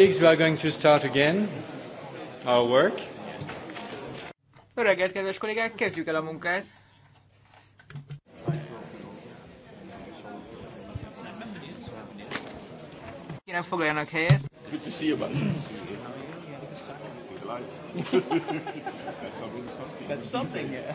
Colleagues, we are going to start again our work. Jó kedves kollégák, kezdjük el a munkát. Kérem, foglaljanak helyet. Good to see you, buddy. That's something, yeah.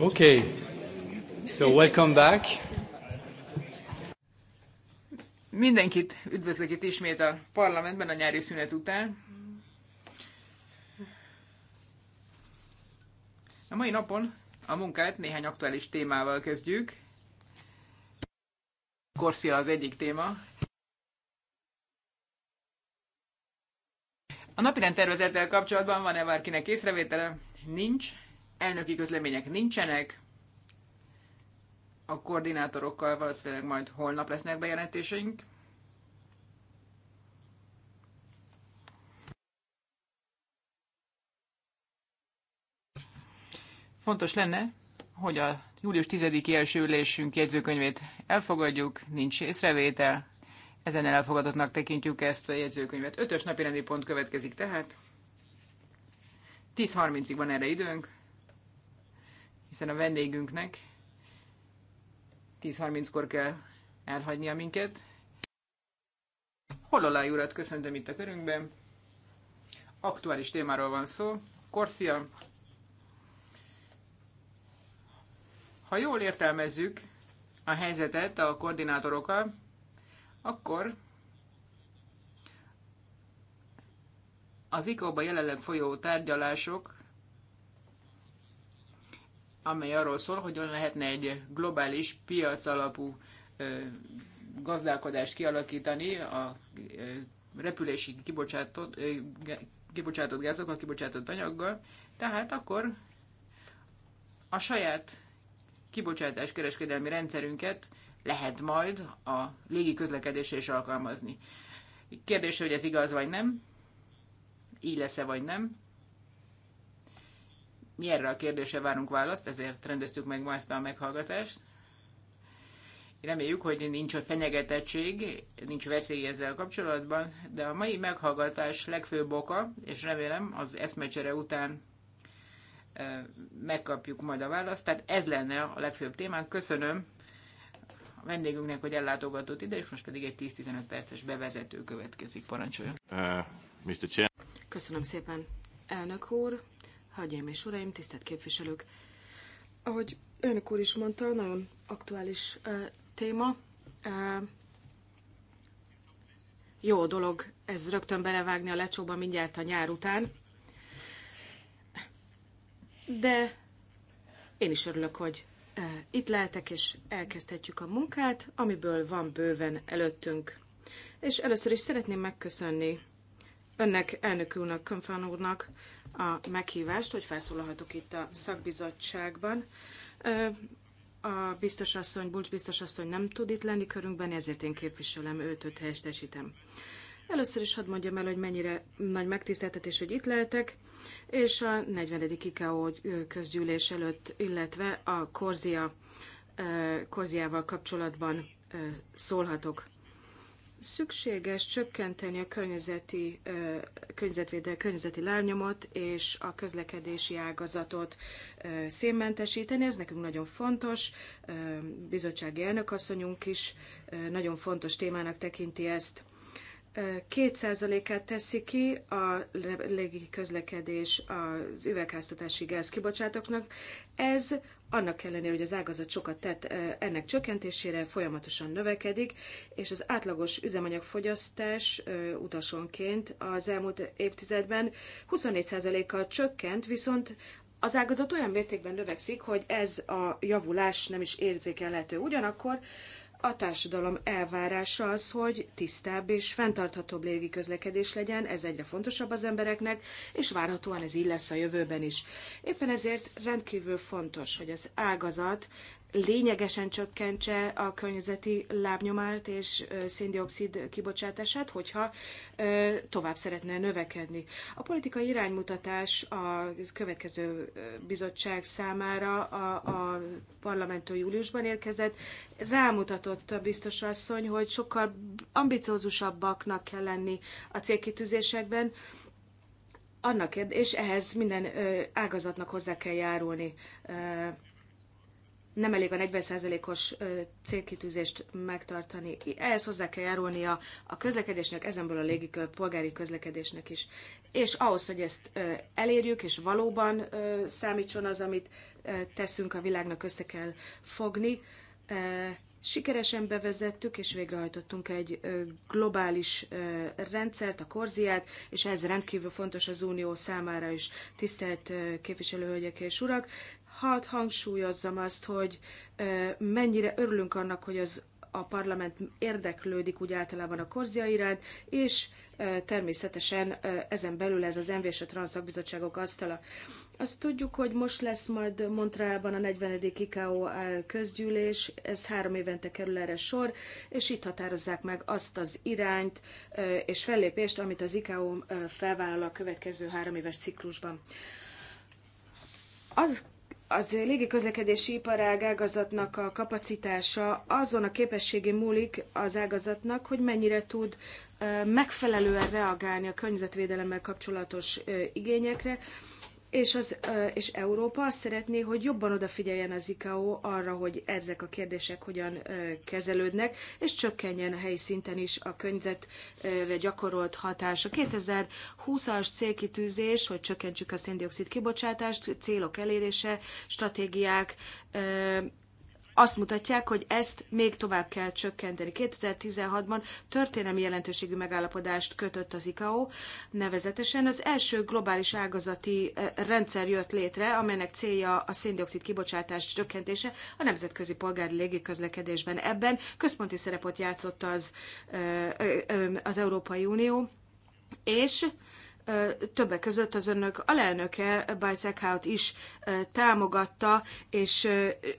Okay. So welcome back. Mindenkit üdvözlök itt ismét a parlamentben a nyári szünet után. A mai napon a munkát néhány aktuális témával kezdjük. Korszia az egyik téma. A napirend tervezettel kapcsolatban van-e bárkinek észrevétele? Nincs elnöki közlemények nincsenek, a koordinátorokkal valószínűleg majd holnap lesznek bejelentéseink. Fontos lenne, hogy a július 10-i első ülésünk jegyzőkönyvét elfogadjuk, nincs észrevétel, ezen elfogadottnak tekintjük ezt a jegyzőkönyvet. Ötös napi rendi pont következik tehát. 10.30-ig van erre időnk hiszen a vendégünknek 10.30-kor kell elhagynia minket. Hololá urat köszöntöm itt a körünkben. Aktuális témáról van szó. Korszia. Ha jól értelmezzük a helyzetet a koordinátorokkal, akkor az ICO-ba jelenleg folyó tárgyalások amely arról szól, hogy olyan lehetne egy globális piac alapú gazdálkodást kialakítani a repülési kibocsátott, kibocsátott gázokkal, kibocsátott anyaggal, tehát akkor a saját kibocsátás kereskedelmi rendszerünket lehet majd a légi közlekedésre is alkalmazni. Kérdés, hogy ez igaz vagy nem, így lesz-e vagy nem. Mi erre a kérdésre várunk választ, ezért rendeztük meg ma ezt a meghallgatást. Reméljük, hogy nincs a fenyegetettség, nincs veszély ezzel kapcsolatban, de a mai meghallgatás legfőbb oka, és remélem az eszmecsere után megkapjuk majd a választ. Tehát ez lenne a legfőbb témánk. Köszönöm a vendégünknek, hogy ellátogatott ide, és most pedig egy 10-15 perces bevezető következik. Parancsoljon. Uh, Mr. Chair. Köszönöm szépen, elnök úr. Hagyjaim és uraim, tisztelt képviselők! Ahogy önök úr is mondta, nagyon aktuális uh, téma. Uh, jó dolog ez rögtön belevágni a lecsóba mindjárt a nyár után. De én is örülök, hogy uh, itt lehetek, és elkezdhetjük a munkát, amiből van bőven előttünk. És először is szeretném megköszönni önnek, elnök úrnak, úrnak, a meghívást, hogy felszólalhatok itt a szakbizottságban. A biztos asszony, Bulcs biztos asszony nem tud itt lenni körünkben, ezért én képviselem őt, őt helyestesítem. Először is hadd mondjam el, hogy mennyire nagy megtiszteltetés, hogy itt lehetek, és a 40. IKEO közgyűlés előtt, illetve a Korzia, Korziával kapcsolatban szólhatok. Szükséges csökkenteni a környezeti, környezetvédel, környezeti lábnyomot és a közlekedési ágazatot szénmentesíteni. Ez nekünk nagyon fontos. Bizottsági elnökasszonyunk is nagyon fontos témának tekinti ezt. 2%-át teszi ki a légi közlekedés az üvegháztatási gáz kibocsátoknak. Ez annak ellenére, hogy az ágazat sokat tett ennek csökkentésére, folyamatosan növekedik, és az átlagos üzemanyagfogyasztás utasonként az elmúlt évtizedben 24%-kal csökkent, viszont az ágazat olyan mértékben növekszik, hogy ez a javulás nem is érzékelhető. Ugyanakkor a társadalom elvárása az, hogy tisztább és fenntarthatóbb légiközlekedés legyen, ez egyre fontosabb az embereknek, és várhatóan ez így lesz a jövőben is. Éppen ezért rendkívül fontos, hogy az ágazat lényegesen csökkentse a környezeti lábnyomást és széndiokszid kibocsátását, hogyha tovább szeretne növekedni. A politikai iránymutatás a következő bizottság számára a, a parlamentő júliusban érkezett. Rámutatott a biztos asszony, hogy sokkal ambiciózusabbaknak kell lenni a célkitűzésekben, annak, és ehhez minden ágazatnak hozzá kell járulni nem elég a 40%-os célkitűzést megtartani. Ehhez hozzá kell járulnia a közlekedésnek, ezenből a légi polgári közlekedésnek is. És ahhoz, hogy ezt elérjük, és valóban számítson az, amit teszünk a világnak, össze kell fogni. Sikeresen bevezettük és végrehajtottunk egy globális rendszert, a korziát, és ez rendkívül fontos az Unió számára is. Tisztelt képviselőhölgyek és urak, Hadd hangsúlyozzam azt, hogy mennyire örülünk annak, hogy az a parlament érdeklődik úgy általában a korzia iránt, és természetesen ezen belül ez az MV és a Transzakbizottságok asztala. Azt tudjuk, hogy most lesz majd Montrealban a 40. ICAO közgyűlés, ez három évente kerül erre sor, és itt határozzák meg azt az irányt és fellépést, amit az ICAO felvállal a következő három éves ciklusban. Az az légi közlekedési iparág ágazatnak a kapacitása azon a képességén múlik az ágazatnak, hogy mennyire tud megfelelően reagálni a környezetvédelemmel kapcsolatos igényekre, és, az, és Európa azt szeretné, hogy jobban odafigyeljen az ICAO arra, hogy ezek a kérdések hogyan kezelődnek, és csökkenjen a helyi szinten is a környezetre gyakorolt hatás. A 2020-as célkitűzés, hogy csökkentsük a széndiokszid kibocsátást, célok elérése, stratégiák azt mutatják, hogy ezt még tovább kell csökkenteni. 2016-ban történelmi jelentőségű megállapodást kötött az ICAO, nevezetesen az első globális ágazati rendszer jött létre, amelynek célja a széndiokszid kibocsátás csökkentése a nemzetközi polgári légiközlekedésben. Ebben központi szerepet játszott az, az Európai Unió, és többek között az önök alelnöke, Bajszekháut is támogatta, és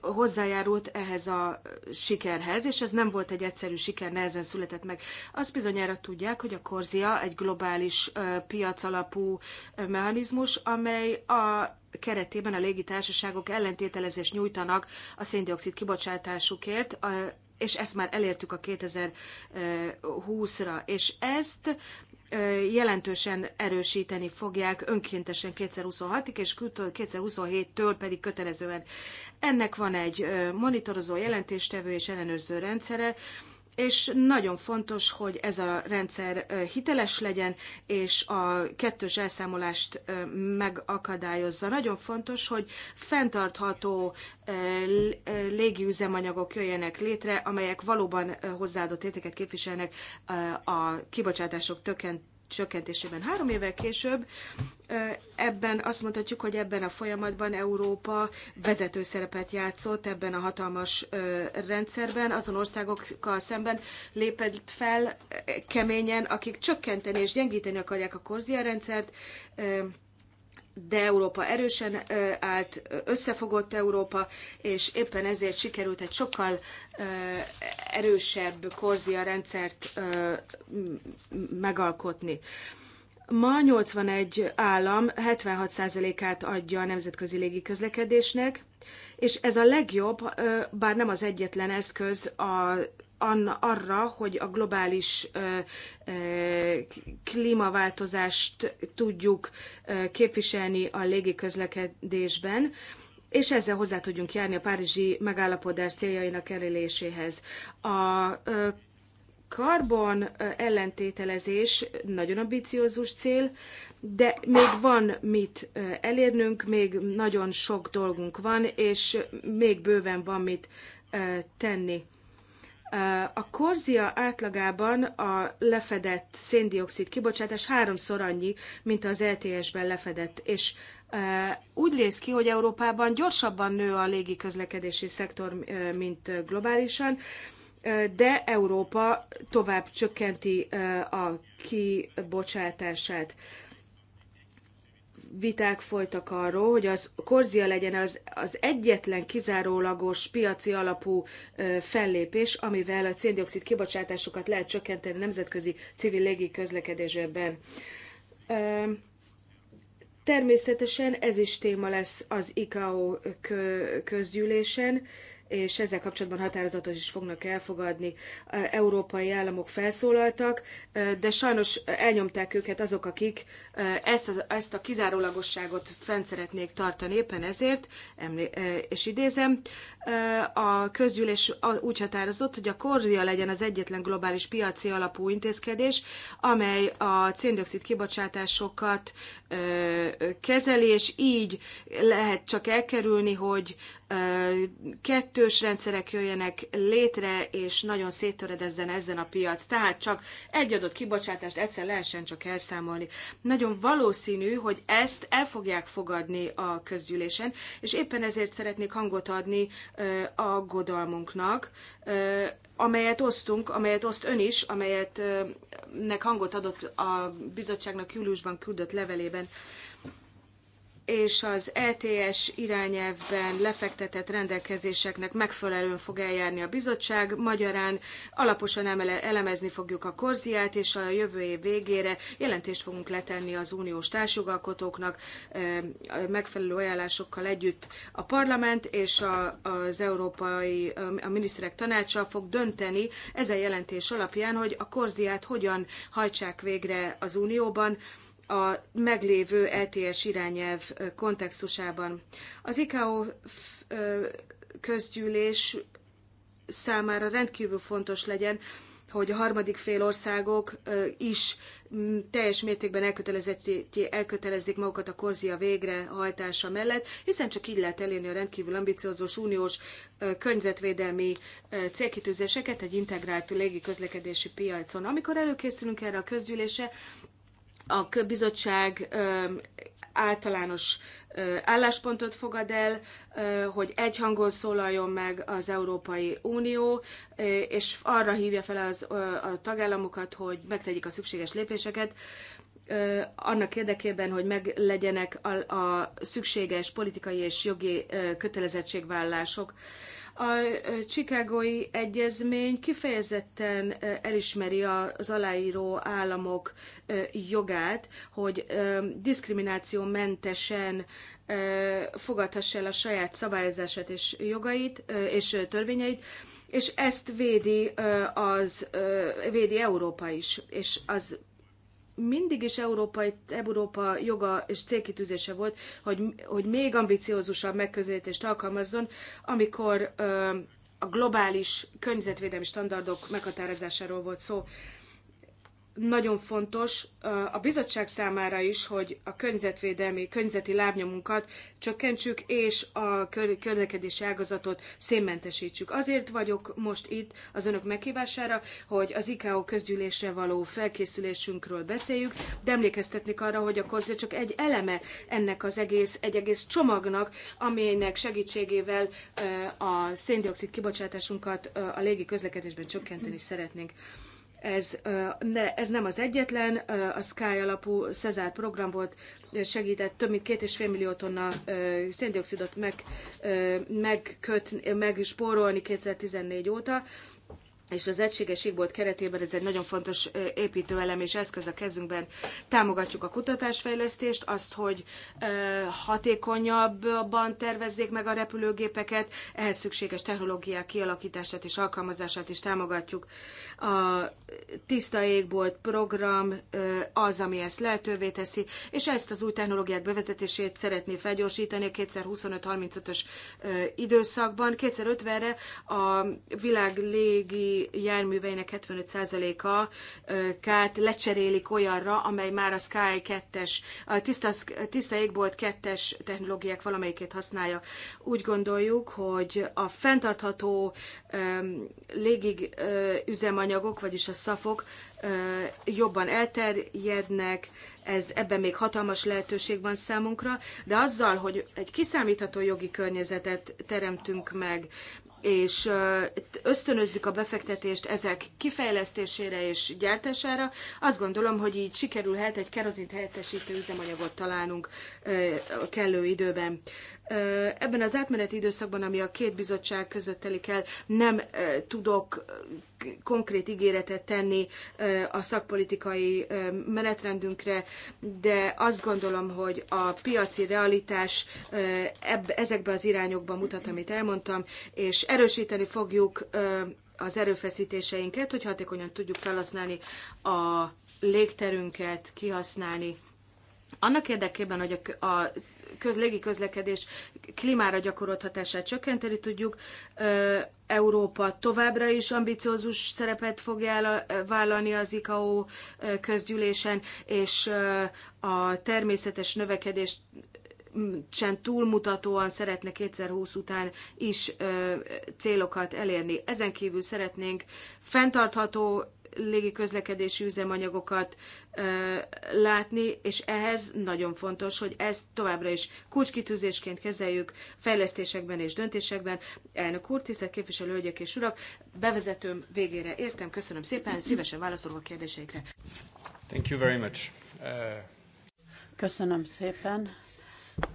hozzájárult ehhez a sikerhez, és ez nem volt egy egyszerű siker, nehezen született meg. Azt bizonyára tudják, hogy a Korzia egy globális piacalapú mechanizmus, amely a keretében a légitársaságok ellentételezést nyújtanak a széndiokszid kibocsátásukért, és ezt már elértük a 2020-ra, és ezt jelentősen erősíteni fogják önkéntesen 2026-ig, és 2027-től pedig kötelezően. Ennek van egy monitorozó jelentéstevő és ellenőrző rendszere, és nagyon fontos, hogy ez a rendszer hiteles legyen, és a kettős elszámolást megakadályozza. Nagyon fontos, hogy fenntartható üzemanyagok jöjjenek létre, amelyek valóban hozzáadott értéket képviselnek a kibocsátások csökkentésében. Három évvel később ebben azt mondhatjuk, hogy ebben a folyamatban Európa vezető szerepet játszott ebben a hatalmas rendszerben, azon országokkal szemben lépett fel keményen, akik csökkenteni és gyengíteni akarják a korzia rendszert, de Európa erősen állt, összefogott Európa, és éppen ezért sikerült egy sokkal erősebb korzia rendszert megalkotni. Ma 81 állam 76%-át adja a nemzetközi légiközlekedésnek, és ez a legjobb, bár nem az egyetlen eszköz a arra, hogy a globális klímaváltozást tudjuk képviselni a légiközlekedésben, és ezzel hozzá tudjunk járni a párizsi megállapodás céljainak eléréséhez. A karbon ellentételezés nagyon ambiciózus cél, de még van mit elérnünk, még nagyon sok dolgunk van, és még bőven van mit tenni. A korzia átlagában a lefedett széndiokszid kibocsátás háromszor annyi, mint az LTS-ben e lefedett, és e, úgy néz ki, hogy Európában gyorsabban nő a légiközlekedési szektor, e, mint globálisan, de Európa tovább csökkenti a kibocsátását viták folytak arról, hogy az korzia legyen az, az egyetlen kizárólagos piaci alapú ö, fellépés, amivel a széndiokszid kibocsátásokat lehet csökkenteni nemzetközi civil légi közlekedésben. Ö, természetesen ez is téma lesz az ICAO közgyűlésen, és ezzel kapcsolatban határozatot is fognak elfogadni. Európai államok felszólaltak, de sajnos elnyomták őket azok, akik ezt, az, ezt a kizárólagosságot fent szeretnék tartani éppen ezért, és idézem, a közgyűlés úgy határozott, hogy a korzia legyen az egyetlen globális piaci alapú intézkedés, amely a széndiokszid kibocsátásokat kezeli, és így lehet csak elkerülni, hogy kettős rendszerek jöjjenek létre, és nagyon széttöredezzen ezen a piac. Tehát csak egy adott kibocsátást egyszer lehessen csak elszámolni. Nagyon valószínű, hogy ezt el fogják fogadni a közgyűlésen, és éppen ezért szeretnék hangot adni aggodalmunknak, amelyet osztunk, amelyet oszt ön is, amelyet nek hangot adott a bizottságnak júliusban küldött levelében és az ETS irányelvben lefektetett rendelkezéseknek megfelelően fog eljárni a bizottság, magyarán alaposan elemezni fogjuk a korziát, és a jövő év végére jelentést fogunk letenni az uniós társjogalkotóknak eh, megfelelő ajánlásokkal együtt a parlament és az Európai a Miniszterek Tanácsa fog dönteni ezen jelentés alapján, hogy a korziát hogyan hajtsák végre az unióban, a meglévő ETS irányelv kontextusában. Az ICAO közgyűlés számára rendkívül fontos legyen, hogy a harmadik fél országok is teljes mértékben elkötelezzék magukat a korzia végrehajtása mellett, hiszen csak így lehet elérni a rendkívül ambiciózus uniós környezetvédelmi célkitűzéseket egy integrált légiközlekedési piacon. Amikor előkészülünk erre a közgyűlésre, a bizottság általános álláspontot fogad el, hogy egyhangon szólaljon meg az Európai Unió, és arra hívja fel az, a tagállamokat, hogy megtegyik a szükséges lépéseket, annak érdekében, hogy meglegyenek a, a szükséges politikai és jogi kötelezettségvállások a Chicagói Egyezmény kifejezetten elismeri az aláíró államok jogát, hogy diszkriminációmentesen fogadhassa el a saját szabályozását és jogait és törvényeit, és ezt védi az védi Európa is, és az mindig is európai, Európa joga és célkitűzése volt, hogy, hogy még ambiciózusabb megközelítést alkalmazzon, amikor ö, a globális környezetvédelmi standardok meghatározásáról volt szó nagyon fontos a bizottság számára is, hogy a környezetvédelmi, környezeti lábnyomunkat csökkentsük, és a közlekedési ágazatot szénmentesítsük. Azért vagyok most itt az önök meghívására, hogy az IKO közgyűlésre való felkészülésünkről beszéljük, de emlékeztetnék arra, hogy a korzé csak egy eleme ennek az egész, egy egész csomagnak, aminek segítségével a széndiokszid kibocsátásunkat a légi közlekedésben csökkenteni szeretnénk. Ez, ne, ez nem az egyetlen, a Sky alapú Cezár program volt, segített több mint két és fél millió tonna széndiokszidot meg, meg spórolni 2014 óta, és az egységes égbolt keretében ez egy nagyon fontos építőelem és eszköz a kezünkben. Támogatjuk a kutatásfejlesztést, azt, hogy hatékonyabban tervezzék meg a repülőgépeket, ehhez szükséges technológiák kialakítását és alkalmazását is támogatjuk. A tiszta égbolt program az, ami ezt lehetővé teszi, és ezt az új technológiák bevezetését szeretné felgyorsítani a 2025-35-ös időszakban. 2050-re a világ légi járműveinek 75%-át lecserélik olyanra, amely már a Sky 2-es, a tiszta, tiszta égbolt 2-es technológiák valamelyikét használja. Úgy gondoljuk, hogy a fenntartható um, légig uh, üzemanyagok, vagyis a szafok uh, jobban elterjednek, ez, ebben még hatalmas lehetőség van számunkra, de azzal, hogy egy kiszámítható jogi környezetet teremtünk meg, és ösztönözzük a befektetést ezek kifejlesztésére és gyártására, azt gondolom, hogy így sikerülhet egy kerozint helyettesítő üzemanyagot találnunk kellő időben. Ebben az átmeneti időszakban, ami a két bizottság között telik el, nem tudok konkrét ígéretet tenni a szakpolitikai menetrendünkre, de azt gondolom, hogy a piaci realitás ezekbe az irányokba mutat, amit elmondtam, és erősíteni fogjuk az erőfeszítéseinket, hogy hatékonyan tudjuk felhasználni a légterünket, kihasználni annak érdekében, hogy a közlegi közlekedés, klímára gyakorolt hatását csökkenteni tudjuk. Európa továbbra is ambiciózus szerepet fog vállalni az ICAO közgyűlésen, és a természetes növekedést sem túlmutatóan szeretne 2020 után is ö, célokat elérni. Ezen kívül szeretnénk fenntartható légi közlekedési üzemanyagokat látni, és ehhez nagyon fontos, hogy ezt továbbra is kulcskitűzésként kezeljük fejlesztésekben és döntésekben. Elnök úr, tisztelt képviselő hölgyek és urak, bevezetőm végére értem, köszönöm szépen, szívesen válaszolok a kérdéseikre. Thank you very much. Uh... Köszönöm szépen.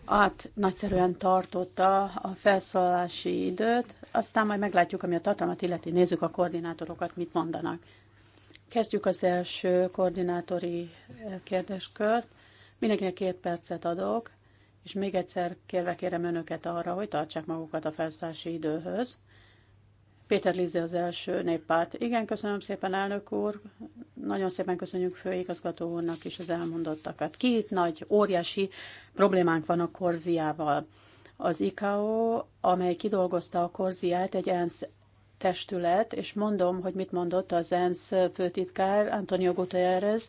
Át nagyszerűen tartotta a felszólalási időt, aztán majd meglátjuk, ami a tartalmat illeti, nézzük a koordinátorokat, mit mondanak. Kezdjük az első koordinátori eh, kérdéskört. Mindenkinek két percet adok, és még egyszer kérve kérem önöket arra, hogy tartsák magukat a felszállási időhöz. Péter Lize az első néppárt. Igen, köszönöm szépen, elnök úr. Nagyon szépen köszönjük főigazgató úrnak is az elmondottakat. Két nagy, óriási problémánk van a korziával. Az ICAO, amely kidolgozta a korziát, egy ENSZ testület, és mondom, hogy mit mondott az ENSZ főtitkár Antonio Guterres,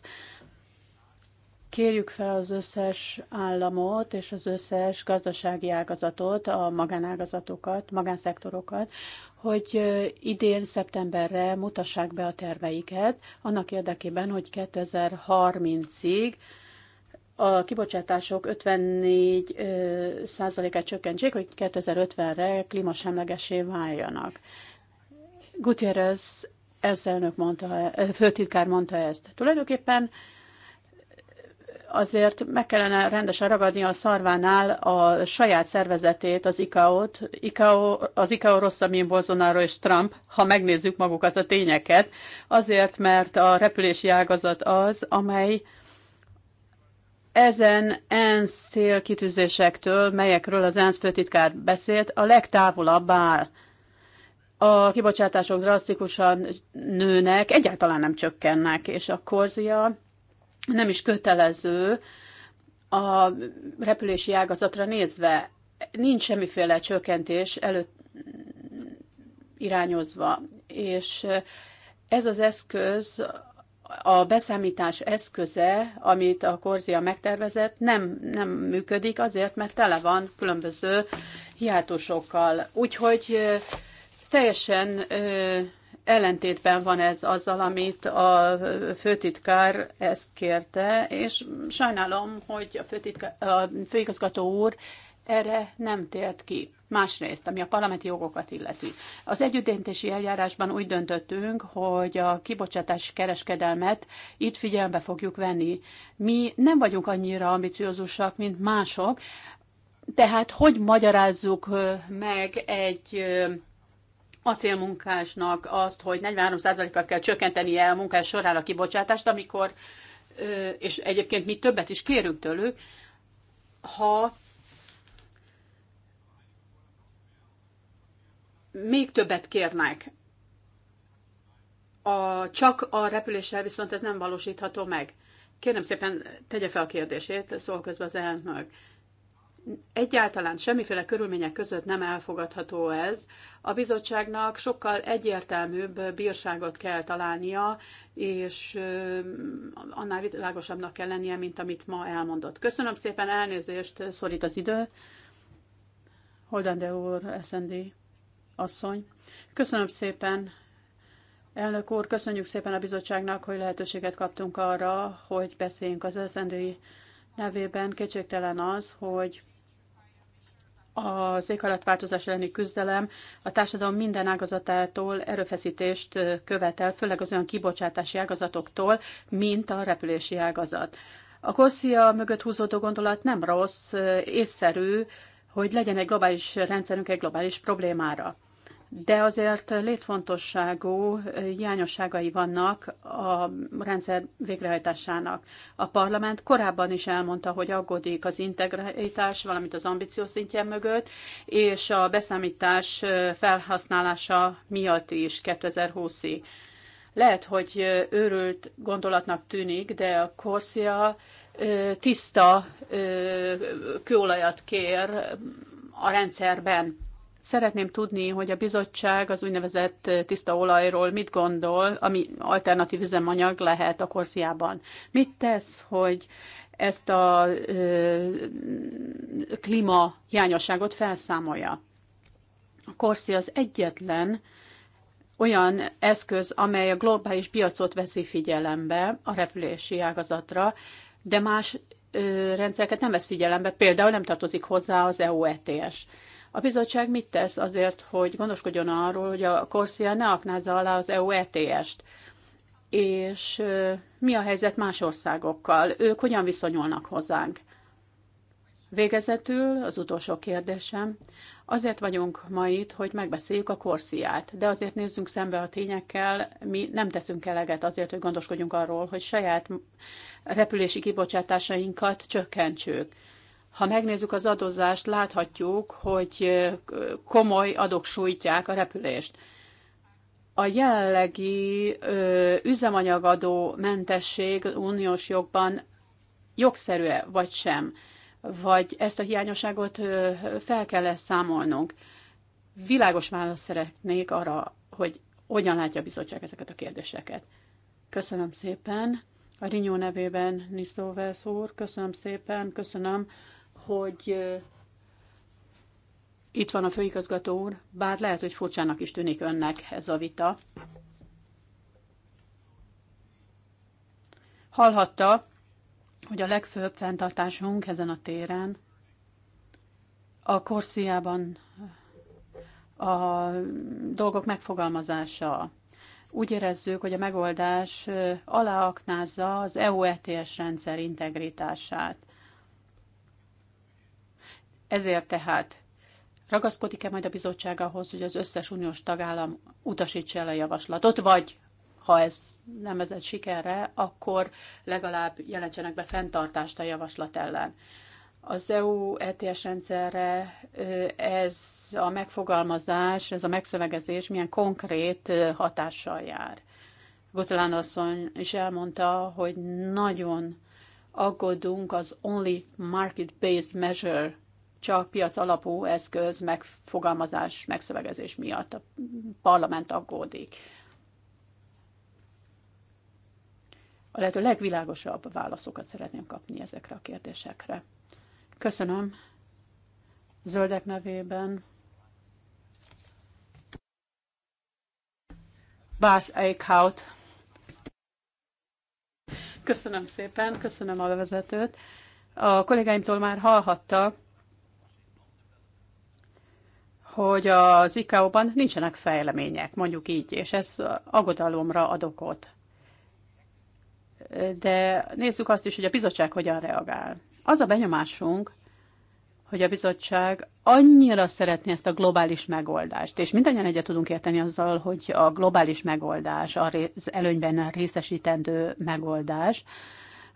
kérjük fel az összes államot és az összes gazdasági ágazatot, a magánágazatokat, magánszektorokat, hogy idén szeptemberre mutassák be a terveiket, annak érdekében, hogy 2030-ig a kibocsátások 54 százalékát csökkentsék, hogy 2050-re klímasemlegesé váljanak. Gutierrez ez elnök mondta, eh, főtitkár mondta ezt. Tulajdonképpen azért meg kellene rendesen ragadni a szarvánál a saját szervezetét, az ICAO-t. ICAO, az ICAO rosszabb, mint Bolsonaro és Trump, ha megnézzük magukat a tényeket, azért, mert a repülési ágazat az, amely ezen ENSZ célkitűzésektől, melyekről az ENSZ főtitkár beszélt, a legtávolabb áll a kibocsátások drasztikusan nőnek, egyáltalán nem csökkennek, és a korzia nem is kötelező a repülési ágazatra nézve. Nincs semmiféle csökkentés előtt irányozva, és ez az eszköz, a beszámítás eszköze, amit a Korzia megtervezett, nem, nem működik azért, mert tele van különböző hiátusokkal. Úgyhogy Teljesen ö, ellentétben van ez azzal, amit a főtitkár ezt kérte, és sajnálom, hogy a, főtitkár, a főigazgató úr erre nem tért ki. Másrészt, ami a parlamenti jogokat illeti. Az együttdöntési eljárásban úgy döntöttünk, hogy a kibocsátás kereskedelmet itt figyelembe fogjuk venni. Mi nem vagyunk annyira ambiciózusak, mint mások, tehát hogy magyarázzuk meg egy acélmunkásnak azt, hogy 43%-kal kell csökkentenie a munkás során a kibocsátást, amikor, és egyébként mi többet is kérünk tőlük, ha még többet kérnek. A, csak a repüléssel viszont ez nem valósítható meg. Kérem szépen, tegye fel a kérdését, szól közben az elnök. Egyáltalán semmiféle körülmények között nem elfogadható ez. A bizottságnak sokkal egyértelműbb bírságot kell találnia, és annál világosabbnak kell lennie, mint amit ma elmondott. Köszönöm szépen, elnézést, szorít az idő. Holdende úr, SND asszony. Köszönöm szépen, elnök úr, köszönjük szépen a bizottságnak, hogy lehetőséget kaptunk arra, hogy beszéljünk az SND nevében. Kétségtelen az, hogy az éghajlatváltozás elleni küzdelem a társadalom minden ágazatától erőfeszítést követel, főleg az olyan kibocsátási ágazatoktól, mint a repülési ágazat. A korszia mögött húzódó gondolat nem rossz, észszerű, hogy legyen egy globális rendszerünk egy globális problémára de azért létfontosságú hiányosságai vannak a rendszer végrehajtásának. A parlament korábban is elmondta, hogy aggódik az integritás, valamint az ambíció szintje mögött, és a beszámítás felhasználása miatt is 2020-ig. Lehet, hogy őrült gondolatnak tűnik, de a Corsia tiszta kőolajat kér a rendszerben Szeretném tudni, hogy a bizottság az úgynevezett tiszta olajról mit gondol, ami alternatív üzemanyag lehet a korsziában. Mit tesz, hogy ezt a ö, klíma hiányosságot felszámolja? A korszi az egyetlen olyan eszköz, amely a globális piacot veszi figyelembe a repülési ágazatra, de más ö, rendszereket nem vesz figyelembe, például nem tartozik hozzá az EU ETS. A bizottság mit tesz azért, hogy gondoskodjon arról, hogy a Korszia ne aknázza alá az EU ETS-t? És mi a helyzet más országokkal? Ők hogyan viszonyulnak hozzánk? Végezetül az utolsó kérdésem. Azért vagyunk ma itt, hogy megbeszéljük a korsziát, de azért nézzünk szembe a tényekkel, mi nem teszünk eleget azért, hogy gondoskodjunk arról, hogy saját repülési kibocsátásainkat csökkentsük. Ha megnézzük az adózást, láthatjuk, hogy komoly adok sújtják a repülést. A jelenlegi üzemanyagadó mentesség uniós jogban jogszerű-e vagy sem, vagy ezt a hiányosságot fel kell -e számolnunk. Világos választ szeretnék arra, hogy hogyan látja a bizottság ezeket a kérdéseket. Köszönöm szépen. A Rinyó nevében Nisztóvelsz úr, köszönöm szépen, köszönöm hogy itt van a főigazgató úr, bár lehet, hogy furcsának is tűnik önnek ez a vita. Hallhatta, hogy a legfőbb fenntartásunk ezen a téren a korsziában a dolgok megfogalmazása. Úgy érezzük, hogy a megoldás aláaknázza az EU ETS rendszer integritását. Ezért tehát ragaszkodik-e majd a bizottság ahhoz, hogy az összes uniós tagállam utasítsa el a javaslatot, vagy ha ez nem vezet sikerre, akkor legalább jelentsenek be fenntartást a javaslat ellen. Az EU ETS rendszerre ez a megfogalmazás, ez a megszövegezés milyen konkrét hatással jár. Gotelán asszony is elmondta, hogy nagyon aggódunk az only market-based measure csak piac alapú eszköz megfogalmazás, megszövegezés miatt a parlament aggódik. A lehető legvilágosabb válaszokat szeretném kapni ezekre a kérdésekre. Köszönöm. Zöldek nevében. Bász Eichhout. Köszönöm szépen, köszönöm a bevezetőt. A kollégáimtól már hallhatta, hogy az ICAO-ban nincsenek fejlemények, mondjuk így, és ez aggodalomra ad okot. De nézzük azt is, hogy a bizottság hogyan reagál. Az a benyomásunk, hogy a bizottság annyira szeretné ezt a globális megoldást, és mindannyian egyet tudunk érteni azzal, hogy a globális megoldás, az előnyben részesítendő megoldás,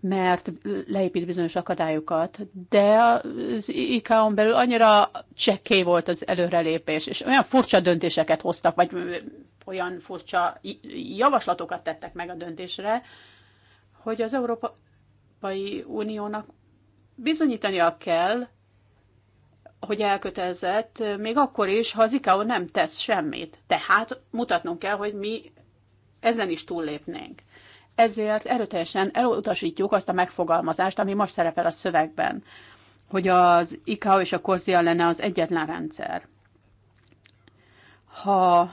mert leépít bizonyos akadályokat, de az IKEA-on belül annyira csekké volt az előrelépés, és olyan furcsa döntéseket hoztak, vagy olyan furcsa javaslatokat tettek meg a döntésre, hogy az Európai Uniónak bizonyítania kell, hogy elkötelezett, még akkor is, ha az ICAO nem tesz semmit. Tehát mutatnunk kell, hogy mi ezen is túllépnénk ezért erőteljesen elutasítjuk azt a megfogalmazást, ami most szerepel a szövegben, hogy az ICAO és a KORZIA lenne az egyetlen rendszer. Ha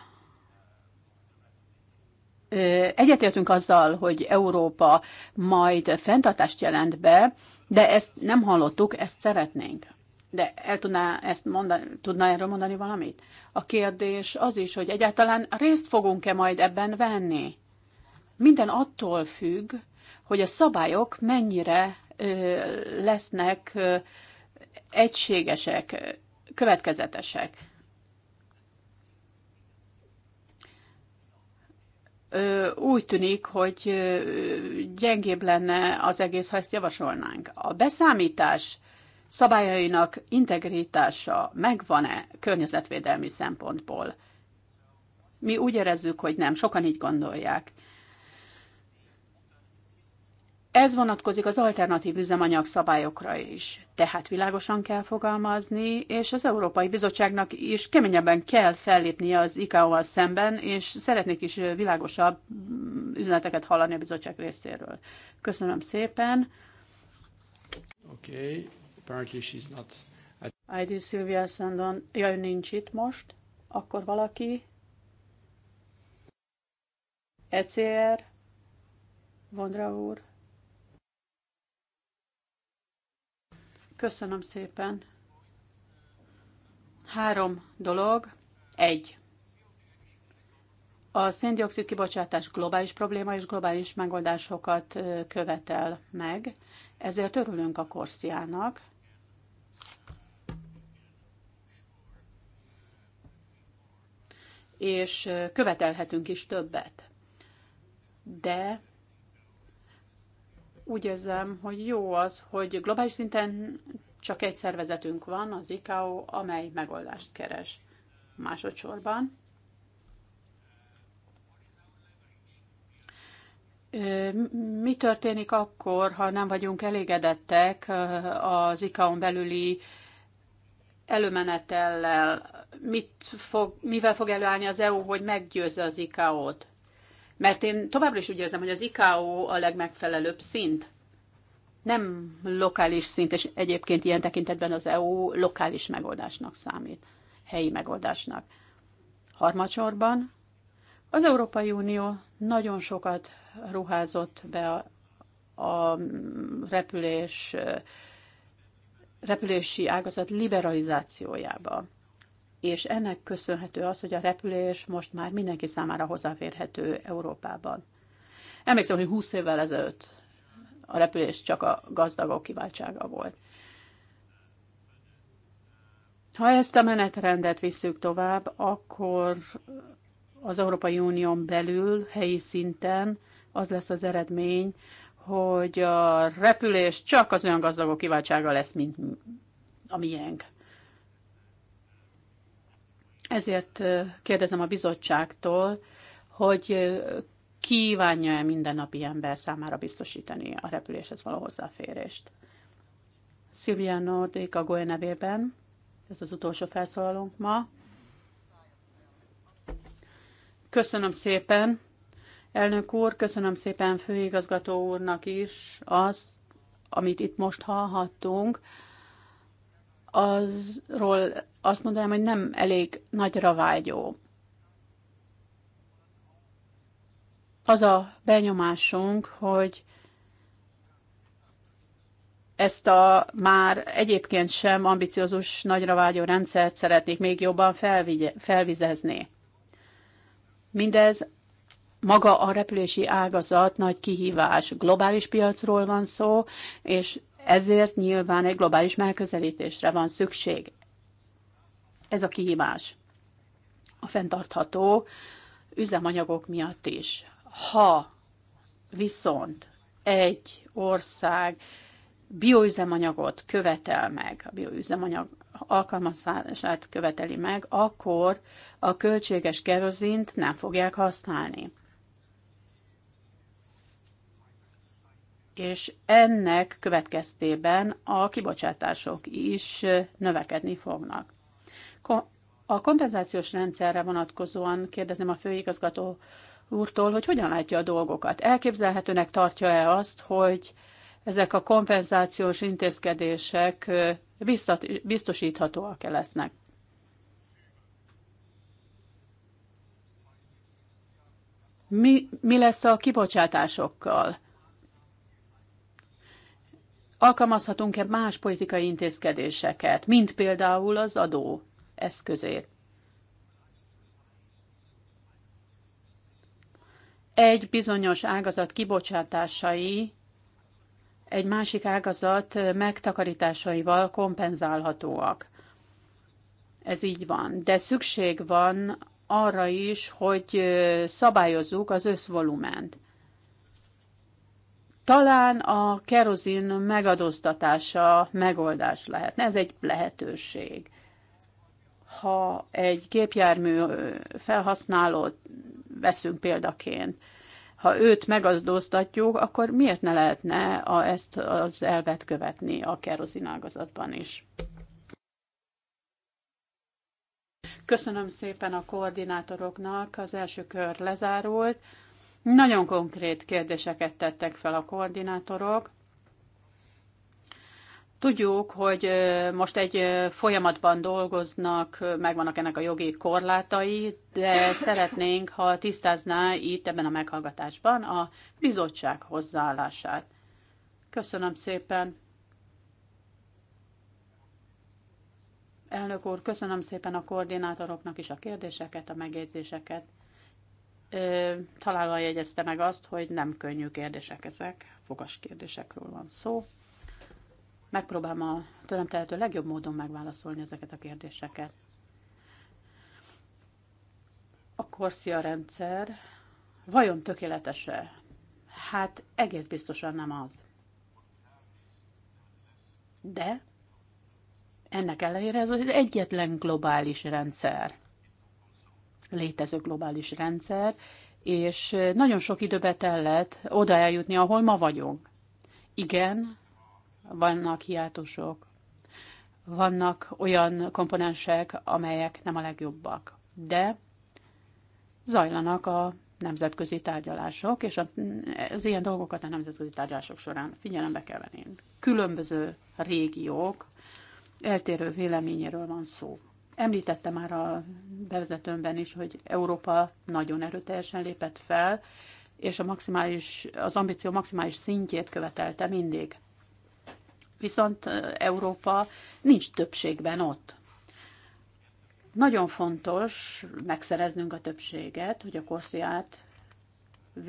egyetértünk azzal, hogy Európa majd fenntartást jelent be, de ezt nem hallottuk, ezt szeretnénk. De el tudná, ezt mondani, tudná erről mondani valamit? A kérdés az is, hogy egyáltalán részt fogunk-e majd ebben venni? Minden attól függ, hogy a szabályok mennyire lesznek egységesek, következetesek. Úgy tűnik, hogy gyengébb lenne az egész, ha ezt javasolnánk. A beszámítás szabályainak integritása megvan-e környezetvédelmi szempontból? Mi úgy érezzük, hogy nem, sokan így gondolják. Ez vonatkozik az alternatív üzemanyag szabályokra is. Tehát világosan kell fogalmazni, és az Európai Bizottságnak is keményebben kell fellépnie az ICAO-val szemben, és szeretnék is világosabb üzeneteket hallani a bizottság részéről. Köszönöm szépen. Okay. Apparently she's not... ID Sylvia Sandon, ja, nincs itt most. Akkor valaki? ECR? Vondra úr? Köszönöm szépen. Három dolog. Egy. A széndiokszid kibocsátás globális probléma és globális megoldásokat követel meg, ezért örülünk a korsziának. És követelhetünk is többet. De úgy érzem, hogy jó az, hogy globális szinten csak egy szervezetünk van, az ICAO, amely megoldást keres. Másodszorban Mi történik akkor, ha nem vagyunk elégedettek az ICAO-n belüli előmenetellel? Mit fog, mivel fog előállni az EU, hogy meggyőzze az ICAO-t? Mert én továbbra is úgy érzem, hogy az ICAO a legmegfelelőbb szint. Nem lokális szint, és egyébként ilyen tekintetben az EU lokális megoldásnak számít, helyi megoldásnak. Harmadsorban az Európai Unió nagyon sokat ruházott be a, a repülés, repülési ágazat liberalizációjába és ennek köszönhető az, hogy a repülés most már mindenki számára hozzáférhető Európában. Emlékszem, hogy 20 évvel ezelőtt a repülés csak a gazdagok kiváltsága volt. Ha ezt a menetrendet visszük tovább, akkor az Európai Unión belül, helyi szinten az lesz az eredmény, hogy a repülés csak az olyan gazdagok kiváltsága lesz, mint a miénk. Ezért kérdezem a bizottságtól, hogy kívánja-e mindennapi ember számára biztosítani a repüléshez való hozzáférést. Szilvia Nordik a Goe nevében, ez az utolsó felszólalónk ma. Köszönöm szépen, elnök úr, köszönöm szépen főigazgató úrnak is azt, amit itt most hallhattunk, azról azt mondanám, hogy nem elég nagyra vágyó. Az a benyomásunk, hogy ezt a már egyébként sem ambiciózus nagyra vágyó rendszert szeretnék még jobban felvigye, felvizezni. Mindez maga a repülési ágazat nagy kihívás. Globális piacról van szó, és ezért nyilván egy globális megközelítésre van szükség. Ez a kihívás. A fenntartható üzemanyagok miatt is. Ha viszont egy ország bioüzemanyagot követel meg, a bioüzemanyag alkalmazását követeli meg, akkor a költséges kerozint nem fogják használni. És ennek következtében a kibocsátások is növekedni fognak. A kompenzációs rendszerre vonatkozóan kérdezem a főigazgató úrtól, hogy hogyan látja a dolgokat. Elképzelhetőnek tartja-e azt, hogy ezek a kompenzációs intézkedések biztosíthatóak-e lesznek? Mi, mi lesz a kibocsátásokkal? Alkalmazhatunk-e más politikai intézkedéseket, mint például az adó eszközét. Egy bizonyos ágazat kibocsátásai egy másik ágazat megtakarításaival kompenzálhatóak. Ez így van. De szükség van arra is, hogy szabályozzuk az összvolument. Talán a kerozin megadóztatása megoldás lehetne, ez egy lehetőség ha egy gépjármű felhasználót veszünk példaként, ha őt megazdóztatjuk, akkor miért ne lehetne a, ezt az elvet követni a kerozinágazatban is? Köszönöm szépen a koordinátoroknak, az első kör lezárult. Nagyon konkrét kérdéseket tettek fel a koordinátorok. Tudjuk, hogy most egy folyamatban dolgoznak, megvannak ennek a jogi korlátai, de szeretnénk, ha tisztázná itt ebben a meghallgatásban a bizottság hozzáállását. Köszönöm szépen. Elnök úr, köszönöm szépen a koordinátoroknak is a kérdéseket, a megjegyzéseket. Találva jegyezte meg azt, hogy nem könnyű kérdések ezek, fogas kérdésekről van szó. Megpróbálom a tőlem tehető legjobb módon megválaszolni ezeket a kérdéseket. A korszia rendszer vajon tökéletes Hát egész biztosan nem az. De ennek ellenére ez az egyetlen globális rendszer. Létező globális rendszer, és nagyon sok időbe tellett oda eljutni, ahol ma vagyunk. Igen, vannak hiátusok, vannak olyan komponensek, amelyek nem a legjobbak, de zajlanak a nemzetközi tárgyalások, és az ilyen dolgokat a nemzetközi tárgyalások során figyelembe kell venni. Különböző régiók eltérő véleményéről van szó. Említette már a bevezetőmben is, hogy Európa nagyon erőteljesen lépett fel, és a maximális, az ambíció maximális szintjét követelte mindig viszont Európa nincs többségben ott. Nagyon fontos megszereznünk a többséget, hogy a korsziát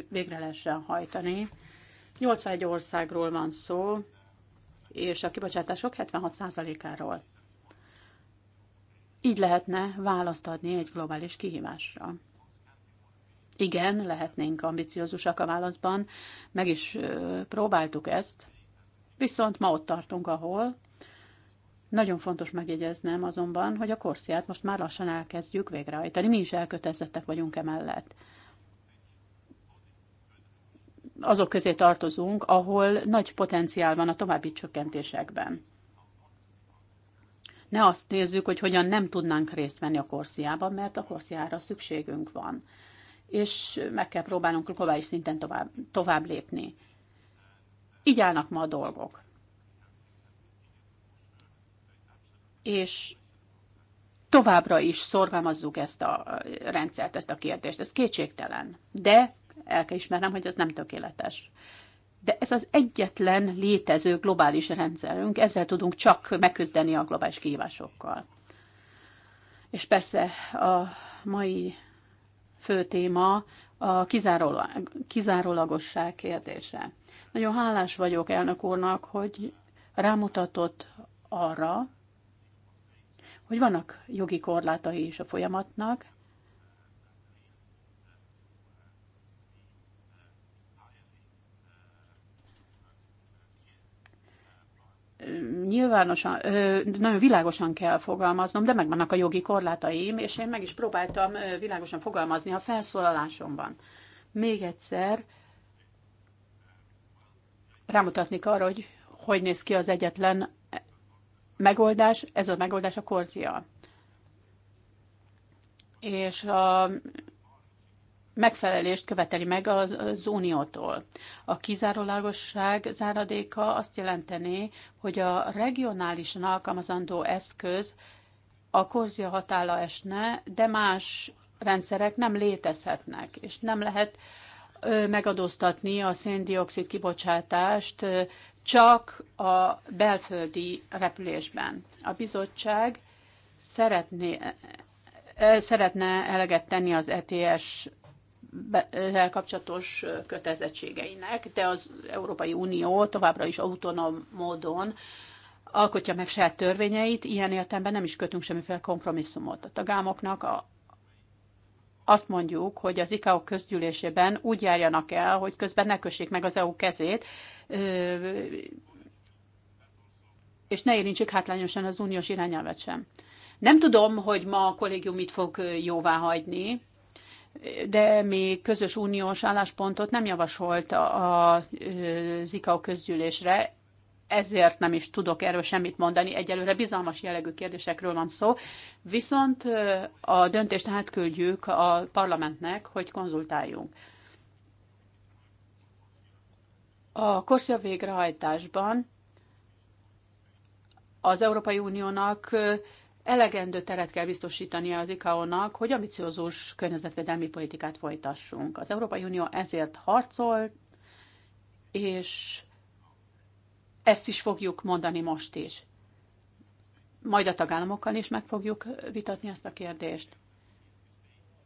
végre lehessen hajtani. 81 országról van szó, és a kibocsátások 76%-áról. Így lehetne választ adni egy globális kihívásra. Igen, lehetnénk ambiciózusak a válaszban, meg is próbáltuk ezt. Viszont ma ott tartunk, ahol nagyon fontos megjegyeznem azonban, hogy a korsziát most már lassan elkezdjük végrehajtani. Mi is elkötelezettek vagyunk emellett. Azok közé tartozunk, ahol nagy potenciál van a további csökkentésekben. Ne azt nézzük, hogy hogyan nem tudnánk részt venni a korsziában, mert a korsziára szükségünk van. És meg kell próbálnunk globális szinten tovább, tovább lépni. Így állnak ma a dolgok. És továbbra is szorgalmazzuk ezt a rendszert, ezt a kérdést, ez kétségtelen. De el kell ismernem, hogy ez nem tökéletes. De ez az egyetlen létező globális rendszerünk, ezzel tudunk csak megküzdeni a globális kihívásokkal. És persze a mai fő téma a kizárólagosság kérdése. Nagyon hálás vagyok elnök úrnak, hogy rámutatott arra, hogy vannak jogi korlátai is a folyamatnak, nyilvánosan, nagyon világosan kell fogalmaznom, de megvannak a jogi korlátaim, és én meg is próbáltam világosan fogalmazni a felszólalásomban. Még egyszer, rámutatnék arra, hogy hogy néz ki az egyetlen megoldás, ez a megoldás a korzia. És a megfelelést követeli meg az, az uniótól. A kizárólagosság záradéka azt jelenteni, hogy a regionálisan alkalmazandó eszköz a korzia hatála esne, de más rendszerek nem létezhetnek, és nem lehet uh, megadóztatni a széndiokszid kibocsátást csak a belföldi repülésben. A bizottság szeretné, szeretne eleget tenni az ETS kapcsolatos kötelezettségeinek, de az Európai Unió továbbra is autonóm módon alkotja meg saját törvényeit, ilyen értelemben nem is kötünk semmiféle kompromisszumot. A tagállamoknak a azt mondjuk, hogy az ICAO közgyűlésében úgy járjanak el, hogy közben ne kössék meg az EU kezét, és ne érintsék hátrányosan az uniós irányelvet sem. Nem tudom, hogy ma a kollégium mit fog jóvá hagyni, de még közös uniós álláspontot nem javasolt a ICAO közgyűlésre ezért nem is tudok erről semmit mondani. Egyelőre bizalmas jellegű kérdésekről van szó, viszont a döntést átküldjük a parlamentnek, hogy konzultáljunk. A korszia végrehajtásban az Európai Uniónak elegendő teret kell biztosítania az ICAO-nak, hogy ambiciózus környezetvédelmi politikát folytassunk. Az Európai Unió ezért harcol, és ezt is fogjuk mondani most is. Majd a tagállamokkal is meg fogjuk vitatni ezt a kérdést.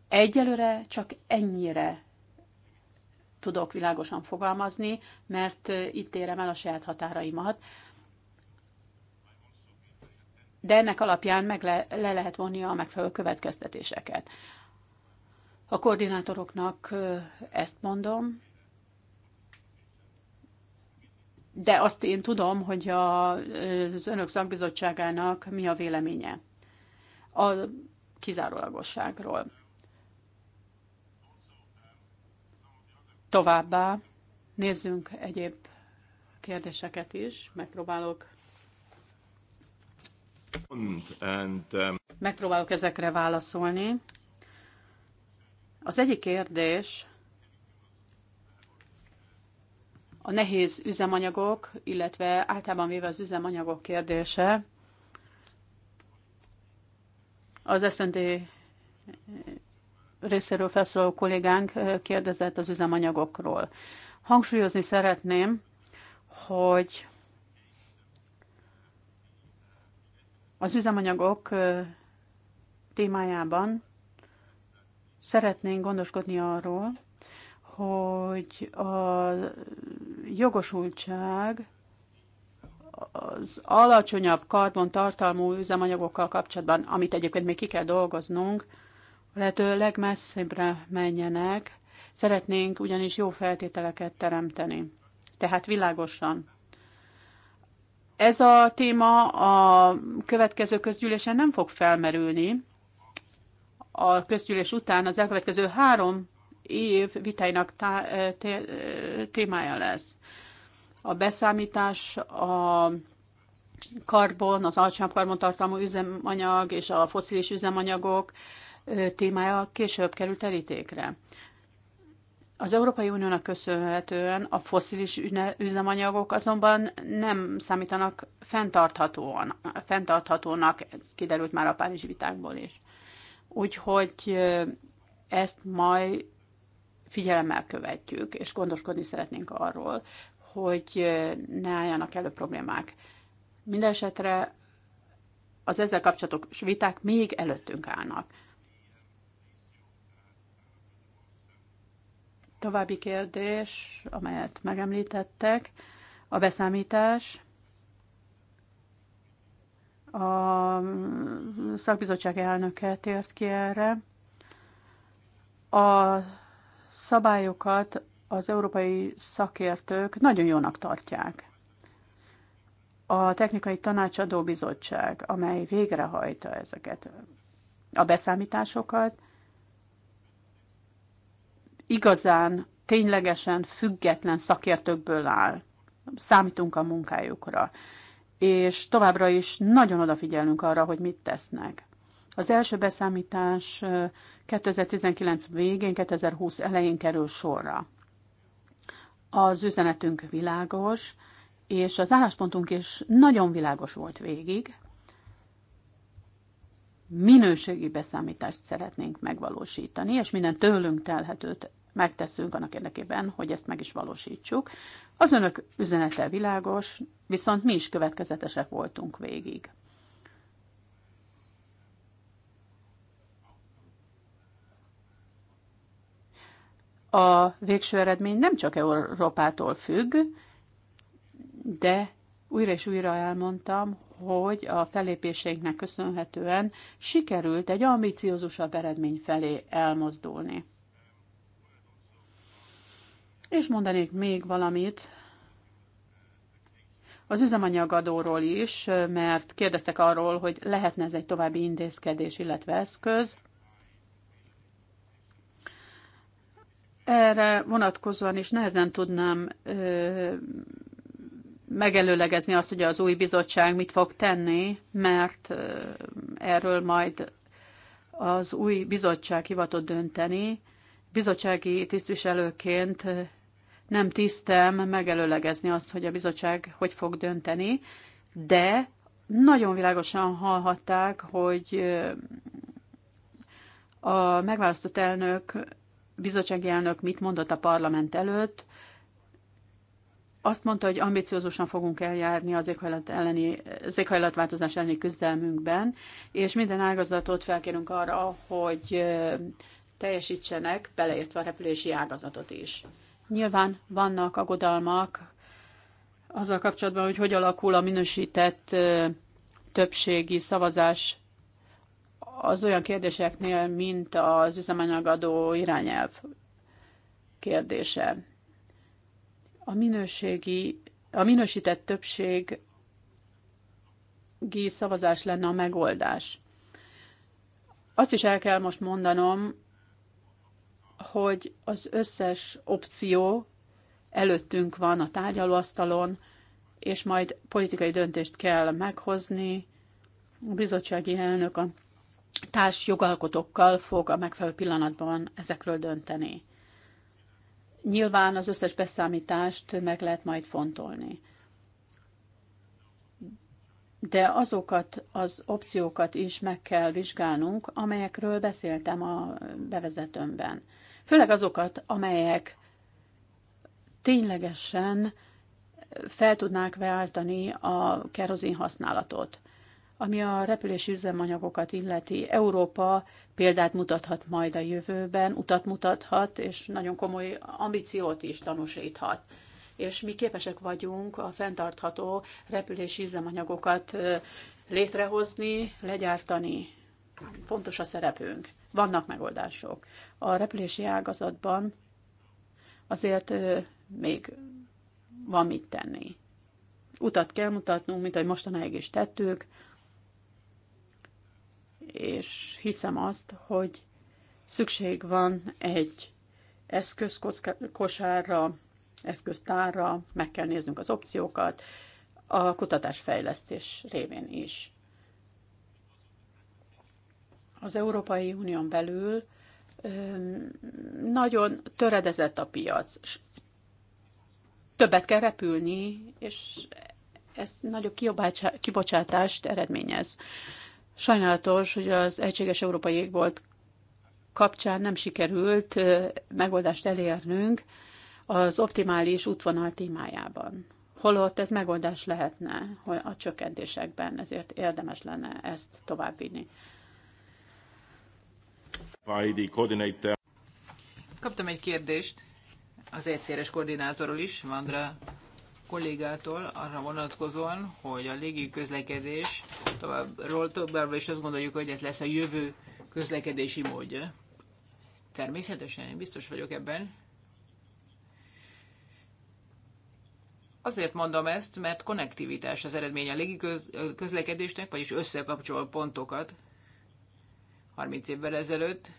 Egyelőre csak ennyire tudok világosan fogalmazni, mert itt érem el a saját határaimat. De ennek alapján meg le, le lehet vonni a megfelelő következtetéseket. A koordinátoroknak ezt mondom, de azt én tudom, hogy a, az önök szakbizottságának mi a véleménye a kizárólagosságról. Továbbá nézzünk egyéb kérdéseket is, megpróbálok um, megpróbálok ezekre válaszolni. Az egyik kérdés a nehéz üzemanyagok, illetve általában véve az üzemanyagok kérdése az SZND részéről felszóló kollégánk kérdezett az üzemanyagokról. Hangsúlyozni szeretném, hogy az üzemanyagok témájában szeretnénk gondoskodni arról, hogy a jogosultság az alacsonyabb karbontartalmú üzemanyagokkal kapcsolatban, amit egyébként még ki kell dolgoznunk, lehető legmesszebbre menjenek. Szeretnénk ugyanis jó feltételeket teremteni. Tehát világosan. Ez a téma a következő közgyűlésen nem fog felmerülni. A közgyűlés után az elkövetkező három év vitáinak témája lesz. A beszámítás a karbon, az alacsonyabb karbontartalmú üzemanyag és a foszilis üzemanyagok témája később került terítékre. Az Európai Uniónak köszönhetően a foszilis üzemanyagok azonban nem számítanak fenntarthatóan, fenntarthatónak, kiderült már a Párizsi vitákból is. Úgyhogy ezt majd figyelemmel követjük, és gondoskodni szeretnénk arról, hogy ne álljanak elő problémák. Mindenesetre az ezzel kapcsolatos viták még előttünk állnak. További kérdés, amelyet megemlítettek, a beszámítás. A szakbizottság elnöke tért ki erre. A szabályokat az európai szakértők nagyon jónak tartják. A Technikai Tanácsadó Bizottság, amely végrehajta ezeket a beszámításokat, igazán, ténylegesen független szakértőkből áll. Számítunk a munkájukra. És továbbra is nagyon odafigyelünk arra, hogy mit tesznek. Az első beszámítás 2019 végén, 2020 elején kerül sorra. Az üzenetünk világos, és az álláspontunk is nagyon világos volt végig. Minőségi beszámítást szeretnénk megvalósítani, és minden tőlünk telhetőt megteszünk annak érdekében, hogy ezt meg is valósítsuk. Az önök üzenete világos, viszont mi is következetesek voltunk végig. a végső eredmény nem csak Európától függ, de újra és újra elmondtam, hogy a felépéseinknek köszönhetően sikerült egy ambiciózusabb eredmény felé elmozdulni. És mondanék még valamit az üzemanyagadóról is, mert kérdeztek arról, hogy lehetne ez egy további intézkedés, illetve eszköz. erre vonatkozóan is nehezen tudnám ö, megelőlegezni azt, hogy az új bizottság mit fog tenni, mert ö, erről majd az új bizottság hivatott dönteni. Bizottsági tisztviselőként nem tisztem megelőlegezni azt, hogy a bizottság hogy fog dönteni, de nagyon világosan hallhatták, hogy a megválasztott elnök bizottsági elnök mit mondott a parlament előtt. Azt mondta, hogy ambiciózusan fogunk eljárni az, éghajlat elleni, az éghajlatváltozás elleni küzdelmünkben, és minden ágazatot felkérünk arra, hogy teljesítsenek, beleértve a repülési ágazatot is. Nyilván vannak aggodalmak azzal kapcsolatban, hogy hogy alakul a minősített többségi szavazás az olyan kérdéseknél, mint az üzemanyagadó irányelv kérdése. A minőségi, a minősített többség szavazás lenne a megoldás. Azt is el kell most mondanom, hogy az összes opció előttünk van a tárgyalóasztalon, és majd politikai döntést kell meghozni. A bizottsági elnök a társ jogalkotókkal fog a megfelelő pillanatban ezekről dönteni. Nyilván az összes beszámítást meg lehet majd fontolni. De azokat az opciókat is meg kell vizsgálnunk, amelyekről beszéltem a bevezetőmben. Főleg azokat, amelyek ténylegesen fel tudnák váltani a kerozin használatot. Ami a repülési üzemanyagokat illeti, Európa példát mutathat majd a jövőben, utat mutathat, és nagyon komoly ambíciót is tanúsíthat. És mi képesek vagyunk a fenntartható repülési üzemanyagokat létrehozni, legyártani. Fontos a szerepünk. Vannak megoldások. A repülési ágazatban azért még van mit tenni. Utat kell mutatnunk, mint ahogy mostanáig is tettük, és hiszem azt, hogy szükség van egy eszközkosárra, eszköztárra, meg kell néznünk az opciókat, a kutatásfejlesztés révén is. Az Európai Unión belül nagyon töredezett a piac. Többet kell repülni, és ez nagyobb kibocsátást eredményez. Sajnálatos, hogy az Egységes Európai Égbolt kapcsán nem sikerült megoldást elérnünk az optimális útvonal témájában. Holott ez megoldás lehetne a csökkentésekben, ezért érdemes lenne ezt továbbvinni. Kaptam egy kérdést az egyszeres koordinátorról is, Vandra kollégától arra vonatkozóan, hogy a légi közlekedés továbbról továbbra is azt gondoljuk, hogy ez lesz a jövő közlekedési módja. Természetesen én biztos vagyok ebben. Azért mondom ezt, mert konnektivitás az eredmény a légi köz közlekedésnek, vagyis összekapcsol pontokat. 30 évvel ezelőtt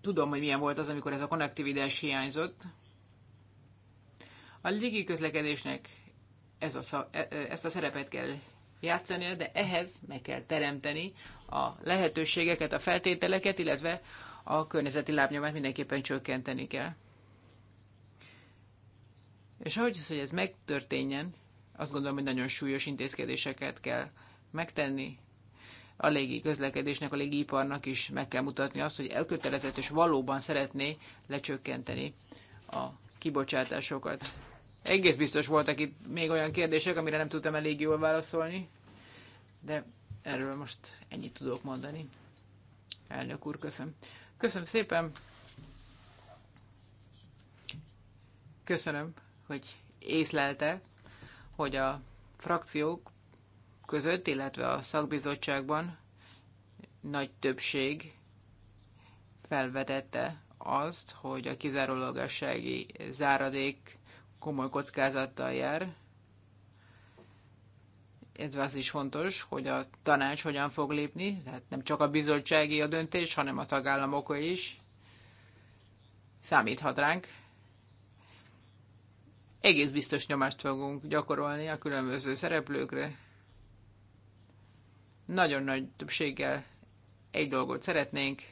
tudom, hogy milyen volt az, amikor ez a konnektivitás hiányzott, a légi közlekedésnek ez a szav, e- e- ezt a szerepet kell játszania, de ehhez meg kell teremteni a lehetőségeket, a feltételeket, illetve a környezeti lábnyomát mindenképpen csökkenteni kell. És ahogy az, hogy ez megtörténjen, azt gondolom, hogy nagyon súlyos intézkedéseket kell megtenni. A légi közlekedésnek, a légiparnak is meg kell mutatni azt, hogy elkötelezett és valóban szeretné lecsökkenteni a kibocsátásokat. Egész biztos voltak itt még olyan kérdések, amire nem tudtam elég jól válaszolni, de erről most ennyit tudok mondani. Elnök úr, köszönöm. Köszönöm szépen. Köszönöm, hogy észlelte, hogy a frakciók között, illetve a szakbizottságban nagy többség felvetette azt, hogy a kizárólagassági záradék komoly kockázattal jár. Ez az is fontos, hogy a tanács hogyan fog lépni, tehát nem csak a bizottsági a döntés, hanem a tagállamok is számíthat ránk. Egész biztos nyomást fogunk gyakorolni a különböző szereplőkre. Nagyon nagy többséggel egy dolgot szeretnénk,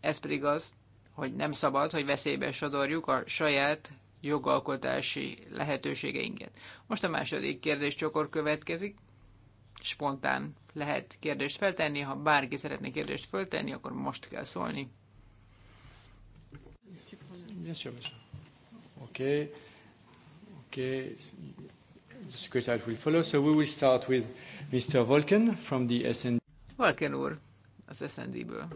ez pedig az, hogy nem szabad, hogy veszélybe sodorjuk a saját jogalkotási lehetőségeinket. Most a második kérdéscsokor következik. Spontán lehet kérdést feltenni, ha bárki szeretné kérdést feltenni, akkor most kell szólni. Oké. Oké, oké. Okay. The secretary will follow. So we will start with Mr. Volken from the SND. Volken úr, az SND-ből.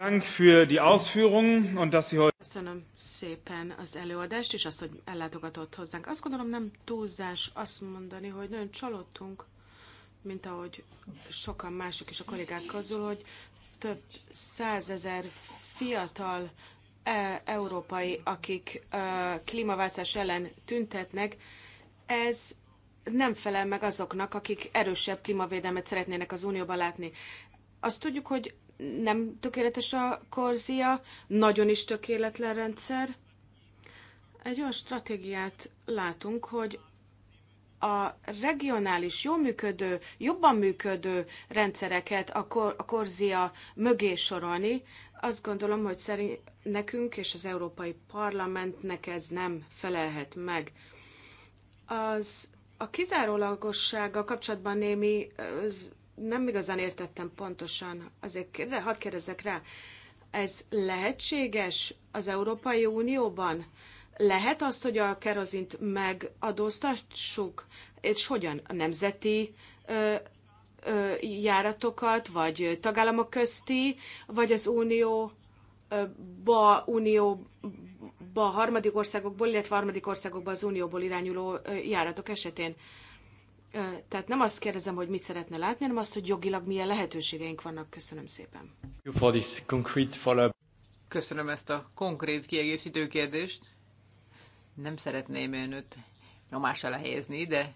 Dank für die Ausführungen und dass Sie heute... Köszönöm szépen az előadást, és azt, hogy ellátogatott hozzánk. Azt gondolom, nem túlzás azt mondani, hogy nagyon csalódtunk, mint ahogy sokan mások is a kollégák közül, hogy több százezer fiatal e európai, akik e klímaváltozás ellen tüntetnek, ez nem felel meg azoknak, akik erősebb klímavédelmet szeretnének az Unióban látni. Azt tudjuk, hogy nem tökéletes a korzia, nagyon is tökéletlen rendszer. Egy olyan stratégiát látunk, hogy a regionális, jó működő, jobban működő rendszereket a, kor, a korzia mögé sorolni, azt gondolom, hogy szerint nekünk és az Európai Parlamentnek ez nem felelhet meg. Az a kizárólagossággal kapcsolatban némi nem igazán értettem pontosan, azért kérde, hadd kérdezzek rá, ez lehetséges az Európai Unióban? Lehet azt, hogy a kerozint megadóztassuk? És hogyan? A nemzeti ö, ö, járatokat, vagy tagállamok közti, vagy az unió ba, unióba, harmadik országokból, illetve harmadik országokba az unióból irányuló járatok esetén. Tehát nem azt kérdezem, hogy mit szeretne látni, hanem azt, hogy jogilag milyen lehetőségeink vannak. Köszönöm szépen. Köszönöm ezt a konkrét kiegészítő kérdést. Nem szeretném én őt nyomás alá helyezni, de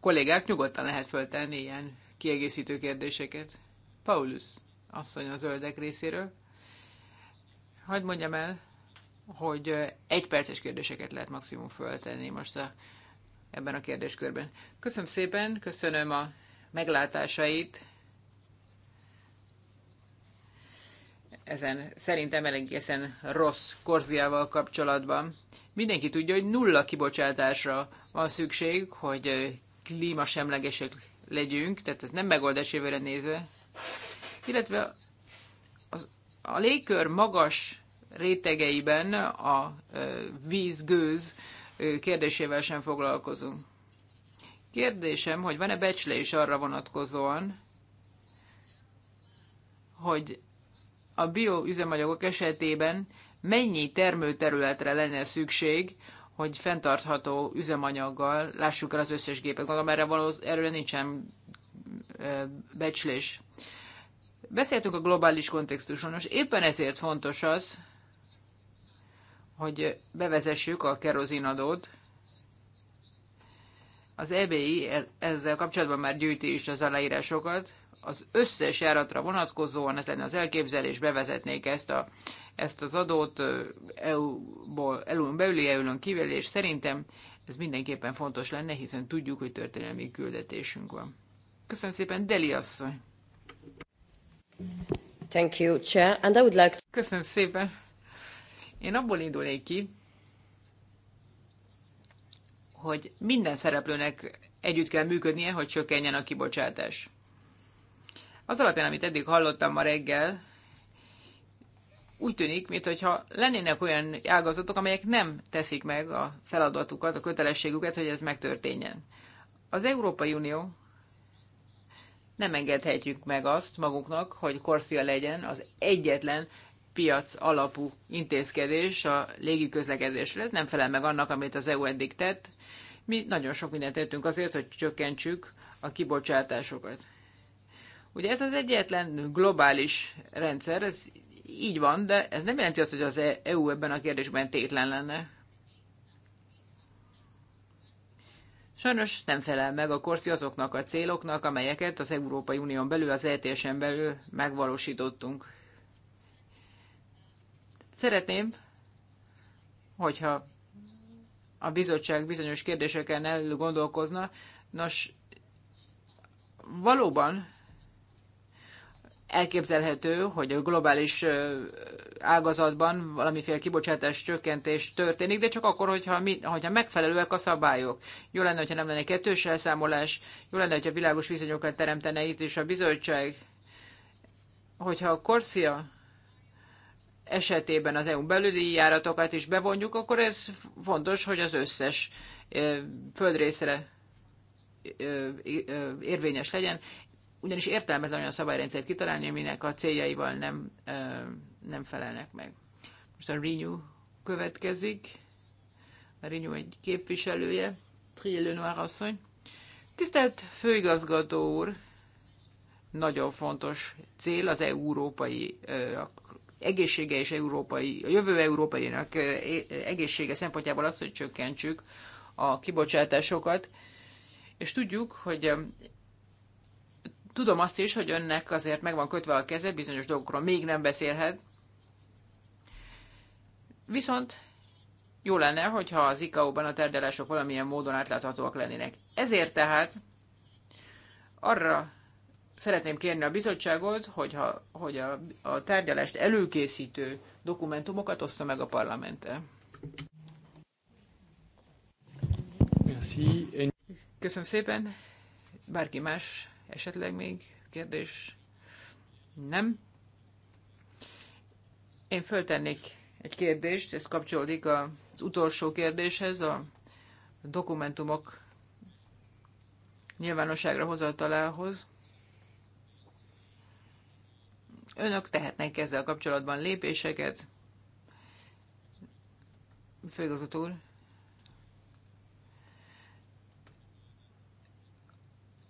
kollégák nyugodtan lehet föltenni ilyen kiegészítő kérdéseket. Paulus, asszony a zöldek részéről. Hadd mondjam el, hogy egy perces kérdéseket lehet maximum föltenni most a ebben a kérdéskörben. Köszönöm szépen, köszönöm a meglátásait. Ezen szerintem egészen rossz korziával kapcsolatban. Mindenki tudja, hogy nulla kibocsátásra van szükség, hogy klímasemlegesek legyünk, tehát ez nem megoldás jövőre nézve. Illetve az, a légkör magas rétegeiben a víz, gőz, kérdésével sem foglalkozunk. Kérdésem, hogy van-e becslés arra vonatkozóan, hogy a bioüzemanyagok esetében mennyi termőterületre lenne szükség, hogy fenntartható üzemanyaggal lássuk el az összes gépet. Gondolom erre való, erről nincsen becslés. Beszéltünk a globális kontextuson, és éppen ezért fontos az, hogy bevezessük a kerozinadót. Az EBI ezzel kapcsolatban már gyűjti is az aláírásokat. Az összes járatra vonatkozóan ez lenne az elképzelés, bevezetnék ezt, a, ezt az adót EU-ból, EU-n belüli, EU-n kívül, és szerintem ez mindenképpen fontos lenne, hiszen tudjuk, hogy történelmi küldetésünk van. Köszönöm szépen, Deli asszony! Thank you, Chair, and I would like to... Köszönöm szépen! Én abból indulnék ki, hogy minden szereplőnek együtt kell működnie, hogy csökkenjen a kibocsátás. Az alapján, amit eddig hallottam ma reggel, úgy tűnik, mintha lennének olyan ágazatok, amelyek nem teszik meg a feladatukat, a kötelességüket, hogy ez megtörténjen. Az Európai Unió nem engedhetjük meg azt maguknak, hogy Korszia legyen az egyetlen piac alapú intézkedés a légi közlekedésre. Ez nem felel meg annak, amit az EU eddig tett. Mi nagyon sok mindent tettünk azért, hogy csökkentsük a kibocsátásokat. Ugye ez az egyetlen globális rendszer, ez így van, de ez nem jelenti azt, hogy az EU ebben a kérdésben tétlen lenne. Sajnos nem felel meg a korszi azoknak a céloknak, amelyeket az Európai Unión belül, az ETS-en belül megvalósítottunk. Szeretném, hogyha a bizottság bizonyos kérdéseken elgondolkozna. Nos, valóban elképzelhető, hogy a globális ágazatban valamiféle kibocsátás csökkentés történik, de csak akkor, hogyha, mi, hogyha megfelelőek a szabályok. Jó lenne, hogyha nem lenne kettős elszámolás, jó lenne, hogyha világos viszonyokat teremtene itt is a bizottság. Hogyha a Korszia esetében az EU belüli járatokat is bevonjuk, akkor ez fontos, hogy az összes földrészre érvényes legyen, ugyanis értelmetlen olyan szabályrendszert kitalálni, aminek a céljaival nem, nem felelnek meg. Most a Renew következik. A Renew egy képviselője, Trier asszony. Tisztelt főigazgató úr, nagyon fontos cél az európai egészsége és európai, a jövő európainak egészsége szempontjából az, hogy csökkentsük a kibocsátásokat. És tudjuk, hogy tudom azt is, hogy önnek azért meg van kötve a keze, bizonyos dolgokról még nem beszélhet. Viszont jó lenne, hogyha az ICAO-ban a tárgyalások valamilyen módon átláthatóak lennének. Ezért tehát arra szeretném kérni a bizottságot, hogyha, hogy a, a tárgyalást előkészítő dokumentumokat ossza meg a parlamenttel. Köszönöm szépen. Bárki más esetleg még kérdés? Nem? Én föltennék egy kérdést, ez kapcsolódik az utolsó kérdéshez, a dokumentumok nyilvánosságra hozatalához. Önök tehetnek ezzel kapcsolatban lépéseket. Főigazgató úr.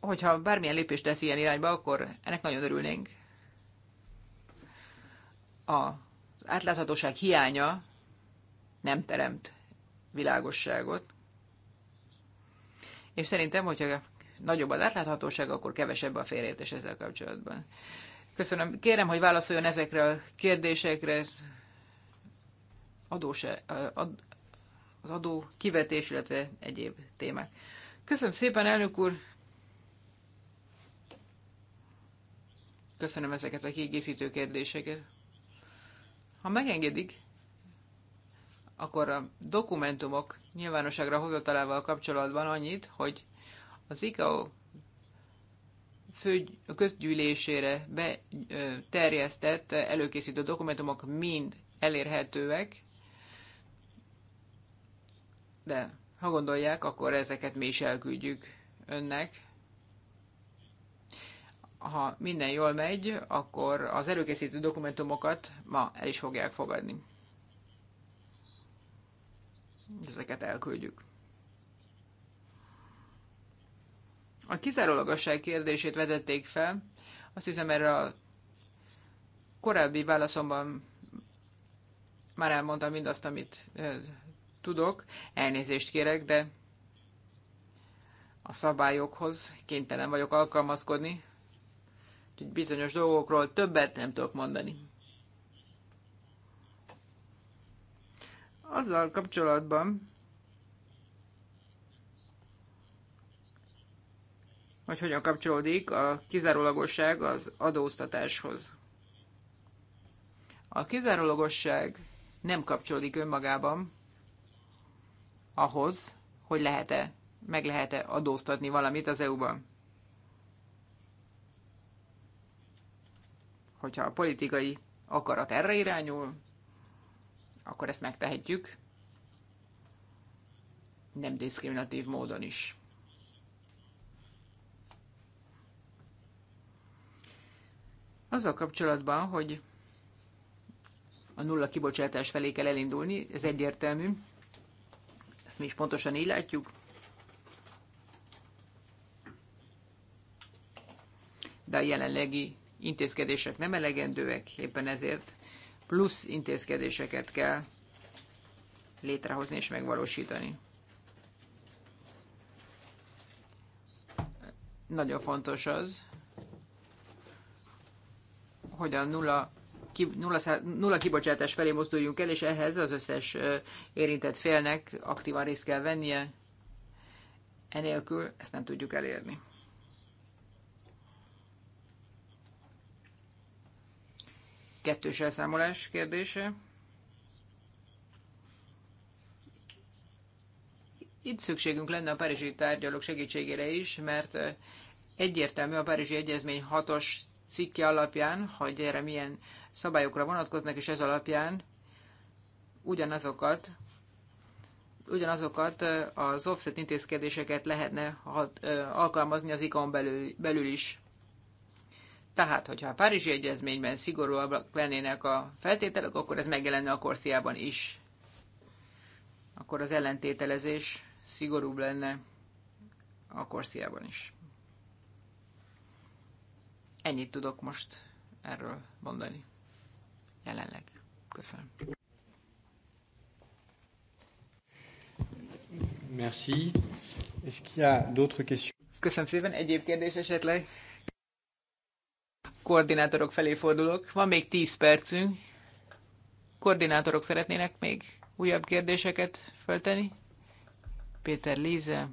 Hogyha bármilyen lépést tesz ilyen irányba, akkor ennek nagyon örülnénk. Az átláthatóság hiánya nem teremt világosságot. És szerintem, hogyha nagyobb az átláthatóság, akkor kevesebb a félértés ezzel kapcsolatban. Köszönöm. Kérem, hogy válaszoljon ezekre a kérdésekre. Adóse, eh, ad, az adó kivetés, illetve egyéb témák. Köszönöm szépen, elnök úr! Köszönöm ezeket a kiegészítő kérdéseket. Ha megengedik, akkor a dokumentumok nyilvánosságra hozatalával kapcsolatban annyit, hogy az ICAO fő, a közgyűlésére beterjesztett előkészítő dokumentumok mind elérhetőek, de ha gondolják, akkor ezeket mi is elküldjük önnek. Ha minden jól megy, akkor az előkészítő dokumentumokat ma el is fogják fogadni. Ezeket elküldjük. A kizárólagosság kérdését vetették fel. Azt hiszem erre a korábbi válaszomban már elmondtam mindazt, amit tudok. Elnézést kérek, de a szabályokhoz kénytelen vagyok alkalmazkodni. Úgyhogy bizonyos dolgokról többet nem tudok mondani. Azzal kapcsolatban, hogy hogyan kapcsolódik a kizárólagosság az adóztatáshoz. A kizárólagosság nem kapcsolódik önmagában ahhoz, hogy lehet-e, meg lehet-e adóztatni valamit az EU-ban. Hogyha a politikai akarat erre irányul, akkor ezt megtehetjük, nem diszkriminatív módon is. Azzal kapcsolatban, hogy a nulla kibocsátás felé kell elindulni, ez egyértelmű. Ezt mi is pontosan így látjuk. De a jelenlegi intézkedések nem elegendőek, éppen ezért plusz intézkedéseket kell létrehozni és megvalósítani. Nagyon fontos az, hogy a nulla, ki, nulla, nulla kibocsátás felé mozduljunk el, és ehhez az összes érintett félnek aktívan részt kell vennie. Enélkül ezt nem tudjuk elérni. Kettős elszámolás kérdése. Itt szükségünk lenne a párizsi tárgyalók segítségére is, mert egyértelmű a Párizsi Egyezmény hatos cikke alapján, hogy erre milyen szabályokra vonatkoznak, és ez alapján ugyanazokat ugyanazokat az offset intézkedéseket lehetne hat, alkalmazni az ikon belül, belül is. Tehát, hogyha a Párizsi Egyezményben szigorúabbak lennének a feltételek, akkor ez megjelenne a korsziában is. Akkor az ellentételezés szigorúbb lenne a korsziában is. Ennyit tudok most erről mondani. Jelenleg. Köszönöm. Merci. Est-ce qu'il y a d'autres questions? Köszönöm szépen. Egyéb kérdés esetleg? Koordinátorok felé fordulok. Van még 10 percünk. Koordinátorok szeretnének még újabb kérdéseket fölteni? Péter Líze.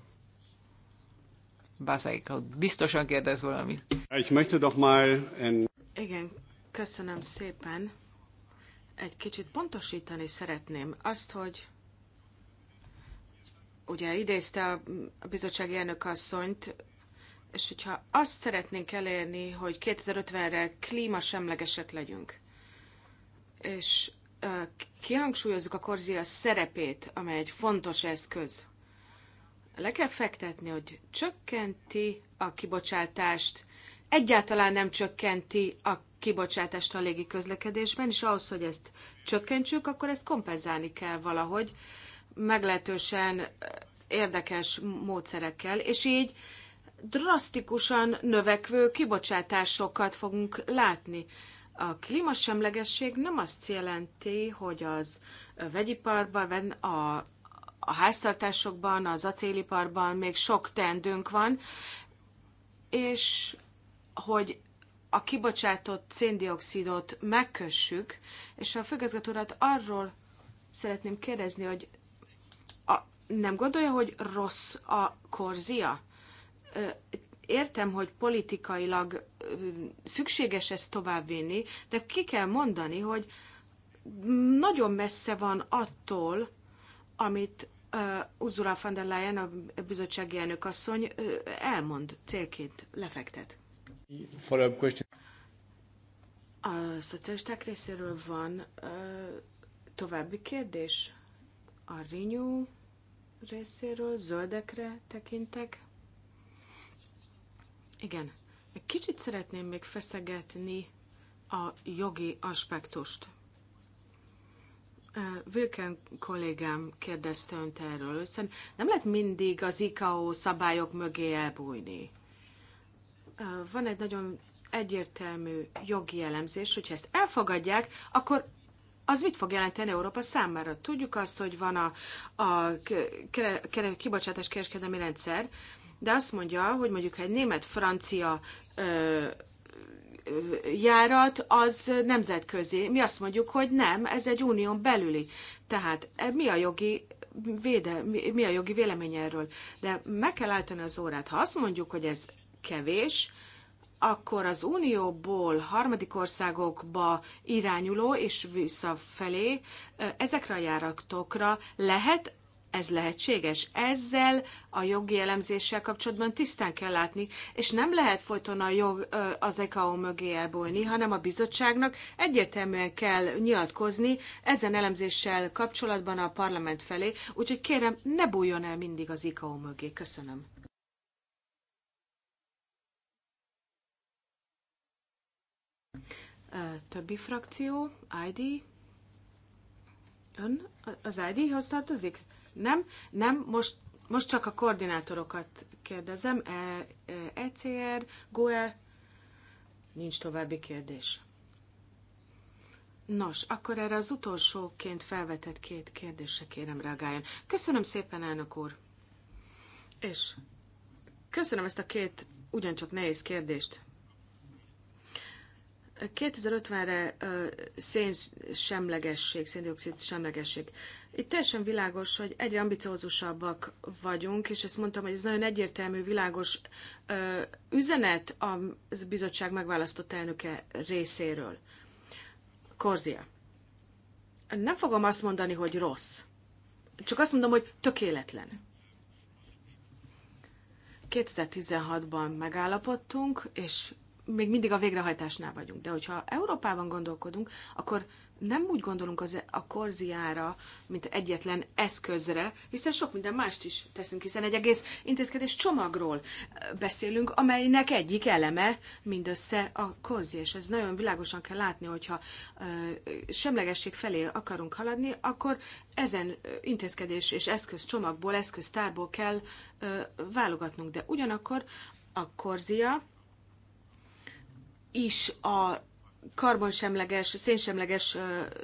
Bazaik, biztosan kérdez valamit. Ich möchte doch mal en... Igen, köszönöm szépen. Egy kicsit pontosítani szeretném azt, hogy ugye idézte a bizottsági elnök asszonyt, és hogyha azt szeretnénk elérni, hogy 2050-re klímasemlegesek legyünk, és uh, kihangsúlyozzuk a korzia szerepét, amely egy fontos eszköz le kell fektetni, hogy csökkenti a kibocsátást, egyáltalán nem csökkenti a kibocsátást a légi közlekedésben, és ahhoz, hogy ezt csökkentsük, akkor ezt kompenzálni kell valahogy meglehetősen érdekes módszerekkel, és így drasztikusan növekvő kibocsátásokat fogunk látni. A klímasemlegesség nem azt jelenti, hogy az vegyiparban, a a háztartásokban, az acéliparban még sok teendőnk van, és hogy a kibocsátott széndiokszidot megkössük, és a főgazgatórat arról szeretném kérdezni, hogy a, nem gondolja, hogy rossz a korzia? Értem, hogy politikailag szükséges ezt továbbvinni, de ki kell mondani, hogy nagyon messze van attól, amit Uh, Ursula von der Leyen, a bizottsági elnök asszony uh, elmond célként, lefektet. Follow-up question. A szocialisták részéről van uh, további kérdés? A Renew részéről zöldekre tekintek? Igen. Egy kicsit szeretném még feszegetni a jogi aspektust. Vilken kollégám kérdezte önt erről, hiszen nem lehet mindig az ICAO szabályok mögé elbújni. Van egy nagyon egyértelmű jogi elemzés, hogyha ezt elfogadják, akkor az mit fog jelenteni Európa számára? Tudjuk azt, hogy van a, a kere, kere, kibocsátás kereskedelmi rendszer, de azt mondja, hogy mondjuk egy német-francia járat az nemzetközi. Mi azt mondjuk, hogy nem, ez egy unión belüli. Tehát e, mi a jogi véde, mi a jogi vélemény erről? De meg kell állítani az órát. Ha azt mondjuk, hogy ez kevés, akkor az unióból harmadik országokba irányuló és visszafelé e, ezekre a járatokra lehet ez lehetséges. Ezzel a jogi elemzéssel kapcsolatban tisztán kell látni, és nem lehet folyton a jog az EKO mögé elbújni, hanem a bizottságnak egyértelműen kell nyilatkozni ezen elemzéssel kapcsolatban a parlament felé, úgyhogy kérem, ne bújjon el mindig az EKO mögé. Köszönöm. Többi frakció, ID. Ön az ID-hoz tartozik? Nem, nem, most, most csak a koordinátorokat kérdezem. ECR, e, e GOE, nincs további kérdés. Nos, akkor erre az utolsóként felvetett két kérdésre kérem reagáljon. Köszönöm szépen, elnök úr! És köszönöm ezt a két ugyancsak nehéz kérdést. 2050-re semlegesség, széndiokszid semlegesség. Itt teljesen világos, hogy egyre ambiciózusabbak vagyunk, és ezt mondtam, hogy ez nagyon egyértelmű, világos ö, üzenet a bizottság megválasztott elnöke részéről. Korzia. Nem fogom azt mondani, hogy rossz. Csak azt mondom, hogy tökéletlen. 2016-ban megállapodtunk, és még mindig a végrehajtásnál vagyunk. De hogyha Európában gondolkodunk, akkor nem úgy gondolunk az, a korziára, mint egyetlen eszközre, hiszen sok minden mást is teszünk, hiszen egy egész intézkedés csomagról beszélünk, amelynek egyik eleme mindössze a korzi, és ez nagyon világosan kell látni, hogyha ö, semlegesség felé akarunk haladni, akkor ezen intézkedés és eszköz csomagból, eszköztárból kell ö, válogatnunk. De ugyanakkor a korzia is a karbonsemleges, szénsemleges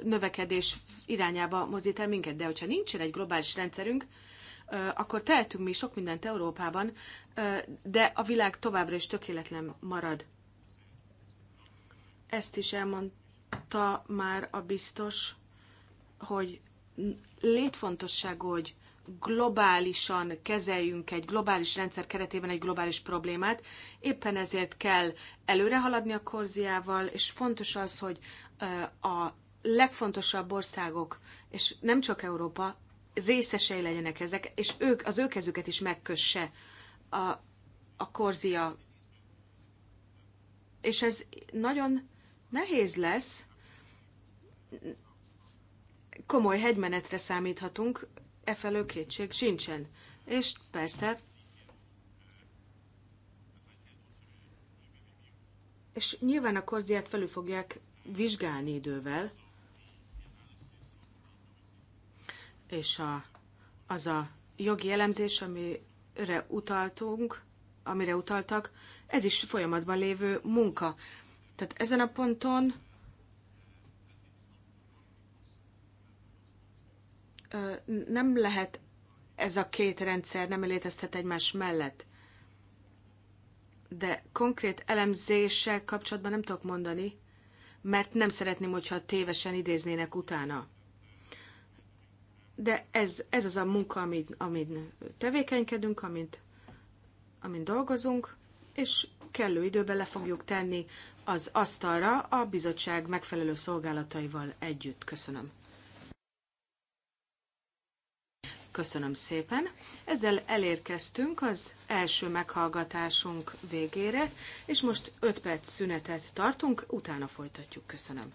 növekedés irányába mozdít el minket, de hogyha nincsen egy globális rendszerünk, akkor tehetünk mi sok mindent Európában, de a világ továbbra is tökéletlen marad. Ezt is elmondta már a biztos, hogy létfontosság, hogy globálisan kezeljünk egy globális rendszer keretében egy globális problémát. Éppen ezért kell előre haladni a korziával, és fontos az, hogy a legfontosabb országok, és nem csak Európa, részesei legyenek ezek, és ők, az ő kezüket is megkösse a, a korzia. És ez nagyon nehéz lesz, komoly hegymenetre számíthatunk, efelől kétség sincsen. És persze, és nyilván a korziát felül fogják vizsgálni idővel, és a, az a jogi elemzés, amire utaltunk, amire utaltak, ez is folyamatban lévő munka. Tehát ezen a ponton nem lehet ez a két rendszer, nem létezhet egymás mellett. De konkrét elemzéssel kapcsolatban nem tudok mondani, mert nem szeretném, hogyha tévesen idéznének utána. De ez, ez az a munka, amin, amin tevékenykedünk, amint, amin dolgozunk, és kellő időben le fogjuk tenni az asztalra a bizottság megfelelő szolgálataival együtt. Köszönöm. Köszönöm szépen. Ezzel elérkeztünk az első meghallgatásunk végére, és most 5 perc szünetet tartunk, utána folytatjuk. Köszönöm.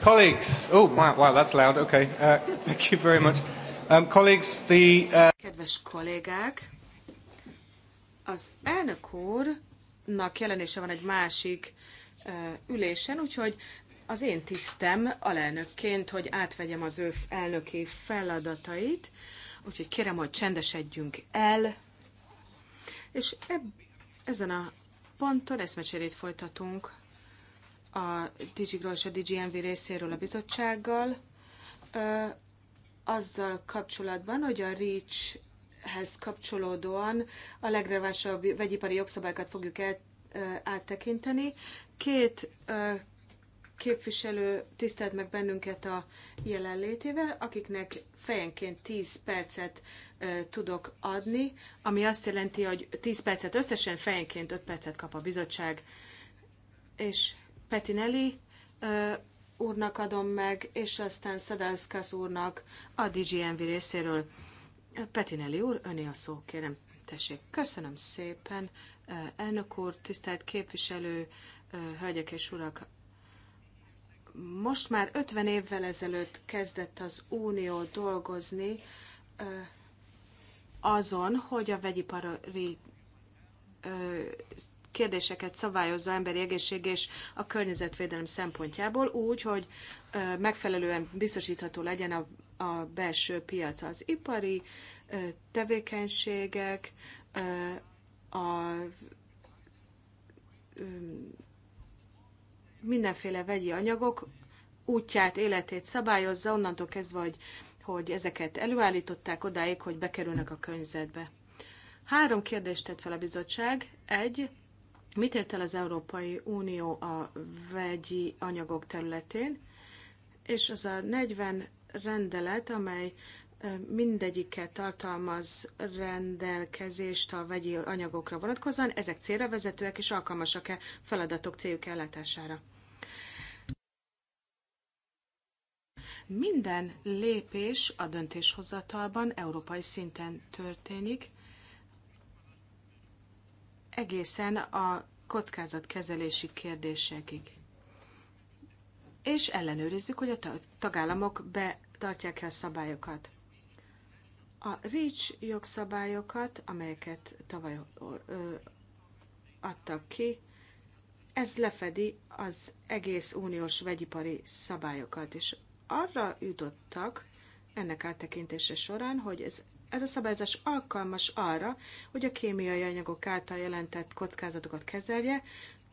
Colleagues, oh wow, wow that's loud. Okay, uh, thank you very much. Um, colleagues, the uh... kedves kollégák, az elnök úrnak jelenése van egy másik uh, ülésen, úgyhogy az én tisztem alelnökként, hogy átvegyem az ő elnöki feladatait, úgyhogy kérem, hogy csendesedjünk el, és eb- ezen a ponton eszmecserét folytatunk Tizsigról és a DGMV részéről a bizottsággal, azzal kapcsolatban, hogy a REACH-hez kapcsolódóan a legrevásabb vegyipari jogszabályokat fogjuk el, áttekinteni. Két képviselő tisztelt meg bennünket a jelenlétével, akiknek fejenként 10 percet tudok adni, ami azt jelenti, hogy 10 percet összesen fejenként 5 percet kap a bizottság. És Petinelli úrnak adom meg, és aztán Szedászkász úrnak a DGMV részéről. Petinelli úr, öné a szó, kérem. Tessék, köszönöm szépen, elnök úr, tisztelt képviselő, hölgyek és urak. Most már 50 évvel ezelőtt kezdett az Unió dolgozni azon, hogy a vegyipari kérdéseket szabályozza emberi egészség és a környezetvédelem szempontjából úgy, hogy megfelelően biztosítható legyen a, a belső piac, az ipari tevékenységek, a mindenféle vegyi anyagok útját, életét szabályozza, onnantól kezdve, hogy, hogy ezeket előállították odáig, hogy bekerülnek a környezetbe. Három kérdést tett fel a bizottság. Egy, Mit ért el az Európai Unió a vegyi anyagok területén, és az a 40 rendelet, amely mindegyiket tartalmaz rendelkezést a vegyi anyagokra vonatkozóan, ezek célra vezetőek és alkalmasak-e feladatok céljuk ellátására. Minden lépés a döntéshozatalban európai szinten történik, egészen a kockázatkezelési kérdésekig. És ellenőrizzük, hogy a tagállamok betartják-e a szabályokat. A REACH jogszabályokat, amelyeket tavaly ö, adtak ki, ez lefedi az egész uniós vegyipari szabályokat, és arra jutottak ennek áttekintése során, hogy ez ez a szabályzás alkalmas arra, hogy a kémiai anyagok által jelentett kockázatokat kezelje,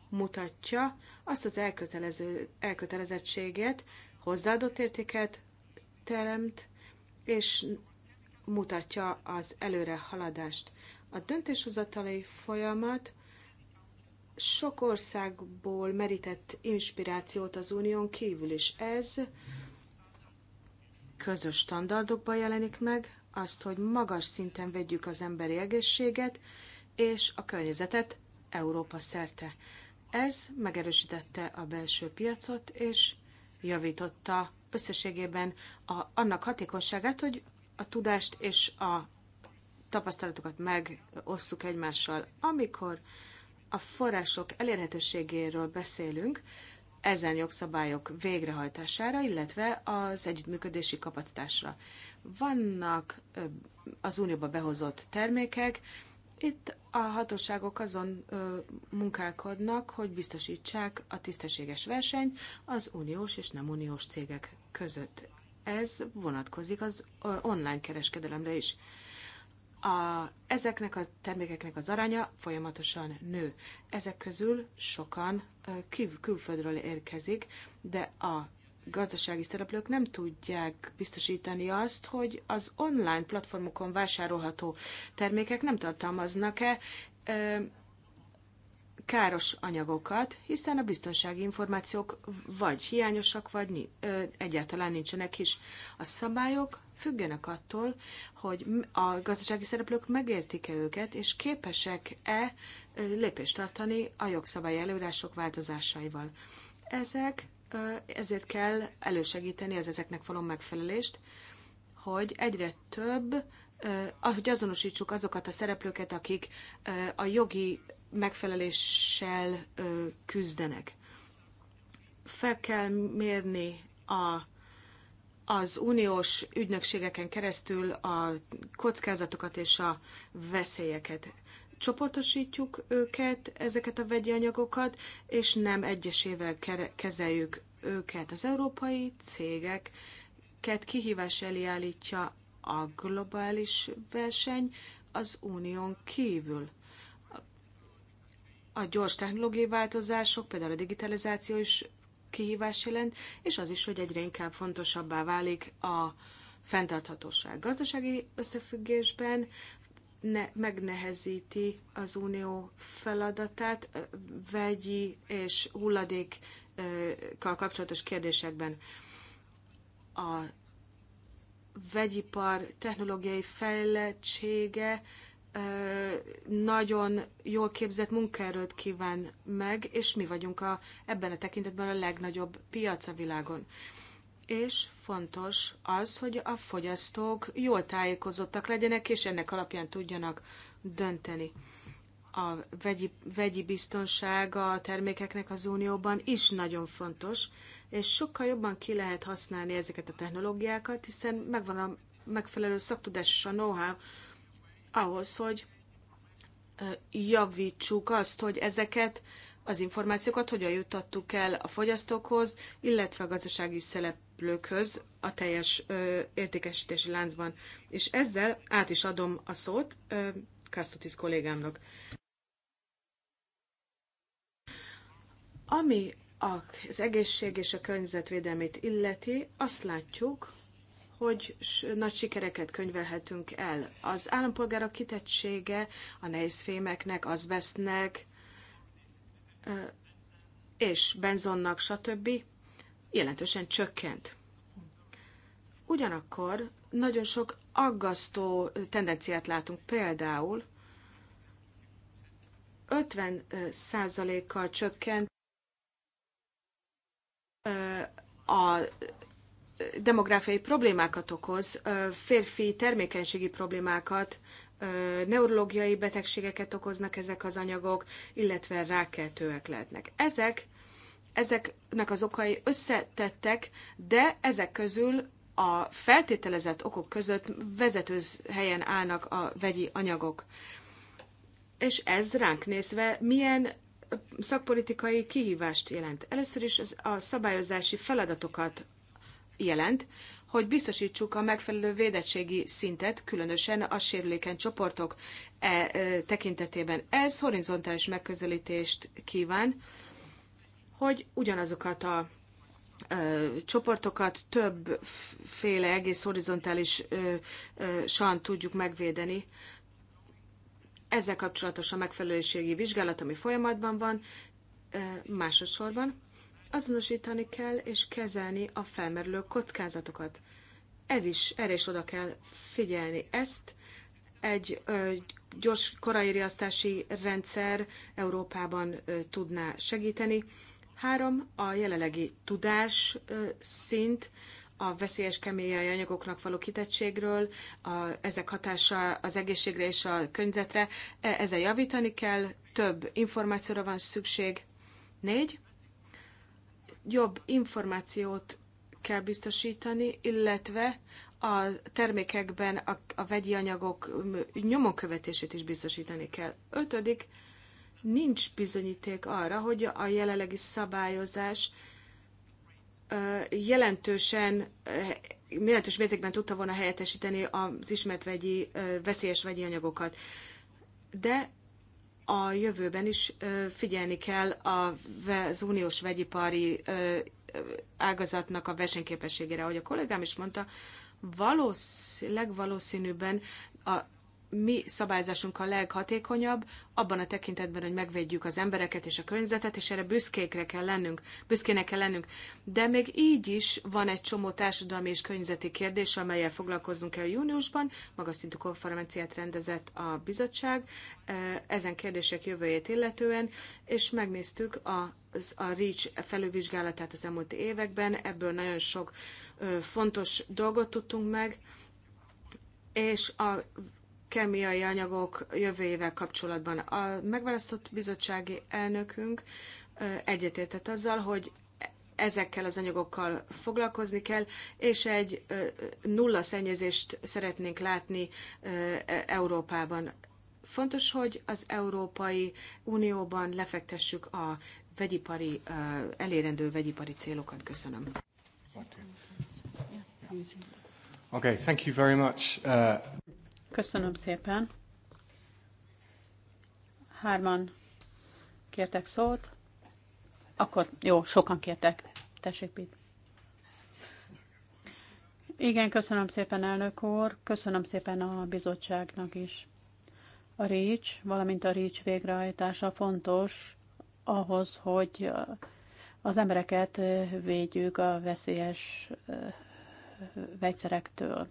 mutatja azt az elkötelező, elkötelezettséget, hozzáadott értéket teremt, és mutatja az előre haladást. A döntéshozatali folyamat sok országból merített inspirációt az unión kívül is. Ez közös standardokban jelenik meg, azt, hogy magas szinten vegyük az emberi egészséget és a környezetet Európa szerte. Ez megerősítette a belső piacot, és javította összességében a, annak hatékonyságát, hogy a tudást és a tapasztalatokat megosszuk egymással. Amikor a források elérhetőségéről beszélünk, ezen jogszabályok végrehajtására, illetve az együttműködési kapacitásra. Vannak az Unióba behozott termékek, itt a hatóságok azon ö, munkálkodnak, hogy biztosítsák a tisztességes verseny az uniós és nem uniós cégek között. Ez vonatkozik az online kereskedelemre is. A, ezeknek a termékeknek az aránya folyamatosan nő. Ezek közül sokan kív, külföldről érkezik, de a gazdasági szereplők nem tudják biztosítani azt, hogy az online platformokon vásárolható termékek nem tartalmaznak-e káros anyagokat, hiszen a biztonsági információk vagy hiányosak, vagy egyáltalán nincsenek is. A szabályok függenek attól, hogy a gazdasági szereplők megértik-e őket, és képesek-e lépést tartani a jogszabály előírások változásaival. Ezek ezért kell elősegíteni az ezeknek való megfelelést, hogy egyre több, hogy azonosítsuk azokat a szereplőket, akik a jogi megfeleléssel küzdenek. Fel kell mérni a, az uniós ügynökségeken keresztül a kockázatokat és a veszélyeket csoportosítjuk őket, ezeket a vegyi anyagokat, és nem egyesével kezeljük őket. Az európai cégeket kihívás elé állítja a globális verseny az unión kívül. A gyors technológiai változások, például a digitalizáció is kihívás jelent, és az is, hogy egyre inkább fontosabbá válik a fenntarthatóság. Gazdasági összefüggésben ne, megnehezíti az unió feladatát vegyi és hulladékkal kapcsolatos kérdésekben. A vegyipar technológiai fejlettsége nagyon jól képzett munkaerőt kíván meg, és mi vagyunk a, ebben a tekintetben a legnagyobb piac a világon és fontos az, hogy a fogyasztók jól tájékozottak legyenek, és ennek alapján tudjanak dönteni. A vegyi, vegyi biztonság a termékeknek az Unióban is nagyon fontos, és sokkal jobban ki lehet használni ezeket a technológiákat, hiszen megvan a megfelelő szaktudás és a know-how ahhoz, hogy javítsuk azt, hogy ezeket az információkat hogyan juttattuk el a fogyasztókhoz, illetve a gazdasági szereplőkhöz a teljes ö, értékesítési láncban. És ezzel át is adom a szót ö, Kastutis kollégámnak. Ami az egészség és a környezetvédelmét illeti, azt látjuk, hogy nagy sikereket könyvelhetünk el. Az állampolgárok kitettsége a nehézfémeknek, vesznek és benzonnak, stb. jelentősen csökkent. Ugyanakkor nagyon sok aggasztó tendenciát látunk, például 50%-kal csökkent a demográfiai problémákat okoz, férfi termékenységi problémákat, neurológiai betegségeket okoznak ezek az anyagok, illetve rákeltőek lehetnek. Ezek, ezeknek az okai összetettek, de ezek közül a feltételezett okok között vezető helyen állnak a vegyi anyagok. És ez ránk nézve milyen szakpolitikai kihívást jelent. Először is a szabályozási feladatokat jelent, hogy biztosítsuk a megfelelő védettségi szintet, különösen a sérülékeny csoportok e, tekintetében. Ez horizontális megközelítést kíván, hogy ugyanazokat a csoportokat többféle egész horizontálisan tudjuk megvédeni. Ezzel kapcsolatos a megfelelőségi vizsgálat, ami folyamatban van, másodszorban Azonosítani kell és kezelni a felmerülő kockázatokat. Ez is, erre is oda kell figyelni. Ezt egy ö, gyors korai riasztási rendszer Európában ö, tudná segíteni. Három, a jelenlegi tudás ö, szint, a veszélyes kémiai anyagoknak való kitettségről, a, ezek hatása az egészségre és a környezetre, e, ezzel javítani kell, több információra van szükség. Négy, jobb információt kell biztosítani, illetve a termékekben a, a vegyi anyagok nyomonkövetését is biztosítani kell. Ötödik, nincs bizonyíték arra, hogy a jelenlegi szabályozás jelentősen, jelentős mértékben tudta volna helyettesíteni az ismert vegyi, veszélyes vegyi anyagokat. De a jövőben is figyelni kell az uniós vegyipari ágazatnak a versenyképességére. Ahogy a kollégám is mondta, valószínűleg legvalószínűbben a mi szabályzásunk a leghatékonyabb abban a tekintetben, hogy megvédjük az embereket és a környezetet, és erre büszkékre kell lennünk, büszkének kell lennünk. De még így is van egy csomó társadalmi és környezeti kérdés, amelyel foglalkoznunk kell júniusban. Magas szintű konferenciát rendezett a bizottság eh, ezen kérdések jövőjét illetően, és megnéztük a, a REACH felülvizsgálatát az elmúlt években, ebből nagyon sok fontos dolgot tudtunk meg, és a kémiai anyagok jövőjével kapcsolatban. A megválasztott bizottsági elnökünk egyetértett azzal, hogy ezekkel az anyagokkal foglalkozni kell, és egy nulla szennyezést szeretnénk látni e, Európában. Fontos, hogy az Európai Unióban lefektessük a vegyipari, elérendő vegyipari célokat. Köszönöm. Okay, thank you very much. Uh... Köszönöm szépen. Hárman kértek szót. Akkor jó, sokan kértek. Tessék, Pit. Igen, köszönöm szépen, elnök úr. Köszönöm szépen a bizottságnak is. A REACH, valamint a REACH végrehajtása fontos ahhoz, hogy az embereket védjük a veszélyes vegyszerektől.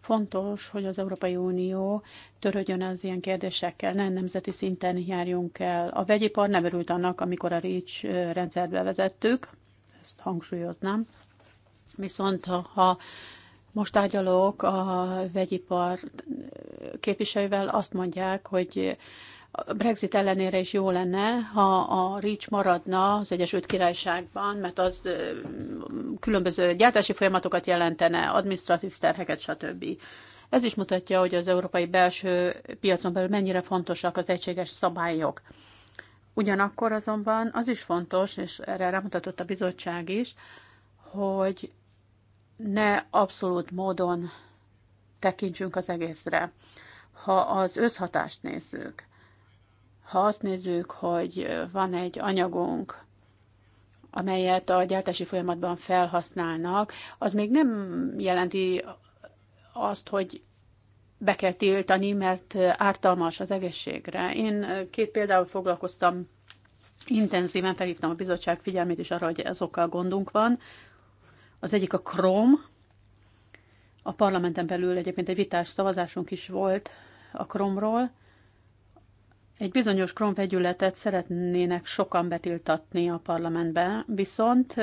Fontos, hogy az Európai Unió törődjön az ilyen kérdésekkel, Nem nemzeti szinten járjunk el. A vegyipar nem örült annak, amikor a REACH rendszert bevezettük, ezt hangsúlyoznám. Viszont ha most tárgyalok a vegyipar képviselővel, azt mondják, hogy a Brexit ellenére is jó lenne, ha a REACH maradna az Egyesült Királyságban, mert az különböző gyártási folyamatokat jelentene, administratív terheket, stb. Ez is mutatja, hogy az európai belső piacon belül mennyire fontosak az egységes szabályok. Ugyanakkor azonban az is fontos, és erre rámutatott a bizottság is, hogy ne abszolút módon tekintsünk az egészre. Ha az összhatást nézzük, ha azt nézzük, hogy van egy anyagunk, amelyet a gyártási folyamatban felhasználnak, az még nem jelenti azt, hogy be kell tiltani, mert ártalmas az egészségre. Én két példával foglalkoztam intenzíven, felhívtam a bizottság figyelmét is arra, hogy ezokkal gondunk van. Az egyik a krom, a parlamenten belül egyébként egy vitás szavazásunk is volt a kromról, egy bizonyos kromvegyületet szeretnének sokan betiltatni a parlamentben, viszont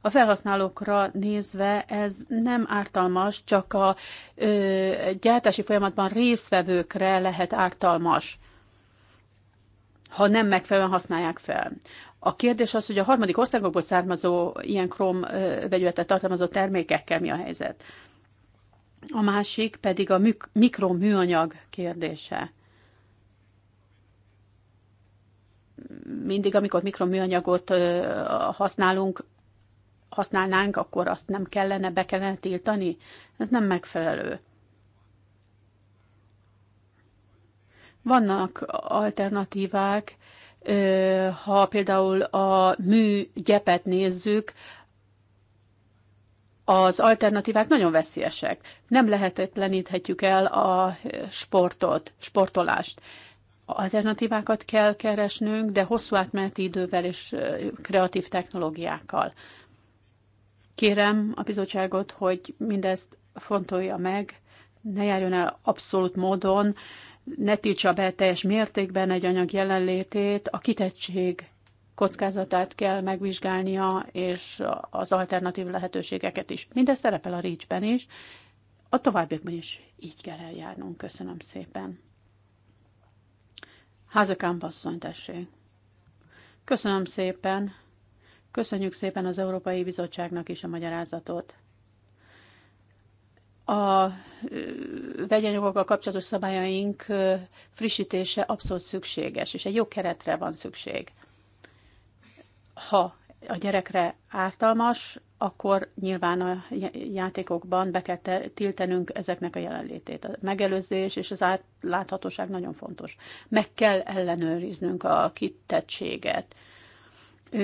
a felhasználókra nézve ez nem ártalmas, csak a ö, gyártási folyamatban résztvevőkre lehet ártalmas, ha nem megfelelően használják fel. A kérdés az, hogy a harmadik országokból származó ilyen krom vegyületet tartalmazó termékekkel mi a helyzet. A másik pedig a mikroműanyag kérdése mindig, amikor mikroműanyagot használunk, használnánk, akkor azt nem kellene, be kellene tiltani? Ez nem megfelelő. Vannak alternatívák, ha például a műgyepet nézzük, az alternatívák nagyon veszélyesek. Nem lehetetleníthetjük el a sportot, sportolást. Alternatívákat kell keresnünk, de hosszú átmeneti idővel és kreatív technológiákkal. Kérem a bizottságot, hogy mindezt fontolja meg, ne járjon el abszolút módon, ne tiltsa be teljes mértékben egy anyag jelenlétét, a kitettség kockázatát kell megvizsgálnia, és az alternatív lehetőségeket is. Mindez szerepel a rícsben is, a továbbiakban is így kell eljárnunk. Köszönöm szépen. Házakám asszony, tessék. Köszönöm szépen. Köszönjük szépen az Európai Bizottságnak is a magyarázatot. A vegyanyagokkal kapcsolatos szabályaink frissítése abszolút szükséges, és egy jó keretre van szükség. Ha a gyerekre ártalmas, akkor nyilván a játékokban be kell tiltenünk ezeknek a jelenlétét. A megelőzés és az átláthatóság nagyon fontos. Meg kell ellenőriznünk a kitettséget.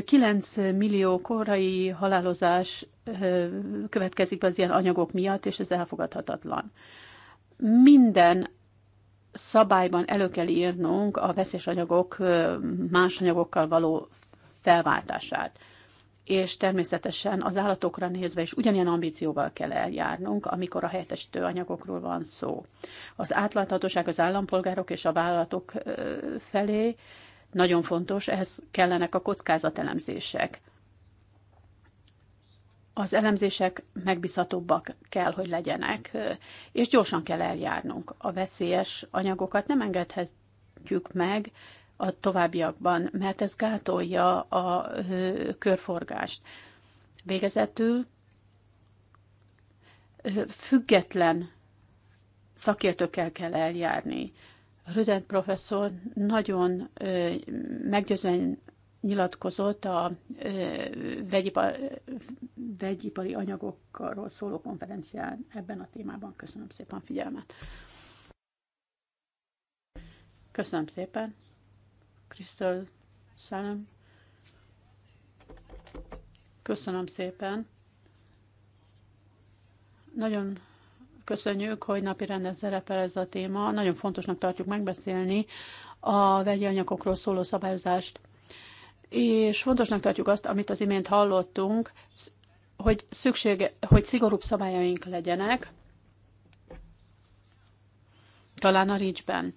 9 millió korai halálozás következik be az ilyen anyagok miatt, és ez elfogadhatatlan. Minden szabályban elő kell írnunk a veszélyes anyagok más anyagokkal való felváltását. És természetesen az állatokra nézve is ugyanilyen ambícióval kell eljárnunk, amikor a helyettesítő anyagokról van szó. Az átláthatóság az állampolgárok és a vállalatok felé nagyon fontos, ehhez kellenek a kockázatelemzések. Az elemzések megbízhatóbbak kell, hogy legyenek, és gyorsan kell eljárnunk. A veszélyes anyagokat nem engedhetjük meg, a továbbiakban, mert ez gátolja a körforgást. Végezetül független szakértőkkel kell eljárni. Rüdent professzor nagyon meggyőzően nyilatkozott a vegyipar, vegyipari anyagokról szóló konferencián ebben a témában. Köszönöm szépen a figyelmet. Köszönöm szépen. Krisztel Szálem. Köszönöm szépen. Nagyon köszönjük, hogy napi rendben szerepel ez a téma. Nagyon fontosnak tartjuk megbeszélni a vegyi anyagokról szóló szabályozást. És fontosnak tartjuk azt, amit az imént hallottunk, hogy, szüksége, hogy szigorúbb szabályaink legyenek, talán a ricsben.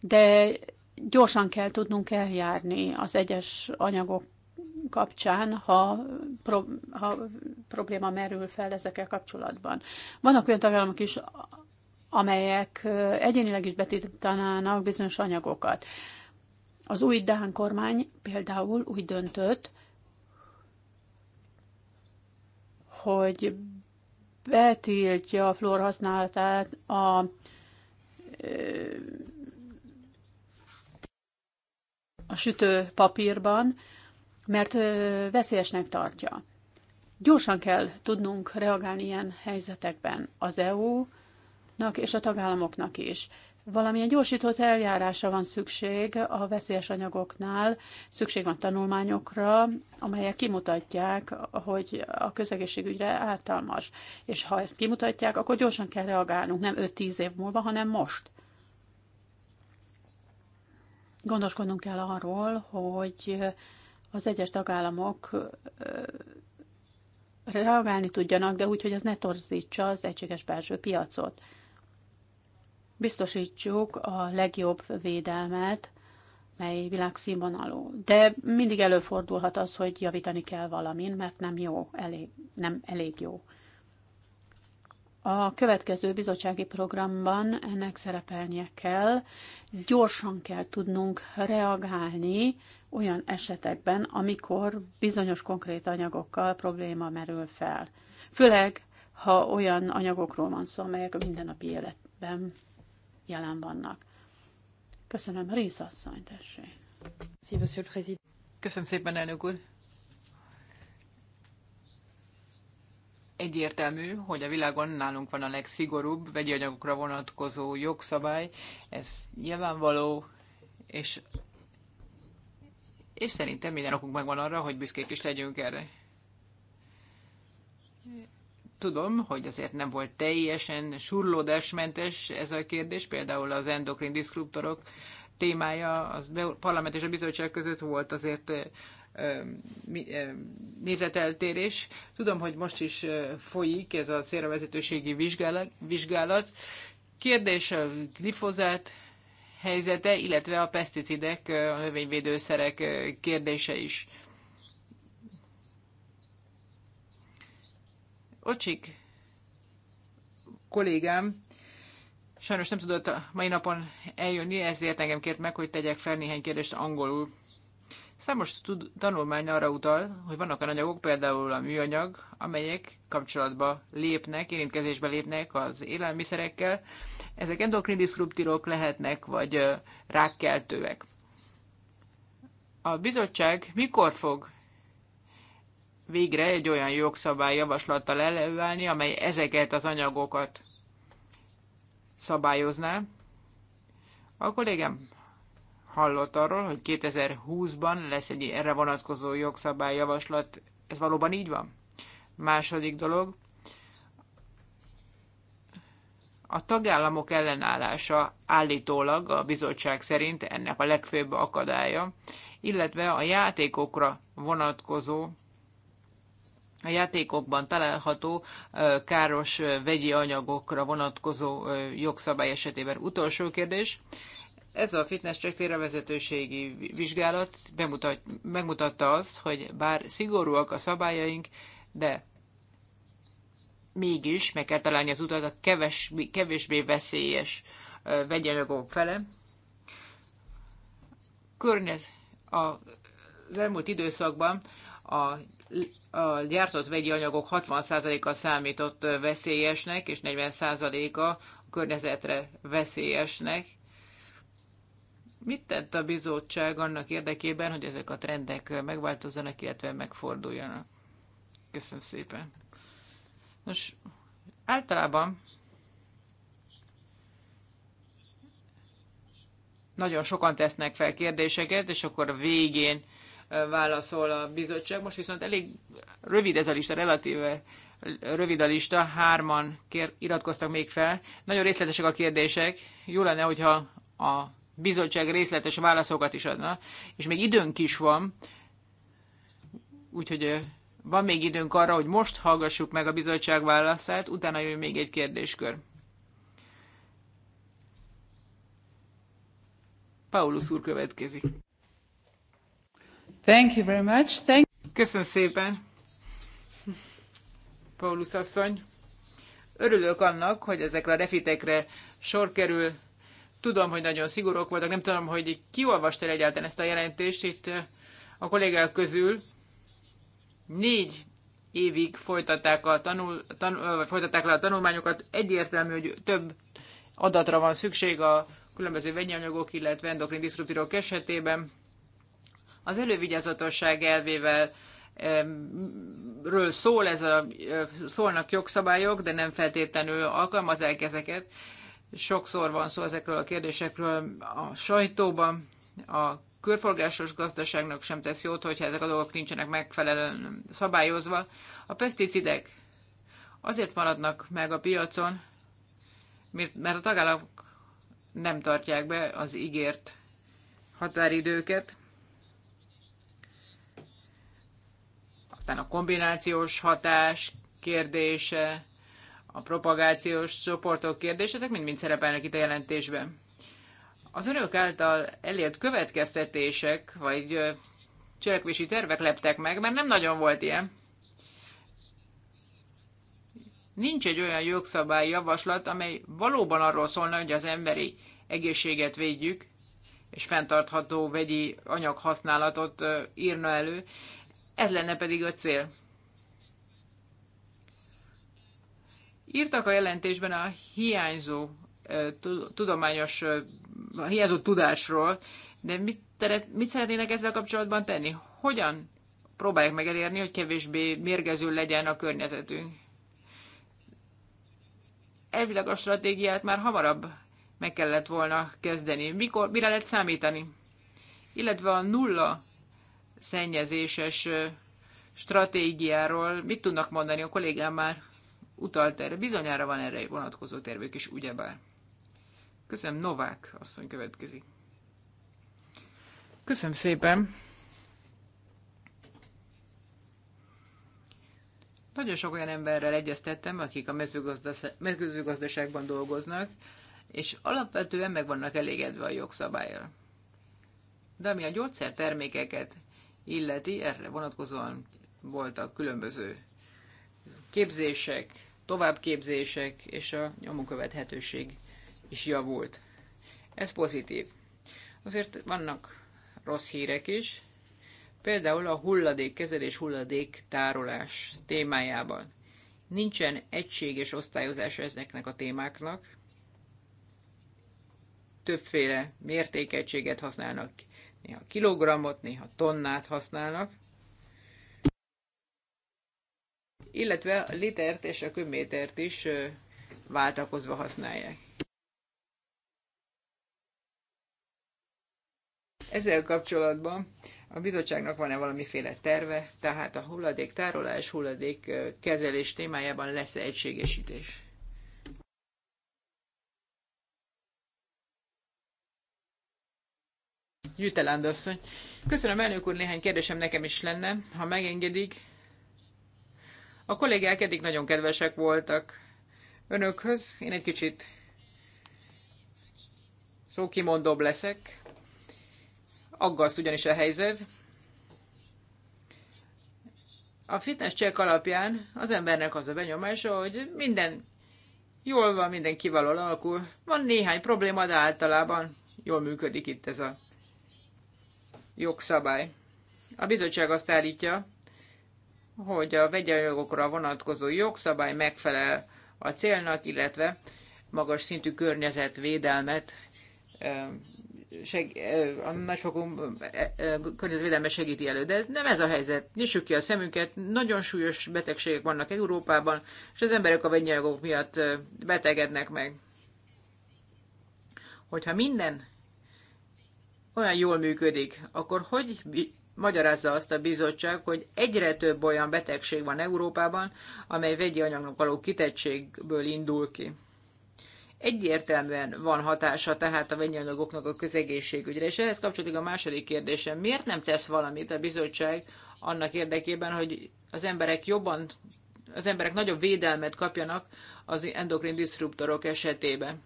De gyorsan kell tudnunk eljárni az egyes anyagok kapcsán, ha, pro, ha probléma merül fel ezekkel kapcsolatban. Vannak olyan tagállamok is, amelyek egyénileg is betiltanának bizonyos anyagokat. Az új Dán kormány például úgy döntött, hogy betiltja a flór használatát a a sütő papírban, mert veszélyesnek tartja. Gyorsan kell tudnunk reagálni ilyen helyzetekben az EU-nak és a tagállamoknak is. Valamilyen gyorsított eljárásra van szükség a veszélyes anyagoknál, szükség van tanulmányokra, amelyek kimutatják, hogy a közegészségügyre ártalmas. És ha ezt kimutatják, akkor gyorsan kell reagálnunk, nem 5-10 év múlva, hanem most gondoskodnunk kell arról, hogy az egyes tagállamok reagálni tudjanak, de úgy, hogy az ne torzítsa az egységes belső piacot. Biztosítsuk a legjobb védelmet, mely világszínvonalú. De mindig előfordulhat az, hogy javítani kell valamin, mert nem jó, elég, nem elég jó. A következő bizottsági programban ennek szerepelnie kell, gyorsan kell tudnunk reagálni olyan esetekben, amikor bizonyos konkrét anyagokkal probléma merül fel. Főleg, ha olyan anyagokról van szó, amelyek a mindennapi életben jelen vannak. Köszönöm, Rész asszony, tessék. Köszönöm szépen, elnök úr. egyértelmű, hogy a világon nálunk van a legszigorúbb vegyi anyagokra vonatkozó jogszabály, ez nyilvánvaló, és, és szerintem minden okunk megvan arra, hogy büszkék is legyünk erre. Tudom, hogy azért nem volt teljesen surlódásmentes ez a kérdés, például az endokrin diszkruptorok témája, az parlament és a bizottság között volt azért nézeteltérés. Tudom, hogy most is folyik ez a szélrevezetőségi vizsgálat. Kérdés a glifozát helyzete, illetve a peszticidek, a növényvédőszerek kérdése is. Ocsik kollégám sajnos nem tudott a mai napon eljönni, ezért engem kért meg, hogy tegyek fel néhány kérdést angolul. Számos tud, tanulmány arra utal, hogy vannak olyan anyagok, például a műanyag, amelyek kapcsolatba lépnek, érintkezésbe lépnek az élelmiszerekkel. Ezek endokrin diszruptírok lehetnek, vagy rákkeltőek. A bizottság mikor fog végre egy olyan jogszabály javaslattal előállni, amely ezeket az anyagokat szabályozná? A kollégám hallott arról, hogy 2020-ban lesz egy erre vonatkozó jogszabályjavaslat. Ez valóban így van? Második dolog, a tagállamok ellenállása állítólag a bizottság szerint ennek a legfőbb akadálya, illetve a játékokra vonatkozó, a játékokban található káros vegyi anyagokra vonatkozó jogszabály esetében. Utolsó kérdés, ez a fitness check vezetőségi vizsgálat bemutat, megmutatta az, hogy bár szigorúak a szabályaink, de mégis meg kell találni az utat a keves, kevésbé veszélyes vegyanyagok fele. Környez, a, az elmúlt időszakban a a gyártott vegyi anyagok 60%-a számított veszélyesnek, és 40%-a a környezetre veszélyesnek. Mit tett a bizottság annak érdekében, hogy ezek a trendek megváltozzanak, illetve megforduljanak? Köszönöm szépen. Nos, általában nagyon sokan tesznek fel kérdéseket, és akkor a végén válaszol a bizottság. Most viszont elég rövid ez a lista, relatíve rövid a lista, hárman kér, iratkoztak még fel. Nagyon részletesek a kérdések. Jó lenne, hogyha a bizottság részletes válaszokat is adna, és még időnk is van, úgyhogy van még időnk arra, hogy most hallgassuk meg a bizottság válaszát, utána jön még egy kérdéskör. Paulus úr következik. Thank you very much. Thank Köszönöm szépen, Paulus asszony. Örülök annak, hogy ezekre a refitekre sor kerül tudom, hogy nagyon szigorúak voltak, nem tudom, hogy kiolvastál egyáltalán ezt a jelentést itt a kollégák közül. Négy évig folytatták, a tanul, tan, folytatták le a tanulmányokat. Egyértelmű, hogy több adatra van szükség a különböző vegyanyagok, illetve endokrin diszruptírok esetében. Az elővigyázatosság elvével ről szól, ez a, szólnak jogszabályok, de nem feltétlenül alkalmazák ezeket. Sokszor van szó ezekről a kérdésekről a sajtóban, a körforgásos gazdaságnak sem tesz jót, hogyha ezek a dolgok nincsenek megfelelően szabályozva. A peszticidek azért maradnak meg a piacon, mert a tagállamok nem tartják be az ígért határidőket. Aztán a kombinációs hatás kérdése, a propagációs csoportok kérdés, ezek mind-mind szerepelnek itt a jelentésben. Az önök által elért következtetések, vagy cselekvési tervek leptek meg, mert nem nagyon volt ilyen. Nincs egy olyan jogszabály javaslat, amely valóban arról szólna, hogy az emberi egészséget védjük, és fenntartható vegyi anyaghasználatot írna elő. Ez lenne pedig a cél. Írtak a jelentésben a hiányzó tudományos, a hiányzó tudásról, de mit, teret, mit szeretnének ezzel kapcsolatban tenni? Hogyan próbálják meg elérni, hogy kevésbé mérgező legyen a környezetünk? Elvileg a stratégiát már hamarabb meg kellett volna kezdeni. Mikor, mire lehet számítani? Illetve a nulla szennyezéses stratégiáról mit tudnak mondani? A kollégám már utalt erre, bizonyára van erre vonatkozó tervük is, ugyebár. Köszönöm, Novák asszony következik. Köszönöm szépen. Nagyon sok olyan emberrel egyeztettem, akik a mezőgazdaságban dolgoznak, és alapvetően meg vannak elégedve a jogszabályal. De ami a gyógyszertermékeket illeti, erre vonatkozóan voltak különböző képzések, továbbképzések és a nyomukövethetőség is javult. Ez pozitív. Azért vannak rossz hírek is, például a hulladékkezelés, hulladéktárolás témájában. Nincsen egységes osztályozása ezeknek a témáknak, többféle mértékegységet használnak, néha kilogrammot, néha tonnát használnak, illetve a litert és a kömétert is váltakozva használják. Ezzel kapcsolatban a bizottságnak van-e valamiféle terve, tehát a hulladék tárolás, hulladék kezelés témájában lesz-e egységesítés? Jütelánd Köszönöm, elnök úr, néhány kérdésem nekem is lenne, ha megengedik. A kollégák eddig nagyon kedvesek voltak önökhöz, én egy kicsit szókimondóbb leszek. Aggaszt ugyanis a helyzet. A fitness check alapján az embernek az a benyomása, hogy minden jól van, minden kiváló alakul. Van néhány probléma, de általában jól működik itt ez a jogszabály. A bizottság azt állítja, hogy a vegyanyagokra vonatkozó jogszabály megfelel a célnak, illetve magas szintű környezetvédelmet seg, a nagyfokú környezetvédelme segíti elő. De ez nem ez a helyzet. Nyissuk ki a szemünket, nagyon súlyos betegségek vannak Európában, és az emberek a vegyanyagok miatt betegednek meg. Hogyha minden olyan jól működik, akkor hogy magyarázza azt a bizottság, hogy egyre több olyan betegség van Európában, amely vegyi anyagnak való kitettségből indul ki. Egyértelműen van hatása tehát a vegyi anyagoknak a közegészségügyre, és ehhez kapcsolódik a második kérdésem. Miért nem tesz valamit a bizottság annak érdekében, hogy az emberek jobban, az emberek nagyobb védelmet kapjanak az endokrin disruptorok esetében?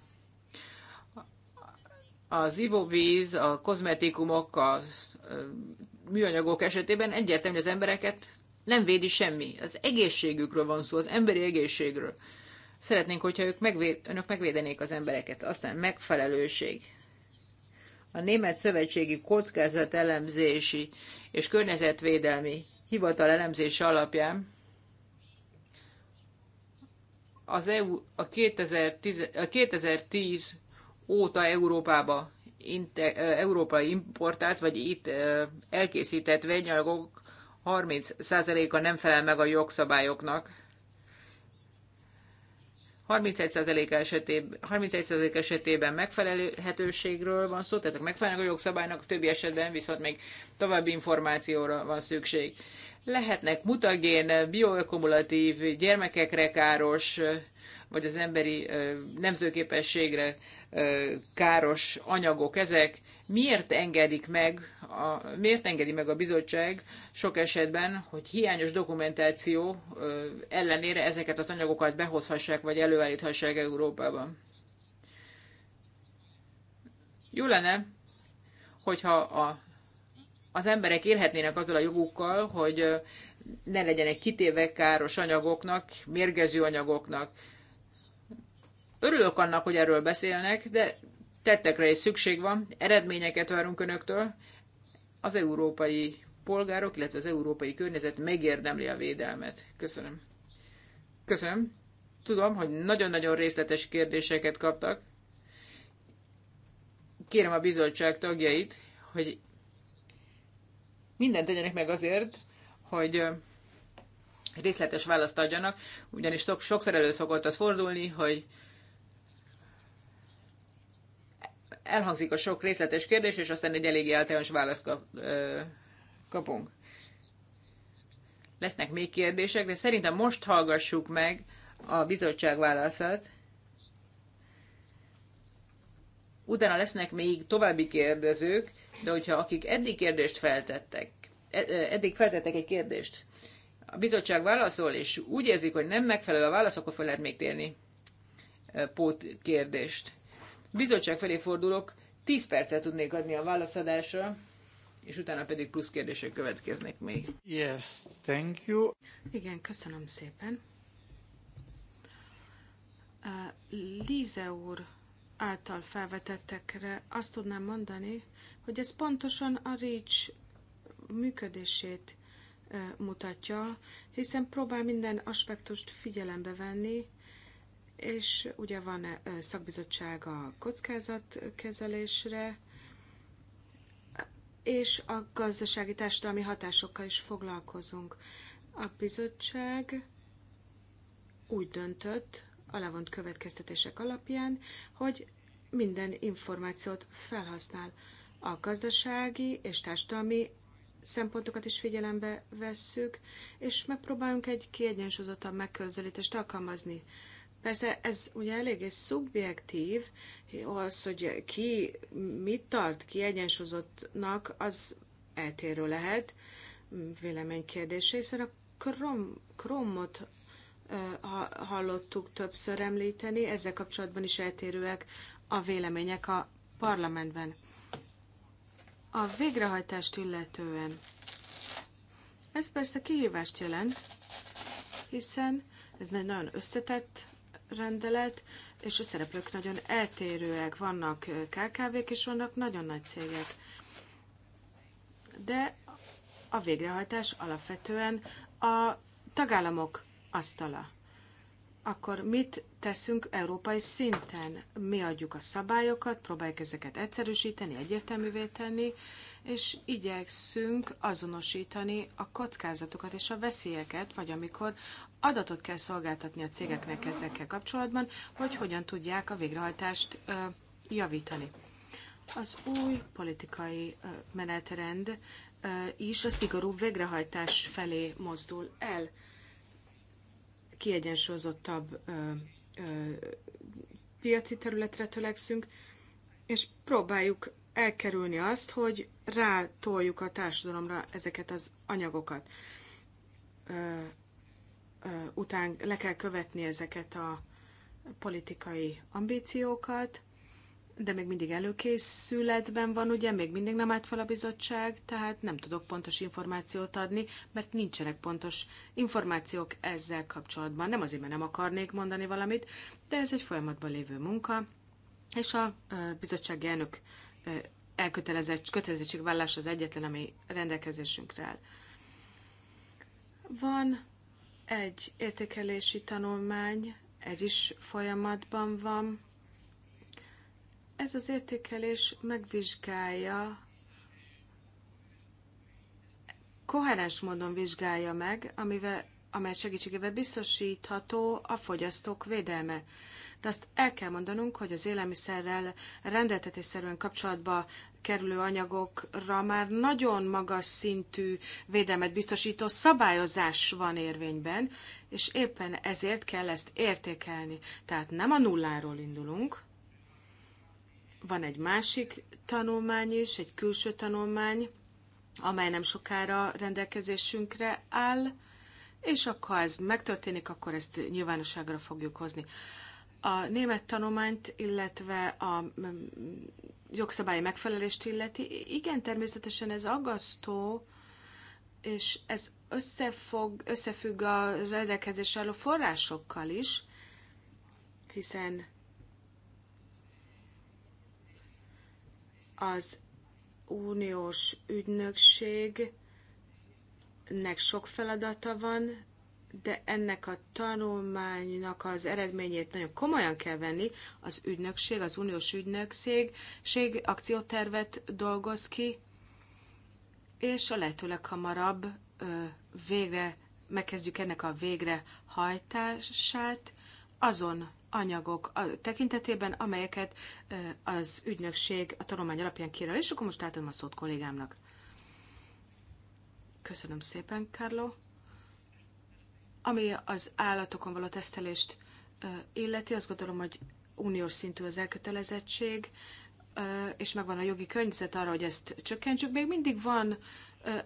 az ivóvíz, a kozmetikumok, a műanyagok esetében egyértelmű, hogy az embereket nem védi semmi. Az egészségükről van szó, az emberi egészségről. Szeretnénk, hogyha ők megvéd, önök megvédenék az embereket. Aztán megfelelőség. A Német Szövetségi Kockázat Elemzési és Környezetvédelmi Hivatal elemzése alapján az EU a 2010, a 2010 óta Európába európai importált, vagy itt elkészített vegyanyagok 30%-a nem felel meg a jogszabályoknak. 31%-a esetében, 31 esetében megfelelhetőségről van szó, ezek megfelelnek a jogszabálynak, a többi esetben viszont még további információra van szükség. Lehetnek mutagén, bioakkumulatív, gyermekekre káros vagy az emberi nemzőképességre káros anyagok ezek. Miért engedik meg, a, miért engedi meg a bizottság sok esetben, hogy hiányos dokumentáció ellenére ezeket az anyagokat behozhassák, vagy előállíthassák Európában? Jó lenne, hogyha a, az emberek élhetnének azzal a jogukkal, hogy ne legyenek kitéve káros anyagoknak, mérgező anyagoknak. Örülök annak, hogy erről beszélnek, de tettekre is szükség van, eredményeket várunk önöktől. Az európai polgárok, illetve az európai környezet megérdemli a védelmet. Köszönöm. Köszönöm. Tudom, hogy nagyon-nagyon részletes kérdéseket kaptak. Kérem a bizottság tagjait, hogy mindent tegyenek meg azért, hogy részletes választ adjanak, ugyanis sok, sokszor elő szokott az fordulni, hogy elhangzik a sok részletes kérdés, és aztán egy eléggé általános választ kap, kapunk. Lesznek még kérdések, de szerintem most hallgassuk meg a bizottság válaszát. Utána lesznek még további kérdezők, de hogyha akik eddig kérdést feltettek, e, eddig feltettek egy kérdést, a bizottság válaszol, és úgy érzik, hogy nem megfelelő a válasz, akkor fel lehet még térni kérdést bizottság felé fordulok, 10 percet tudnék adni a válaszadásra, és utána pedig plusz kérdések következnek még. Yes, thank you. Igen, köszönöm szépen. Líze úr által felvetettekre azt tudnám mondani, hogy ez pontosan a REACH működését mutatja, hiszen próbál minden aspektust figyelembe venni, és ugye van szakbizottság a kockázatkezelésre, és a gazdasági társadalmi hatásokkal is foglalkozunk. A bizottság úgy döntött, a levont következtetések alapján, hogy minden információt felhasznál. A gazdasági és társadalmi szempontokat is figyelembe vesszük, és megpróbálunk egy kiegyensúlyozottabb megközelítést alkalmazni Persze ez ugye eléggé szubjektív, az, hogy ki mit tart kiegyensúlyozottnak, az eltérő lehet véleménykérdés, hiszen a krom, kromot ha, hallottuk többször említeni, ezzel kapcsolatban is eltérőek a vélemények a parlamentben. A végrehajtást illetően. Ez persze kihívást jelent, hiszen ez egy nagyon összetett rendelet, és a szereplők nagyon eltérőek. Vannak KKV-k és vannak nagyon nagy cégek. De a végrehajtás alapvetően a tagállamok asztala. Akkor mit teszünk európai szinten? Mi adjuk a szabályokat, próbáljuk ezeket egyszerűsíteni, egyértelművé tenni, és igyekszünk azonosítani a kockázatokat és a veszélyeket, vagy amikor adatot kell szolgáltatni a cégeknek ezekkel kapcsolatban, hogy hogyan tudják a végrehajtást javítani. Az új politikai menetrend is a szigorúbb végrehajtás felé mozdul el. Kiegyensúlyozottabb piaci területre tölekszünk, és próbáljuk elkerülni azt, hogy rátoljuk a társadalomra ezeket az anyagokat. Ö, ö, után le kell követni ezeket a politikai ambíciókat, de még mindig előkészületben van, ugye, még mindig nem állt fel a bizottság, tehát nem tudok pontos információt adni, mert nincsenek pontos információk ezzel kapcsolatban. Nem azért, mert nem akarnék mondani valamit, de ez egy folyamatban lévő munka, és a bizottsági elnök elkötelezett kötelezettségvállás az egyetlen, ami rendelkezésünkre áll. Van egy értékelési tanulmány, ez is folyamatban van. Ez az értékelés megvizsgálja, koherens módon vizsgálja meg, amivel, amely segítségével biztosítható a fogyasztók védelme de azt el kell mondanunk, hogy az élelmiszerrel rendeltetésszerűen kapcsolatba kerülő anyagokra már nagyon magas szintű védelmet biztosító szabályozás van érvényben, és éppen ezért kell ezt értékelni. Tehát nem a nulláról indulunk. Van egy másik tanulmány is, egy külső tanulmány, amely nem sokára rendelkezésünkre áll, és akkor ez megtörténik, akkor ezt nyilvánosságra fogjuk hozni a német tanulmányt, illetve a mm, jogszabályi megfelelést illeti. Igen, természetesen ez aggasztó, és ez összefog, összefügg a rendelkezés álló forrásokkal is, hiszen az uniós ügynökségnek sok feladata van, de ennek a tanulmánynak az eredményét nagyon komolyan kell venni. Az ügynökség, az uniós ügynökség ség akciótervet dolgoz ki, és a lehető leghamarabb végre megkezdjük ennek a végrehajtását azon anyagok a tekintetében, amelyeket az ügynökség a tanulmány alapján kérel. És akkor most átadom a szót kollégámnak. Köszönöm szépen, Carlo. Ami az állatokon való tesztelést illeti, azt gondolom, hogy uniós szintű az elkötelezettség, és megvan a jogi környezet arra, hogy ezt csökkentsük. Még mindig van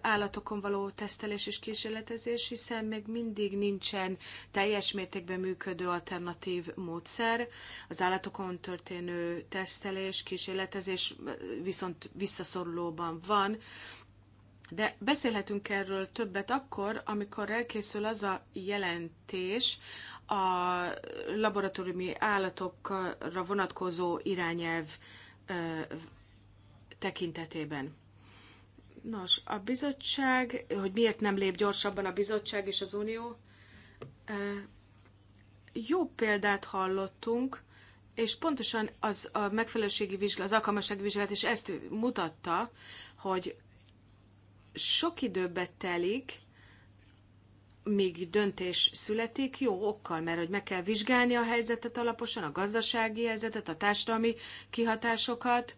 állatokon való tesztelés és kísérletezés, hiszen még mindig nincsen teljes mértékben működő alternatív módszer. Az állatokon történő tesztelés, kísérletezés viszont visszaszorulóban van, de beszélhetünk erről többet akkor, amikor elkészül az a jelentés a laboratóriumi állatokra vonatkozó irányelv tekintetében. Nos, a bizottság, hogy miért nem lép gyorsabban a bizottság és az Unió? Jó példát hallottunk, és pontosan az a megfelelőségi vizsgálat, az alkalmassági vizsgálat is ezt mutatta, hogy sok időbe telik, míg döntés születik, jó okkal, mert hogy meg kell vizsgálni a helyzetet alaposan, a gazdasági helyzetet, a társadalmi kihatásokat,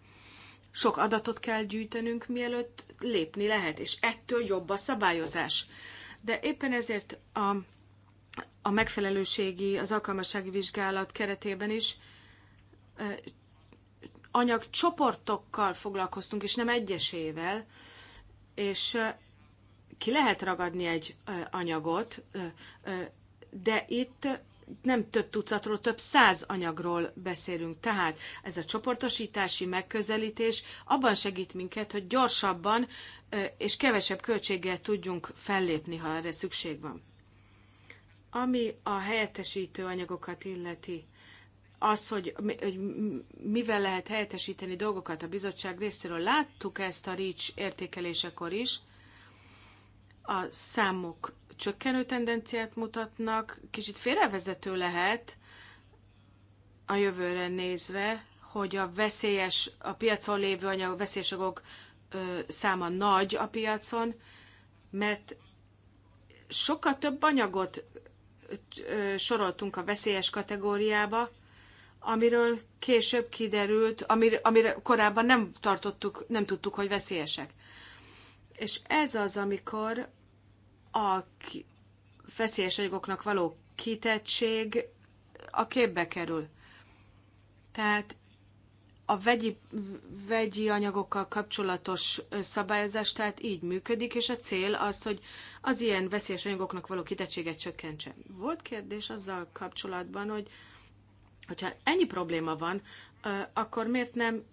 sok adatot kell gyűjtenünk, mielőtt lépni lehet, és ettől jobb a szabályozás. De éppen ezért a, a megfelelőségi, az alkalmassági vizsgálat keretében is anyagcsoportokkal foglalkoztunk, és nem egyesével, és ki lehet ragadni egy anyagot, de itt nem több tucatról, több száz anyagról beszélünk. Tehát ez a csoportosítási megközelítés abban segít minket, hogy gyorsabban és kevesebb költséggel tudjunk fellépni, ha erre szükség van. Ami a helyettesítő anyagokat illeti, az, hogy, hogy mivel lehet helyettesíteni dolgokat a bizottság részéről, láttuk ezt a REACH értékelésekor is, a számok csökkenő tendenciát mutatnak, kicsit félrevezető lehet a jövőre nézve, hogy a veszélyes, a piacon lévő anyagok, veszélyes anyagok száma nagy a piacon, mert sokkal több anyagot soroltunk a veszélyes kategóriába, amiről később kiderült, amire, amire korábban nem tartottuk, nem tudtuk, hogy veszélyesek. És ez az, amikor a veszélyes anyagoknak való kitettség a képbe kerül. Tehát a vegyi, vegyi anyagokkal kapcsolatos szabályozás tehát így működik, és a cél az, hogy az ilyen veszélyes anyagoknak való kitettséget csökkentse. Volt kérdés azzal kapcsolatban, hogy Hogyha ennyi probléma van, akkor miért nem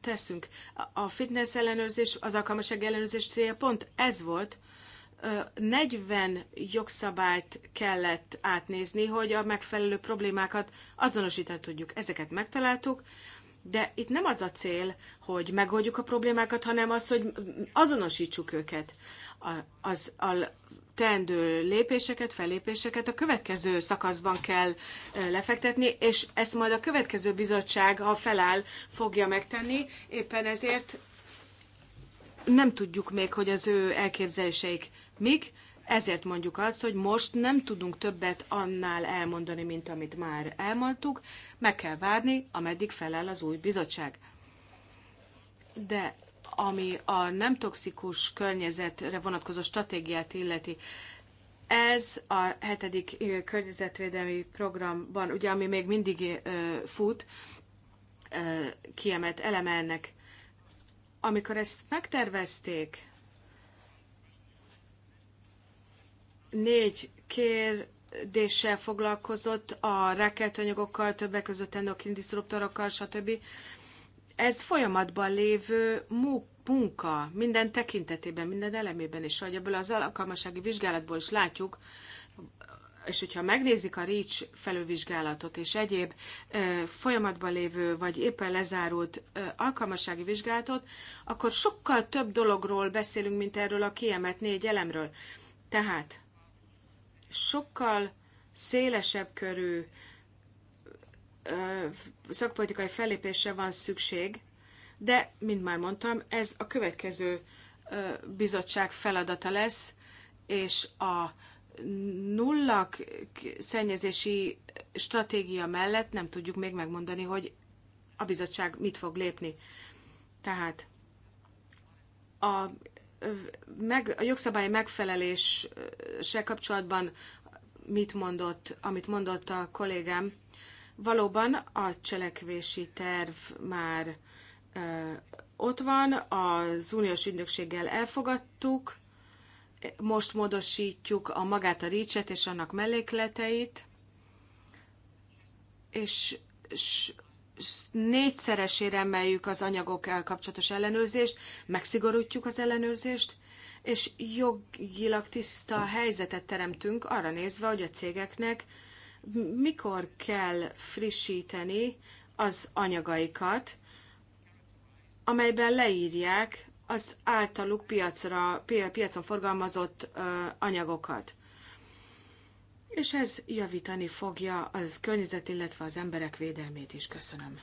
teszünk? A fitness ellenőrzés, az alkalmaság ellenőrzés célja pont ez volt, 40 jogszabályt kellett átnézni, hogy a megfelelő problémákat azonosítani tudjuk. Ezeket megtaláltuk, de itt nem az a cél, hogy megoldjuk a problémákat, hanem az, hogy azonosítsuk őket. Az, az, teendő lépéseket, fellépéseket a következő szakaszban kell lefektetni, és ezt majd a következő bizottság, ha feláll, fogja megtenni. Éppen ezért nem tudjuk még, hogy az ő elképzeléseik mik, ezért mondjuk azt, hogy most nem tudunk többet annál elmondani, mint amit már elmondtuk, meg kell várni, ameddig feláll az új bizottság. De ami a nem toxikus környezetre vonatkozó stratégiát illeti. Ez a hetedik környezetvédelmi programban, ugye, ami még mindig fut, kiemelt eleme ennek. Amikor ezt megtervezték, négy kérdéssel foglalkozott, a rákeltőanyagokkal, többek között endokrin diszruptorokkal, stb ez folyamatban lévő munka minden tekintetében, minden elemében, és ahogy ebből az alkalmasági vizsgálatból is látjuk, és hogyha megnézik a REACH felülvizsgálatot és egyéb e, folyamatban lévő vagy éppen lezárult e, alkalmassági vizsgálatot, akkor sokkal több dologról beszélünk, mint erről a kiemelt négy elemről. Tehát sokkal szélesebb körű szakpolitikai fellépésre van szükség, de, mint már mondtam, ez a következő bizottság feladata lesz, és a nullak szennyezési stratégia mellett nem tudjuk még megmondani, hogy a bizottság mit fog lépni. Tehát a, meg, a jogszabályi megfeleléssel kapcsolatban mit mondott, amit mondott a kollégám, Valóban a cselekvési terv már ott van, az uniós ügynökséggel elfogadtuk, most módosítjuk a magát a rícset és annak mellékleteit, és, és négyszeresére emeljük az anyagokkal kapcsolatos ellenőrzést, megszigorítjuk az ellenőrzést, és jogilag tiszta helyzetet teremtünk arra nézve, hogy a cégeknek mikor kell frissíteni az anyagaikat, amelyben leírják az általuk piacra, piacon forgalmazott anyagokat. És ez javítani fogja az környezet, illetve az emberek védelmét is. Köszönöm.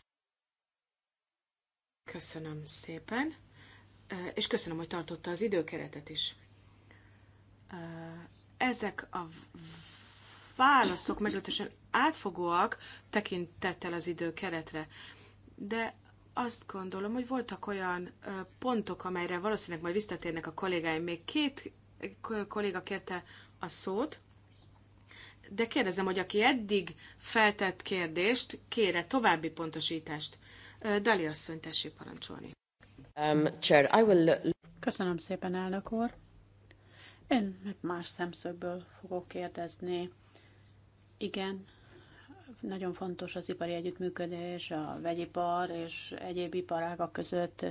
Köszönöm szépen, és köszönöm, hogy tartotta az időkeretet is. Ezek a válaszok meglehetősen átfogóak tekintettel az idő keretre, De azt gondolom, hogy voltak olyan pontok, amelyre valószínűleg majd visszatérnek a kollégáim. Még két kolléga kérte a szót, de kérdezem, hogy aki eddig feltett kérdést, kére további pontosítást. Dali asszony, tessék parancsolni. Um, chair, I will... Köszönöm szépen, elnök úr. Én más szemszögből fogok kérdezni. Igen, nagyon fontos az ipari együttműködés, a vegyipar és egyéb iparágak között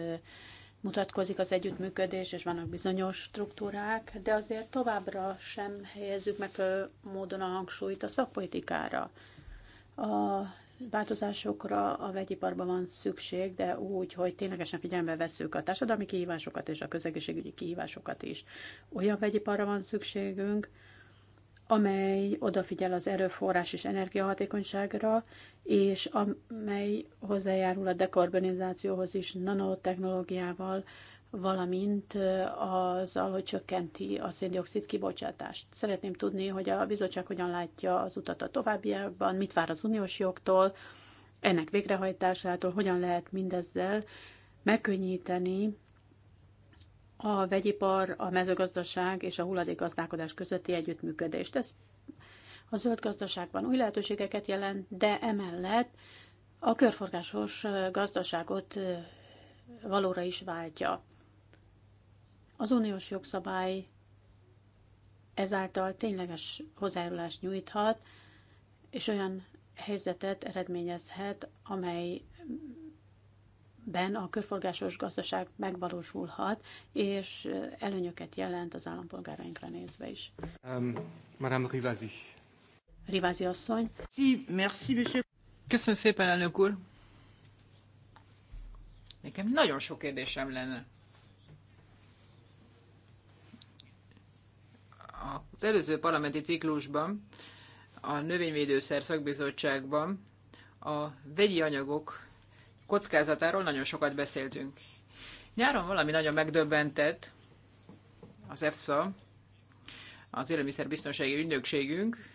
mutatkozik az együttműködés, és vannak bizonyos struktúrák, de azért továbbra sem helyezzük meg módon a hangsúlyt a szakpolitikára. A változásokra a vegyiparban van szükség, de úgy, hogy ténylegesen figyelembe veszük a társadalmi kihívásokat és a közegészségügyi kihívásokat is. Olyan vegyiparra van szükségünk, amely odafigyel az erőforrás és energiahatékonyságra, és amely hozzájárul a dekarbonizációhoz is nanotechnológiával, valamint azzal, hogy csökkenti a széndiokszid kibocsátást. Szeretném tudni, hogy a bizottság hogyan látja az utat a továbbiakban, mit vár az uniós jogtól, ennek végrehajtásától, hogyan lehet mindezzel megkönnyíteni a vegyipar, a mezőgazdaság és a hulladékgazdálkodás közötti együttműködést. Ez a zöld gazdaságban új lehetőségeket jelent, de emellett a körforgásos gazdaságot valóra is váltja. Az uniós jogszabály ezáltal tényleges hozzájárulást nyújthat, és olyan helyzetet eredményezhet, amely ben a körforgásos gazdaság megvalósulhat, és előnyöket jelent az állampolgárainkra nézve is. Um, Madame Rivazi. Rivázi asszony. Sí, merci, monsieur. Köszönöm szépen, elnök úr. Nekem nagyon sok kérdésem lenne. Az előző parlamenti ciklusban, a Növényvédőszer szakbizottságban a vegyi anyagok kockázatáról nagyon sokat beszéltünk. Nyáron valami nagyon megdöbbentett az EFSA, az élelmiszerbiztonsági ügynökségünk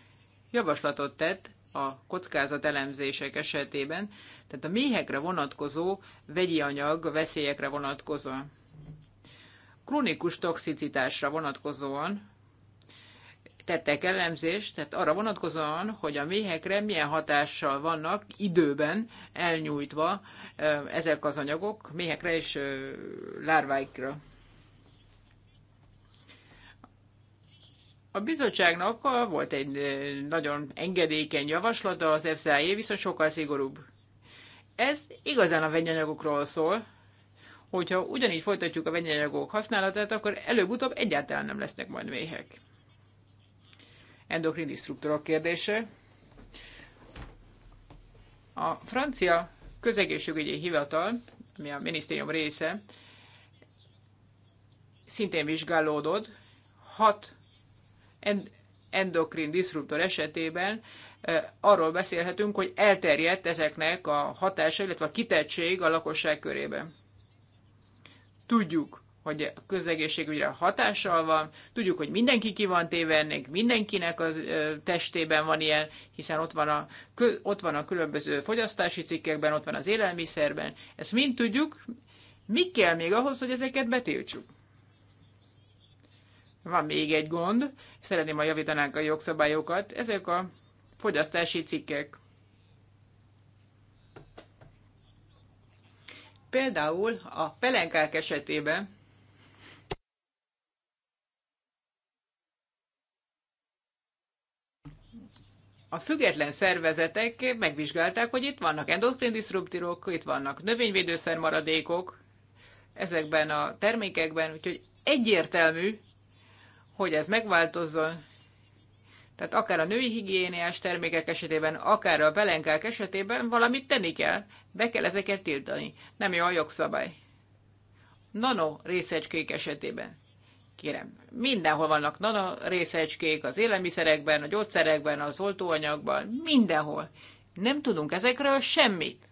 javaslatot tett a kockázat elemzések esetében, tehát a méhekre vonatkozó vegyi anyag veszélyekre vonatkozóan. Krónikus toxicitásra vonatkozóan tettek elemzést, tehát arra vonatkozóan, hogy a méhekre milyen hatással vannak időben elnyújtva ezek az anyagok, méhekre és lárváikra. A bizottságnak volt egy nagyon engedékeny javaslata, az FSA-é viszont sokkal szigorúbb. Ez igazán a vegyanyagokról szól, hogyha ugyanígy folytatjuk a vegyanyagok használatát, akkor előbb-utóbb egyáltalán nem lesznek majd méhek endokrin disztruktorok kérdése. A francia közegészségügyi hivatal, ami a minisztérium része, szintén vizsgálódott, hat endokrin diszruptor esetében arról beszélhetünk, hogy elterjedt ezeknek a hatása, illetve a kitettség a lakosság körében. Tudjuk, hogy a közegészségügyre hatással van. Tudjuk, hogy mindenki ki van téve ennek, mindenkinek a testében van ilyen, hiszen ott van, a, ott van a különböző fogyasztási cikkekben, ott van az élelmiszerben. Ezt mind tudjuk. Mi kell még ahhoz, hogy ezeket betiltsuk? Van még egy gond, szeretném, ha javítanánk a jogszabályokat. Ezek a fogyasztási cikkek. Például a pelenkák esetében a független szervezetek megvizsgálták, hogy itt vannak endokrin diszruptírok, itt vannak növényvédőszer maradékok ezekben a termékekben, úgyhogy egyértelmű, hogy ez megváltozzon. Tehát akár a női higiéniás termékek esetében, akár a belenkák esetében valamit tenni kell, be kell ezeket tiltani. Nem jó a jogszabály. Nano részecskék esetében. Kérem, mindenhol vannak nano részecskék, az élelmiszerekben, a gyógyszerekben, az oltóanyagban, mindenhol. Nem tudunk ezekről semmit.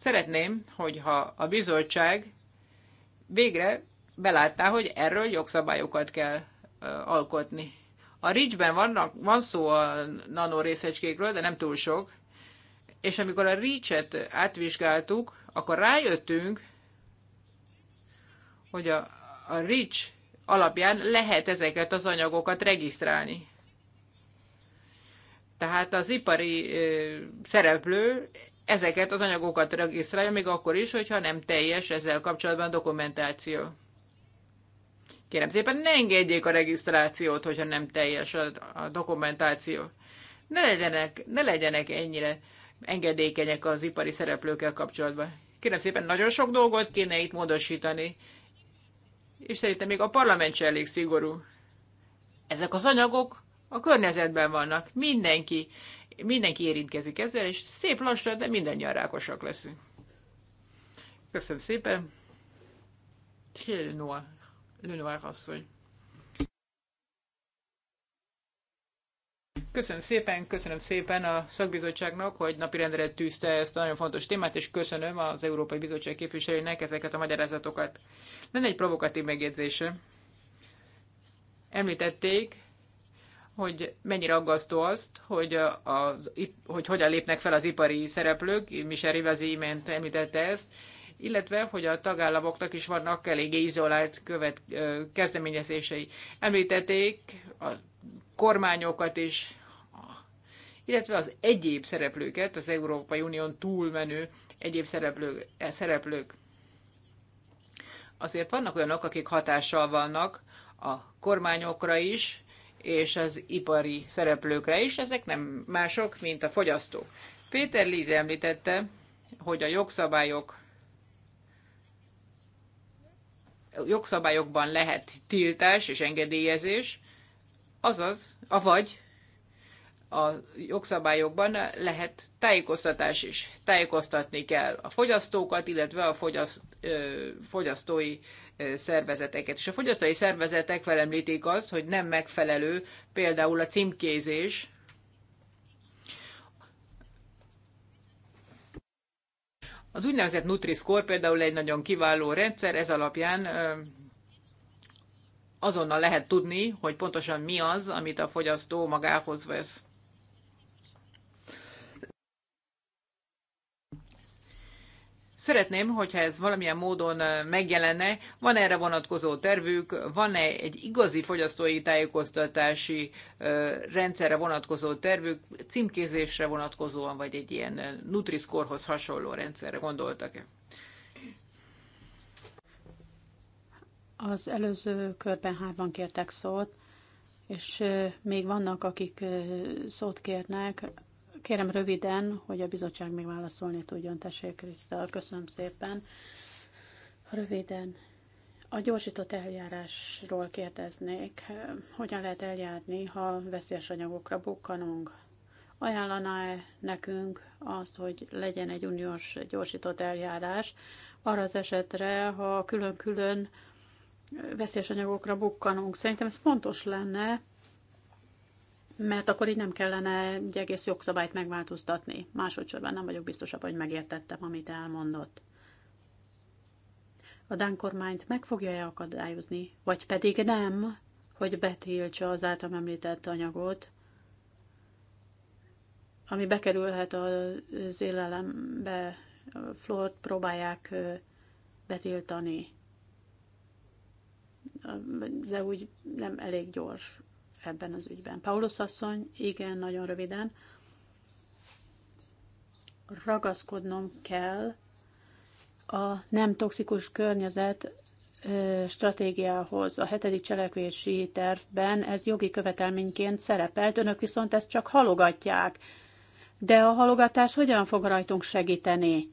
Szeretném, hogyha a bizottság végre belátná, hogy erről jogszabályokat kell alkotni. A RICS-ben vannak, van szó a nanorészecskékről, de nem túl sok. És amikor a RICS-et átvizsgáltuk, akkor rájöttünk, hogy a a REACH alapján lehet ezeket az anyagokat regisztrálni. Tehát az ipari szereplő ezeket az anyagokat regisztrálja, még akkor is, hogyha nem teljes ezzel kapcsolatban dokumentáció. Kérem szépen, ne engedjék a regisztrációt, hogyha nem teljes a, a dokumentáció. Ne legyenek, ne legyenek ennyire engedékenyek az ipari szereplőkkel kapcsolatban. Kérem szépen, nagyon sok dolgot kéne itt módosítani és szerintem még a parlament sem elég szigorú. Ezek az anyagok a környezetben vannak, mindenki, mindenki érintkezik ezzel, és szép lassan, de minden rákosak leszünk. Köszönöm szépen. Lenoir, Lenoir asszony. Köszönöm szépen, köszönöm szépen a szakbizottságnak, hogy napirendre tűzte ezt a nagyon fontos témát, és köszönöm az Európai Bizottság képviselőinek ezeket a magyarázatokat. Lenne egy provokatív megjegyzése. Említették, hogy mennyire aggasztó azt, hogy, a, a, hogy hogyan lépnek fel az ipari szereplők, Michel Rivazi imént említette ezt, illetve hogy a tagállamoknak is vannak eléggé izolált követ, kezdeményezései. Említették a kormányokat is, illetve az egyéb szereplőket, az Európai Unión túlmenő egyéb szereplők, e, szereplők. Azért vannak olyanok, akik hatással vannak a kormányokra is, és az ipari szereplőkre is, ezek nem mások, mint a fogyasztók. Péter Líze említette, hogy a jogszabályok jogszabályokban lehet tiltás és engedélyezés, azaz, avagy a jogszabályokban lehet tájékoztatás is. Tájékoztatni kell a fogyasztókat, illetve a fogyaszt, fogyasztói szervezeteket. És a fogyasztói szervezetek felemlítik azt, hogy nem megfelelő például a címkézés, Az úgynevezett Nutri-Score például egy nagyon kiváló rendszer, ez alapján azonnal lehet tudni, hogy pontosan mi az, amit a fogyasztó magához vesz. Szeretném, hogyha ez valamilyen módon megjelenne, van erre vonatkozó tervük, van-e egy igazi fogyasztói tájékoztatási rendszerre vonatkozó tervük, címkézésre vonatkozóan, vagy egy ilyen Nutriscorehoz hasonló rendszerre gondoltak-e? Az előző körben hárban kértek szót, és még vannak, akik szót kérnek, Kérem röviden, hogy a bizottság még válaszolni tudjon. Tessék, Kriszta, köszönöm szépen. Röviden. A gyorsított eljárásról kérdeznék, hogyan lehet eljárni, ha veszélyes anyagokra bukkanunk? Ajánlaná-e nekünk azt, hogy legyen egy uniós gyorsított eljárás arra az esetre, ha külön-külön veszélyes anyagokra bukkanunk? Szerintem ez fontos lenne, mert akkor így nem kellene egy egész jogszabályt megváltoztatni. Másodszorban nem vagyok biztos hogy megértettem, amit elmondott. A Dán kormányt meg fogja-e akadályozni, vagy pedig nem, hogy betiltsa az általam említett anyagot, ami bekerülhet az élelembe, flort próbálják betiltani. Ez úgy nem elég gyors ebben az ügyben. Paulus asszony, igen, nagyon röviden. Ragaszkodnom kell a nem toxikus környezet stratégiához a hetedik cselekvési tervben ez jogi követelményként szerepelt, önök viszont ezt csak halogatják. De a halogatás hogyan fog rajtunk segíteni?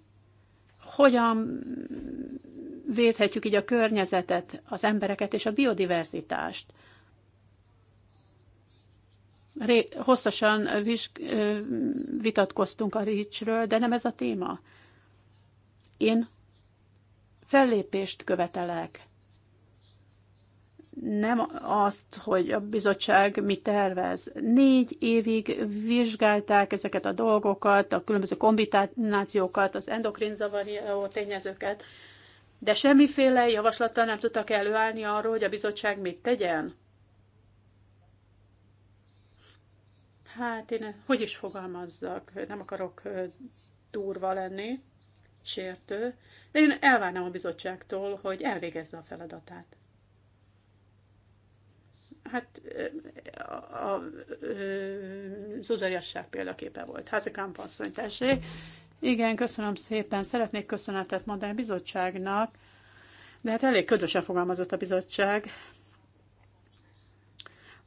Hogyan védhetjük így a környezetet, az embereket és a biodiverzitást? Ré, hosszasan vis, vitatkoztunk a ricsről, de nem ez a téma. Én fellépést követelek. Nem azt, hogy a bizottság mit tervez. Négy évig vizsgálták ezeket a dolgokat, a különböző kombinációkat, az endokrin tényezőket, de semmiféle javaslattal nem tudtak előállni arról, hogy a bizottság mit tegyen Hát én hogy is fogalmazzak, nem akarok durva lenni, sértő, de én elvárnám a bizottságtól, hogy elvégezze a feladatát. Hát a, a, a zuzariasság példaképe volt. Házi passzony, tessék. Igen, köszönöm szépen. Szeretnék köszönetet mondani a bizottságnak, de hát elég ködösen fogalmazott a bizottság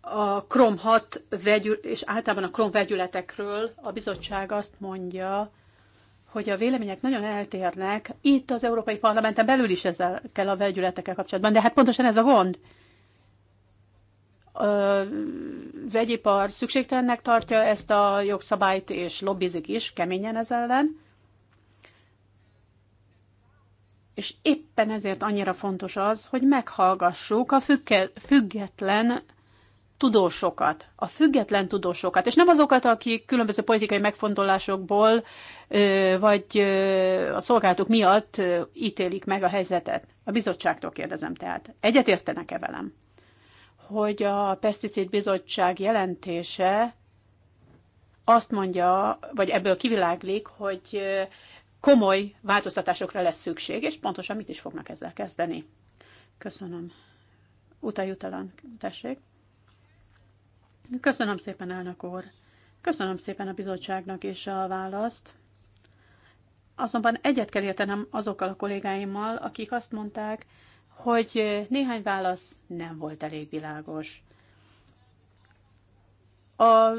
a krom 6 vegyül, és általában a krom vegyületekről a bizottság azt mondja, hogy a vélemények nagyon eltérnek, itt az Európai Parlamenten belül is ezzel kell a vegyületekkel kapcsolatban, de hát pontosan ez a gond. A vegyipar szükségtelennek tartja ezt a jogszabályt, és lobbizik is keményen ez ellen. És éppen ezért annyira fontos az, hogy meghallgassuk a független tudósokat, a független tudósokat, és nem azokat, akik különböző politikai megfontolásokból vagy a szolgálatok miatt ítélik meg a helyzetet. A bizottságtól kérdezem tehát. Egyetértenek-e velem, hogy a Peszticid Bizottság jelentése azt mondja, vagy ebből kiviláglik, hogy komoly változtatásokra lesz szükség, és pontosan mit is fognak ezzel kezdeni. Köszönöm. Utajutalan, tessék. Köszönöm szépen, elnök úr. Köszönöm szépen a bizottságnak is a választ. Azonban egyet kell értenem azokkal a kollégáimmal, akik azt mondták, hogy néhány válasz nem volt elég világos. A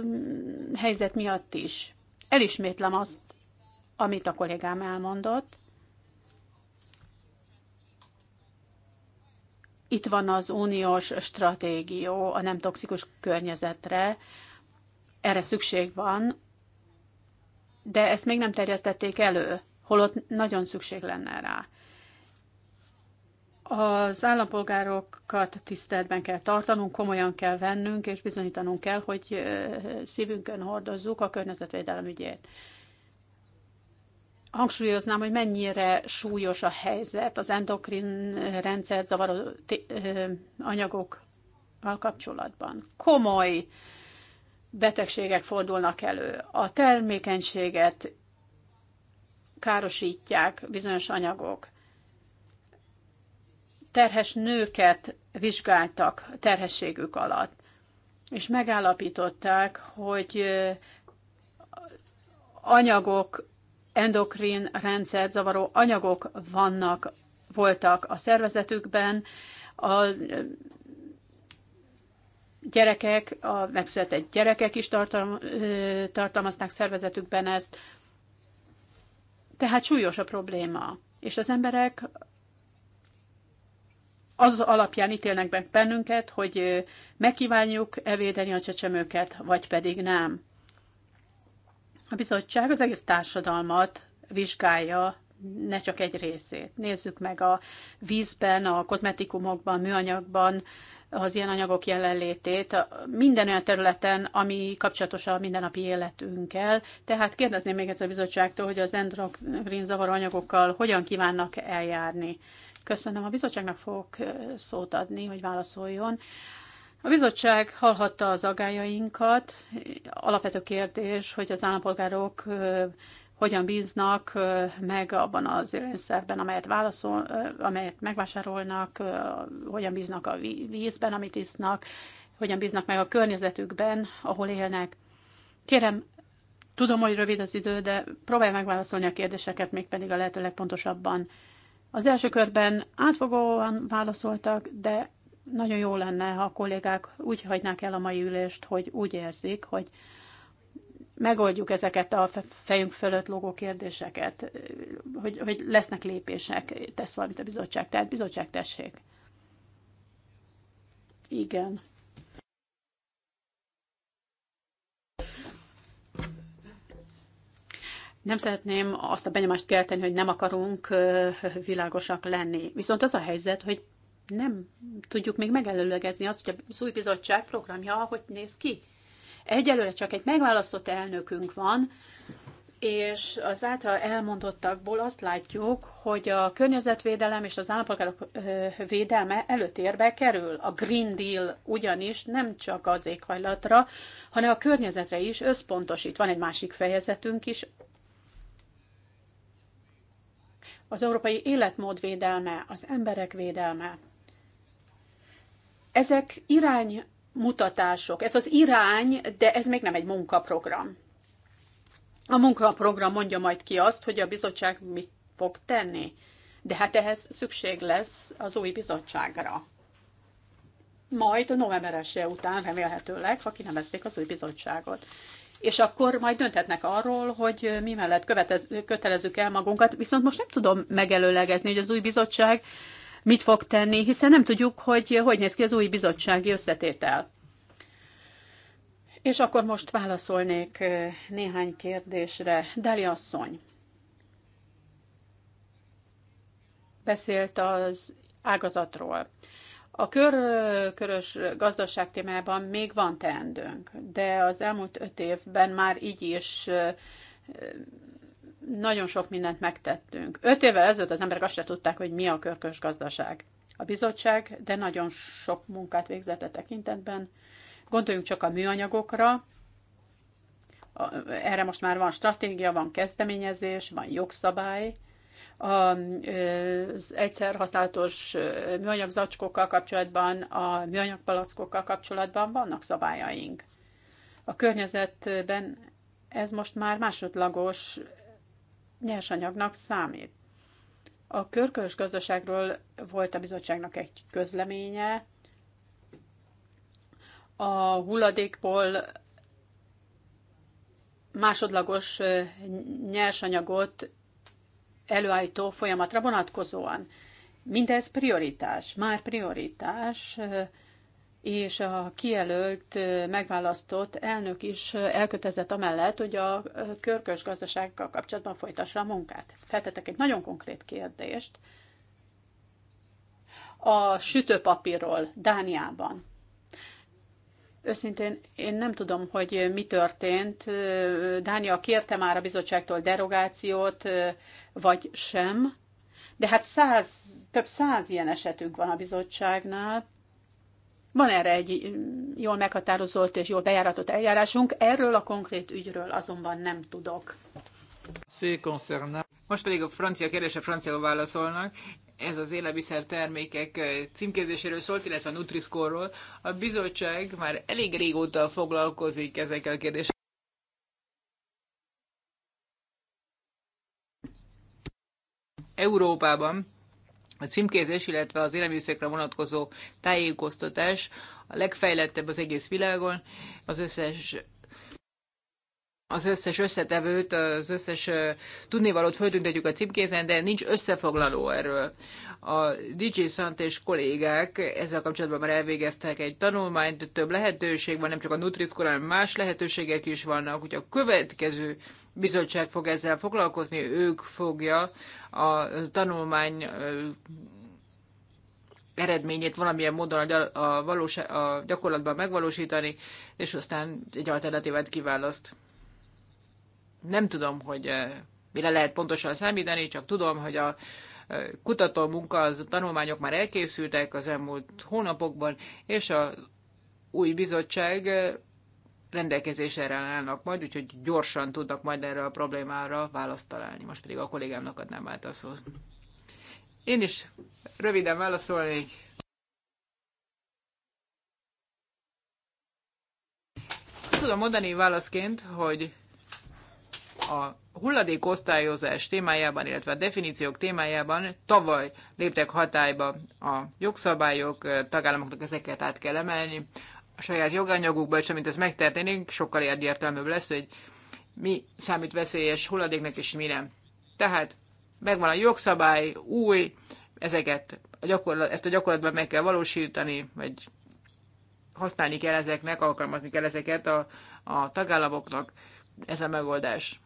helyzet miatt is. Elismétlem azt, amit a kollégám elmondott, Itt van az uniós stratégia a nem toxikus környezetre, erre szükség van, de ezt még nem terjesztették elő, holott nagyon szükség lenne rá. Az állampolgárokat tiszteletben kell tartanunk, komolyan kell vennünk, és bizonyítanunk kell, hogy szívünkön hordozzuk a környezetvédelem ügyét hangsúlyoznám, hogy mennyire súlyos a helyzet az endokrin rendszer zavaró anyagokkal kapcsolatban. Komoly betegségek fordulnak elő. A termékenységet károsítják bizonyos anyagok. Terhes nőket vizsgáltak terhességük alatt, és megállapították, hogy anyagok endokrin rendszer zavaró anyagok vannak, voltak a szervezetükben, a gyerekek, a megszületett gyerekek is tartalm, tartalmazták szervezetükben ezt. Tehát súlyos a probléma. És az emberek az alapján ítélnek meg bennünket, hogy megkívánjuk evédeni a csecsemőket, vagy pedig nem. A bizottság az egész társadalmat vizsgálja, ne csak egy részét. Nézzük meg a vízben, a kozmetikumokban, műanyagban az ilyen anyagok jelenlétét, minden olyan területen, ami kapcsolatos a mindennapi életünkkel. Tehát kérdezném még egyszer a bizottságtól, hogy az endokrin zavaró anyagokkal hogyan kívánnak eljárni. Köszönöm, a bizottságnak fogok szót adni, hogy válaszoljon. A bizottság hallhatta az agályainkat. Alapvető kérdés, hogy az állampolgárok hogyan bíznak meg abban az élőszerben, amelyet, válaszol, amelyet megvásárolnak, hogyan bíznak a vízben, amit isznak, hogyan bíznak meg a környezetükben, ahol élnek. Kérem, tudom, hogy rövid az idő, de próbálj megválaszolni a kérdéseket, mégpedig a lehető legpontosabban. Az első körben átfogóan válaszoltak, de nagyon jó lenne, ha a kollégák úgy hagynák el a mai ülést, hogy úgy érzik, hogy megoldjuk ezeket a fejünk fölött logó kérdéseket, hogy, hogy lesznek lépések, tesz valamit a bizottság. Tehát bizottság, tessék. Igen. Nem szeretném azt a benyomást kelteni, hogy nem akarunk világosak lenni. Viszont az a helyzet, hogy nem tudjuk még megelőlegezni azt, hogy az új bizottság programja hogy néz ki. Egyelőre csak egy megválasztott elnökünk van, és az által elmondottakból azt látjuk, hogy a környezetvédelem és az állampolgárok védelme előtérbe kerül. A Green Deal ugyanis nem csak az éghajlatra, hanem a környezetre is összpontosít. Van egy másik fejezetünk is, az európai életmód védelme, az emberek védelme. Ezek iránymutatások, ez az irány, de ez még nem egy munkaprogram. A munkaprogram mondja majd ki azt, hogy a bizottság mit fog tenni, de hát ehhez szükség lesz az új bizottságra. Majd a november esélye után remélhetőleg, ha kinevezték az új bizottságot és akkor majd dönthetnek arról, hogy mi mellett kötelezzük el magunkat. Viszont most nem tudom megelőlegezni, hogy az új bizottság mit fog tenni, hiszen nem tudjuk, hogy hogy néz ki az új bizottsági összetétel. És akkor most válaszolnék néhány kérdésre. Deli asszony beszélt az ágazatról. A körkörös gazdaság témában még van teendőnk, de az elmúlt öt évben már így is nagyon sok mindent megtettünk. Öt évvel ezelőtt az emberek azt se tudták, hogy mi a körkös gazdaság. A bizottság, de nagyon sok munkát végzett a e tekintetben. Gondoljunk csak a műanyagokra, erre most már van stratégia, van kezdeményezés, van jogszabály. Az egyszer használatos műanyag zacskókkal kapcsolatban, a műanyag palackokkal kapcsolatban vannak szabályaink. A környezetben ez most már másodlagos nyersanyagnak számít. A körkörös gazdaságról volt a bizottságnak egy közleménye, a hulladékból másodlagos nyersanyagot előállító folyamatra vonatkozóan. Mindez prioritás, már prioritás és a kijelölt, megválasztott elnök is elkötelezett amellett, hogy a körkös gazdasággal kapcsolatban folytassa a munkát. Feltetek egy nagyon konkrét kérdést. A sütőpapírról Dániában. Őszintén én nem tudom, hogy mi történt. Dánia kérte már a bizottságtól derogációt, vagy sem. De hát száz, több száz ilyen esetünk van a bizottságnál van erre egy mm, jól meghatározott és jól bejáratott eljárásunk, erről a konkrét ügyről azonban nem tudok. Most pedig a francia kérdése francia válaszolnak. Ez az élelmiszer termékek címkézéséről szólt, illetve a Nutriscore-ról. A bizottság már elég régóta foglalkozik ezekkel a kérdésekkel. Európában a címkézés, illetve az élelmiszerekre vonatkozó tájékoztatás a legfejlettebb az egész világon. Az összes az összes összetevőt, az összes tudnivalót föltüntetjük a címkézen, de nincs összefoglaló erről. A DJ Sant és kollégák ezzel kapcsolatban már elvégeztek egy tanulmányt, több lehetőség van, nem csak a Nutriscore, hanem más lehetőségek is vannak, hogy a következő bizottság fog ezzel foglalkozni, ők fogja a tanulmány eredményét valamilyen módon a, a, valós, a gyakorlatban megvalósítani, és aztán egy alternatívát kiválaszt. Nem tudom, hogy mire lehet pontosan számítani, csak tudom, hogy a kutató munka, az a tanulmányok már elkészültek az elmúlt hónapokban, és a új bizottság rendelkezésre állnak majd, úgyhogy gyorsan tudnak majd erre a problémára választ találni. Most pedig a kollégámnak adnám át a szót. Én is röviden válaszolnék. Azt tudom mondani válaszként, hogy a hulladékosztályozás témájában, illetve a definíciók témájában tavaly léptek hatályba a jogszabályok, tagállamoknak ezeket át kell emelni a saját joganyagukba, és amint ez megtörténik, sokkal egyértelműbb lesz, hogy mi számít veszélyes hulladéknak, és mi nem. Tehát megvan a jogszabály, új, ezeket a gyakorlat, ezt a gyakorlatban meg kell valósítani, vagy használni kell ezeknek, alkalmazni kell ezeket a, a tagállamoknak. Ez a megoldás.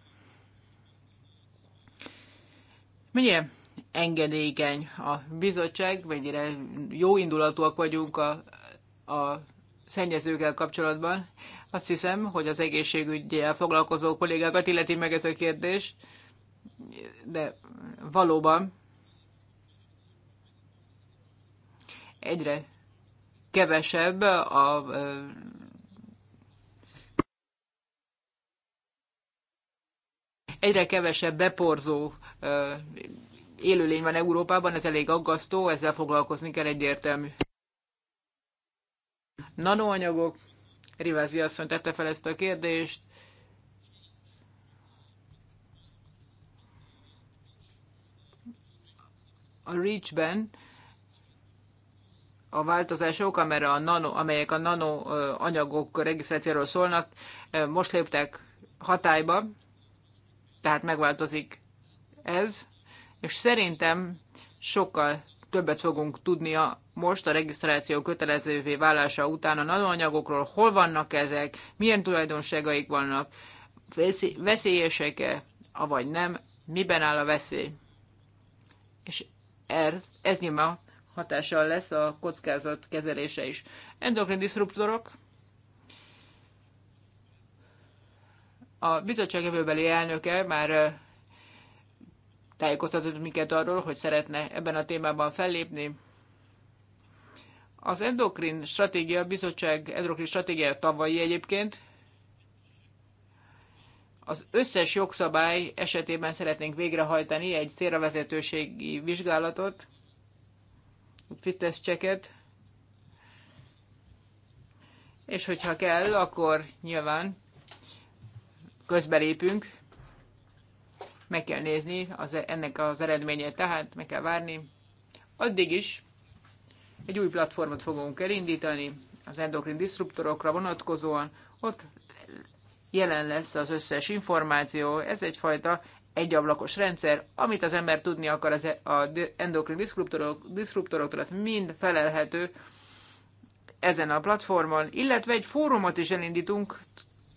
Mennyire engedékeny a bizottság, mennyire jó indulatúak vagyunk a, a szennyezőkkel kapcsolatban. Azt hiszem, hogy az egészségügyel foglalkozó kollégákat illeti meg ez a kérdés, de valóban egyre kevesebb a egyre kevesebb beporzó élőlény van Európában, ez elég aggasztó, ezzel foglalkozni kell egyértelmű nanoanyagok. Rivázi asszony tette fel ezt a kérdést. A REACH-ben a változások, amelyek a nano, amelyek a nanoanyagok regisztrációról szólnak, most léptek hatályba, tehát megváltozik ez, és szerintem sokkal többet fogunk tudni a, most a regisztráció kötelezővé válása után a nanoanyagokról, hol vannak ezek, milyen tulajdonságaik vannak, veszélyesek-e, avagy nem, miben áll a veszély. És ez, ez nyilván hatással lesz a kockázat kezelése is. Endokrin diszruptorok, a bizottság jövőbeli elnöke már tájékoztatott minket arról, hogy szeretne ebben a témában fellépni. Az Endokrin Stratégia Bizottság Endokrin stratégia tavalyi egyébként az összes jogszabály esetében szeretnénk végrehajtani egy célravezetőségi vizsgálatot, fitness checket, és hogyha kell, akkor nyilván közbelépünk, meg kell nézni az, e- ennek az eredményét, tehát meg kell várni. Addig is egy új platformot fogunk elindítani az endokrin disruptorokra vonatkozóan. Ott jelen lesz az összes információ. Ez egyfajta egyablakos rendszer, amit az ember tudni akar az e- endokrin disruptorok, disruptoroktól, az mind felelhető ezen a platformon, illetve egy fórumot is elindítunk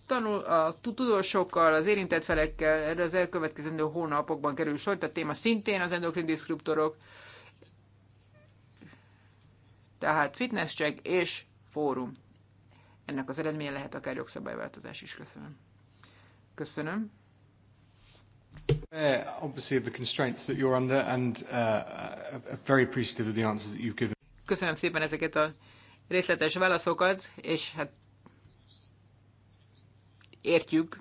tanul, a tudósokkal, az érintett felekkel, erre az elkövetkezendő hónapokban kerül sor, tehát téma szintén az endokrin disruptorok, tehát fitness check és fórum. Ennek az eredménye lehet akár jogszabályváltozás is. Köszönöm. Köszönöm. Uh, obviously of the constraints that you're under and uh, uh very appreciative of the answers that you've given. Köszönöm szépen ezeket a részletes válaszokat, és hát értjük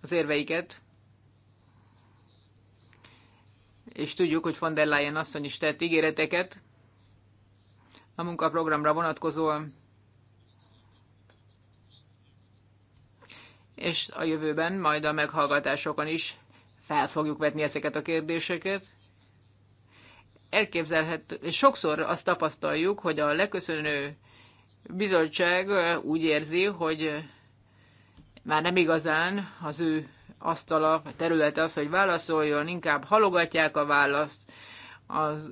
az érveiket, és tudjuk, hogy von der Leyen asszony is tett ígéreteket, a munkaprogramra vonatkozóan, és a jövőben majd a meghallgatásokon is fel fogjuk vetni ezeket a kérdéseket. Elképzelhető, és sokszor azt tapasztaljuk, hogy a leköszönő bizottság úgy érzi, hogy már nem igazán az ő asztala, a területe az, hogy válaszoljon, inkább halogatják a választ, az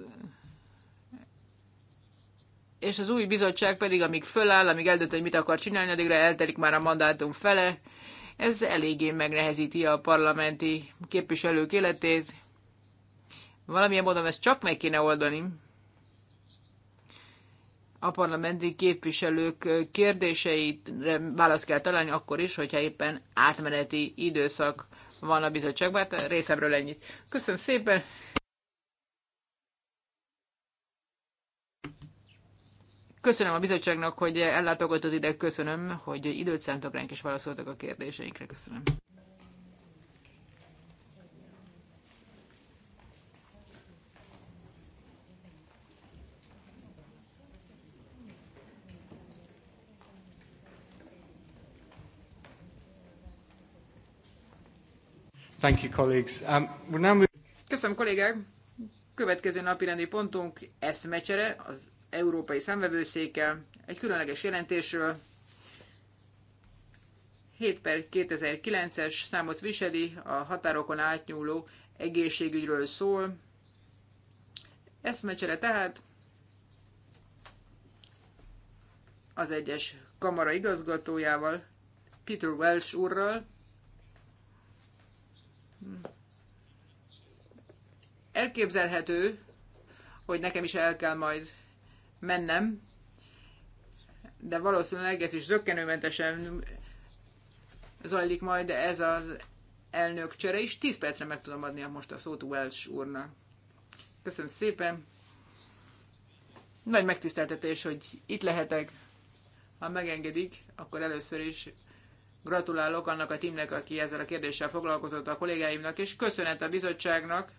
és az új bizottság pedig, amíg föláll, amíg eldönt, hogy mit akar csinálni, addigra eltelik már a mandátum fele. Ez eléggé megnehezíti a parlamenti képviselők életét. Valamilyen módon ezt csak meg kéne oldani. A parlamenti képviselők kérdéseit választ kell találni akkor is, hogyha éppen átmeneti időszak van a bizottságban. Hát részemről ennyit. Köszönöm szépen! Köszönöm a bizottságnak, hogy ellátogatott ide, köszönöm, hogy időt szántok ránk és válaszoltak a kérdéseinkre. Köszönöm. Thank you, colleagues. Um, we're now... Köszönöm, kollégák! Következő napi rendi pontunk eszmecsere az Európai Számvevőszékkel egy különleges jelentésről. 7 per 2009-es számot viseli, a határokon átnyúló egészségügyről szól. Eszmecsere tehát az egyes kamara igazgatójával, Peter Welsh úrral. Elképzelhető, hogy nekem is el kell majd mennem, de valószínűleg ez is zöggenőmentesen zajlik majd ez az elnök csere is. 10 percre meg tudom adni most a szót Welsh úrnak. Köszönöm szépen. Nagy megtiszteltetés, hogy itt lehetek. Ha megengedik, akkor először is gratulálok annak a tímnek, aki ezzel a kérdéssel foglalkozott a kollégáimnak, és köszönet a bizottságnak.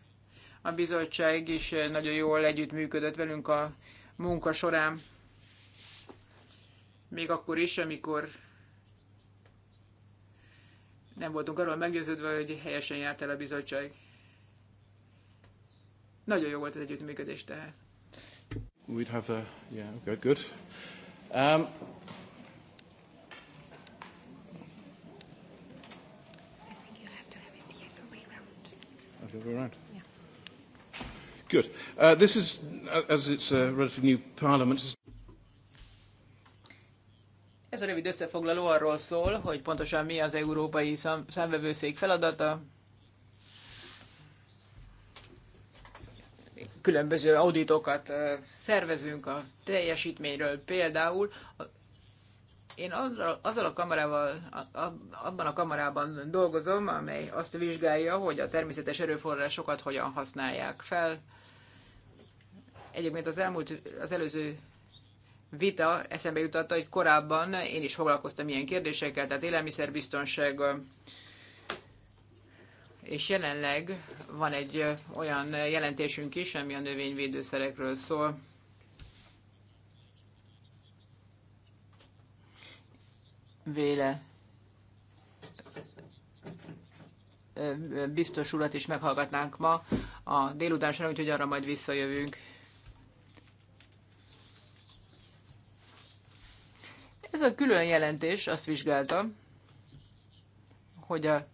A bizottság is nagyon jól együttműködött velünk a munka során, még akkor is, amikor nem voltunk arról meggyőződve, hogy helyesen járt el a bizottság. Nagyon jó volt az együttműködés tehát. We'd have a, yeah, okay, good. Um, I think you have to have it the other way around. Other way around. Good. Uh, this is, uh, as it's a relatively new parliament. Ez a rövid összefoglaló arról szól, hogy pontosan mi az európai szám, számvevőszék feladata. Különböző auditokat uh, szervezünk a teljesítményről például. Én azzal, azzal a kamarával, abban a kamarában dolgozom, amely azt vizsgálja, hogy a természetes erőforrásokat hogyan használják fel Egyébként az elmúlt, az előző vita eszembe jutatta, hogy korábban én is foglalkoztam ilyen kérdésekkel, tehát élelmiszerbiztonság, és jelenleg van egy olyan jelentésünk is, ami a növényvédőszerekről szól. Véle biztos urat is meghallgatnánk ma a délután során, úgyhogy arra majd visszajövünk. Ez a külön jelentés azt vizsgálta, hogy a,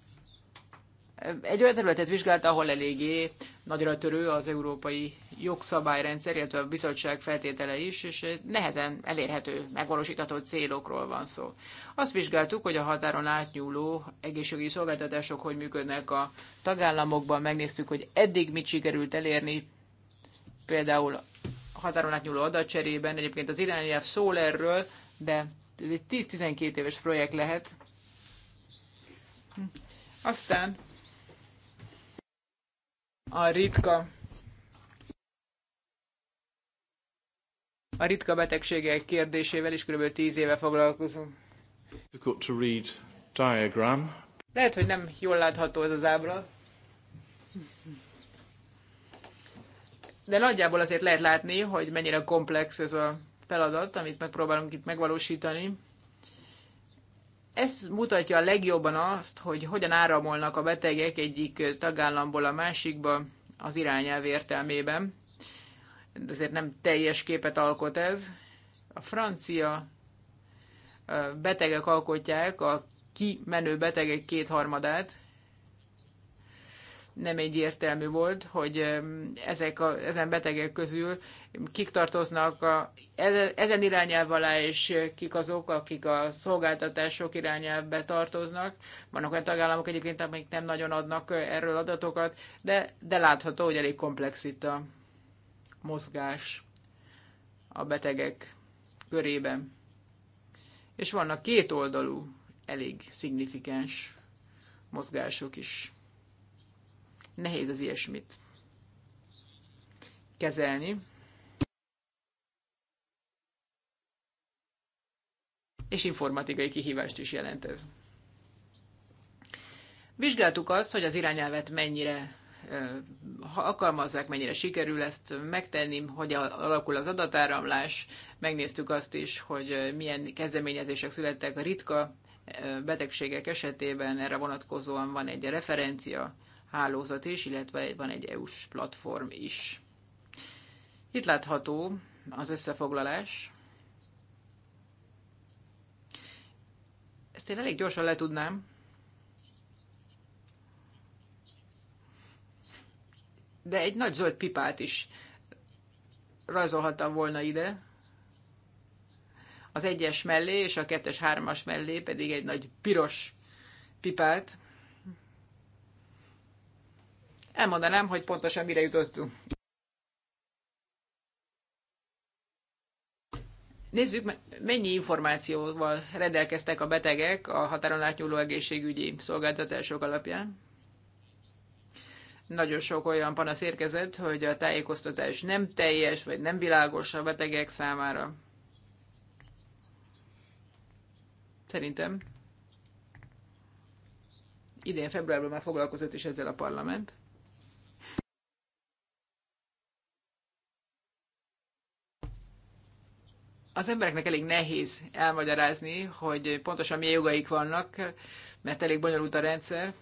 egy olyan területet vizsgálta, ahol eléggé nagyra törő az európai jogszabályrendszer, illetve a bizottság feltétele is, és nehezen elérhető, megvalósítható célokról van szó. Azt vizsgáltuk, hogy a határon átnyúló egészségügyi szolgáltatások hogy működnek a tagállamokban, megnéztük, hogy eddig mit sikerült elérni, például a határon átnyúló adatcserében, egyébként az irányelv szól erről, de ez egy 10-12 éves projekt lehet. Aztán a ritka a ritka betegségek kérdésével is kb. 10 éve foglalkozom. To read diagram. Lehet, hogy nem jól látható ez az ábra. De nagyjából azért lehet látni, hogy mennyire komplex ez a feladat, amit megpróbálunk itt megvalósítani. Ez mutatja a legjobban azt, hogy hogyan áramolnak a betegek egyik tagállamból a másikba az irányelv értelmében. Ezért nem teljes képet alkot ez. A francia betegek alkotják a kimenő betegek kétharmadát, nem egyértelmű volt, hogy ezek a, ezen betegek közül kik tartoznak a, ezen irányelv alá, és kik azok, akik a szolgáltatások irányelvbe tartoznak. Vannak olyan tagállamok egyébként, amik nem nagyon adnak erről adatokat, de, de látható, hogy elég komplex itt a mozgás a betegek körében. És vannak kétoldalú, elég szignifikáns mozgások is. Nehéz az ilyesmit kezelni. És informatikai kihívást is jelent ez. Vizsgáltuk azt, hogy az irányelvet mennyire ha alkalmazzák, mennyire sikerül ezt megtenni, hogy alakul az adatáramlás. Megnéztük azt is, hogy milyen kezdeményezések születtek a ritka betegségek esetében, erre vonatkozóan van egy referencia hálózat is, illetve van egy EU-s platform is. Itt látható az összefoglalás. Ezt én elég gyorsan letudnám. De egy nagy zöld pipát is rajzolhattam volna ide. Az egyes mellé és a kettes-hármas mellé pedig egy nagy piros pipát elmondanám, hogy pontosan mire jutottunk. Nézzük, mennyi információval rendelkeztek a betegek a határon átnyúló egészségügyi szolgáltatások alapján. Nagyon sok olyan panasz érkezett, hogy a tájékoztatás nem teljes, vagy nem világos a betegek számára. Szerintem idén februárban már foglalkozott is ezzel a parlament. az embereknek elég nehéz elmagyarázni, hogy pontosan milyen jogaik vannak, mert elég bonyolult a rendszer.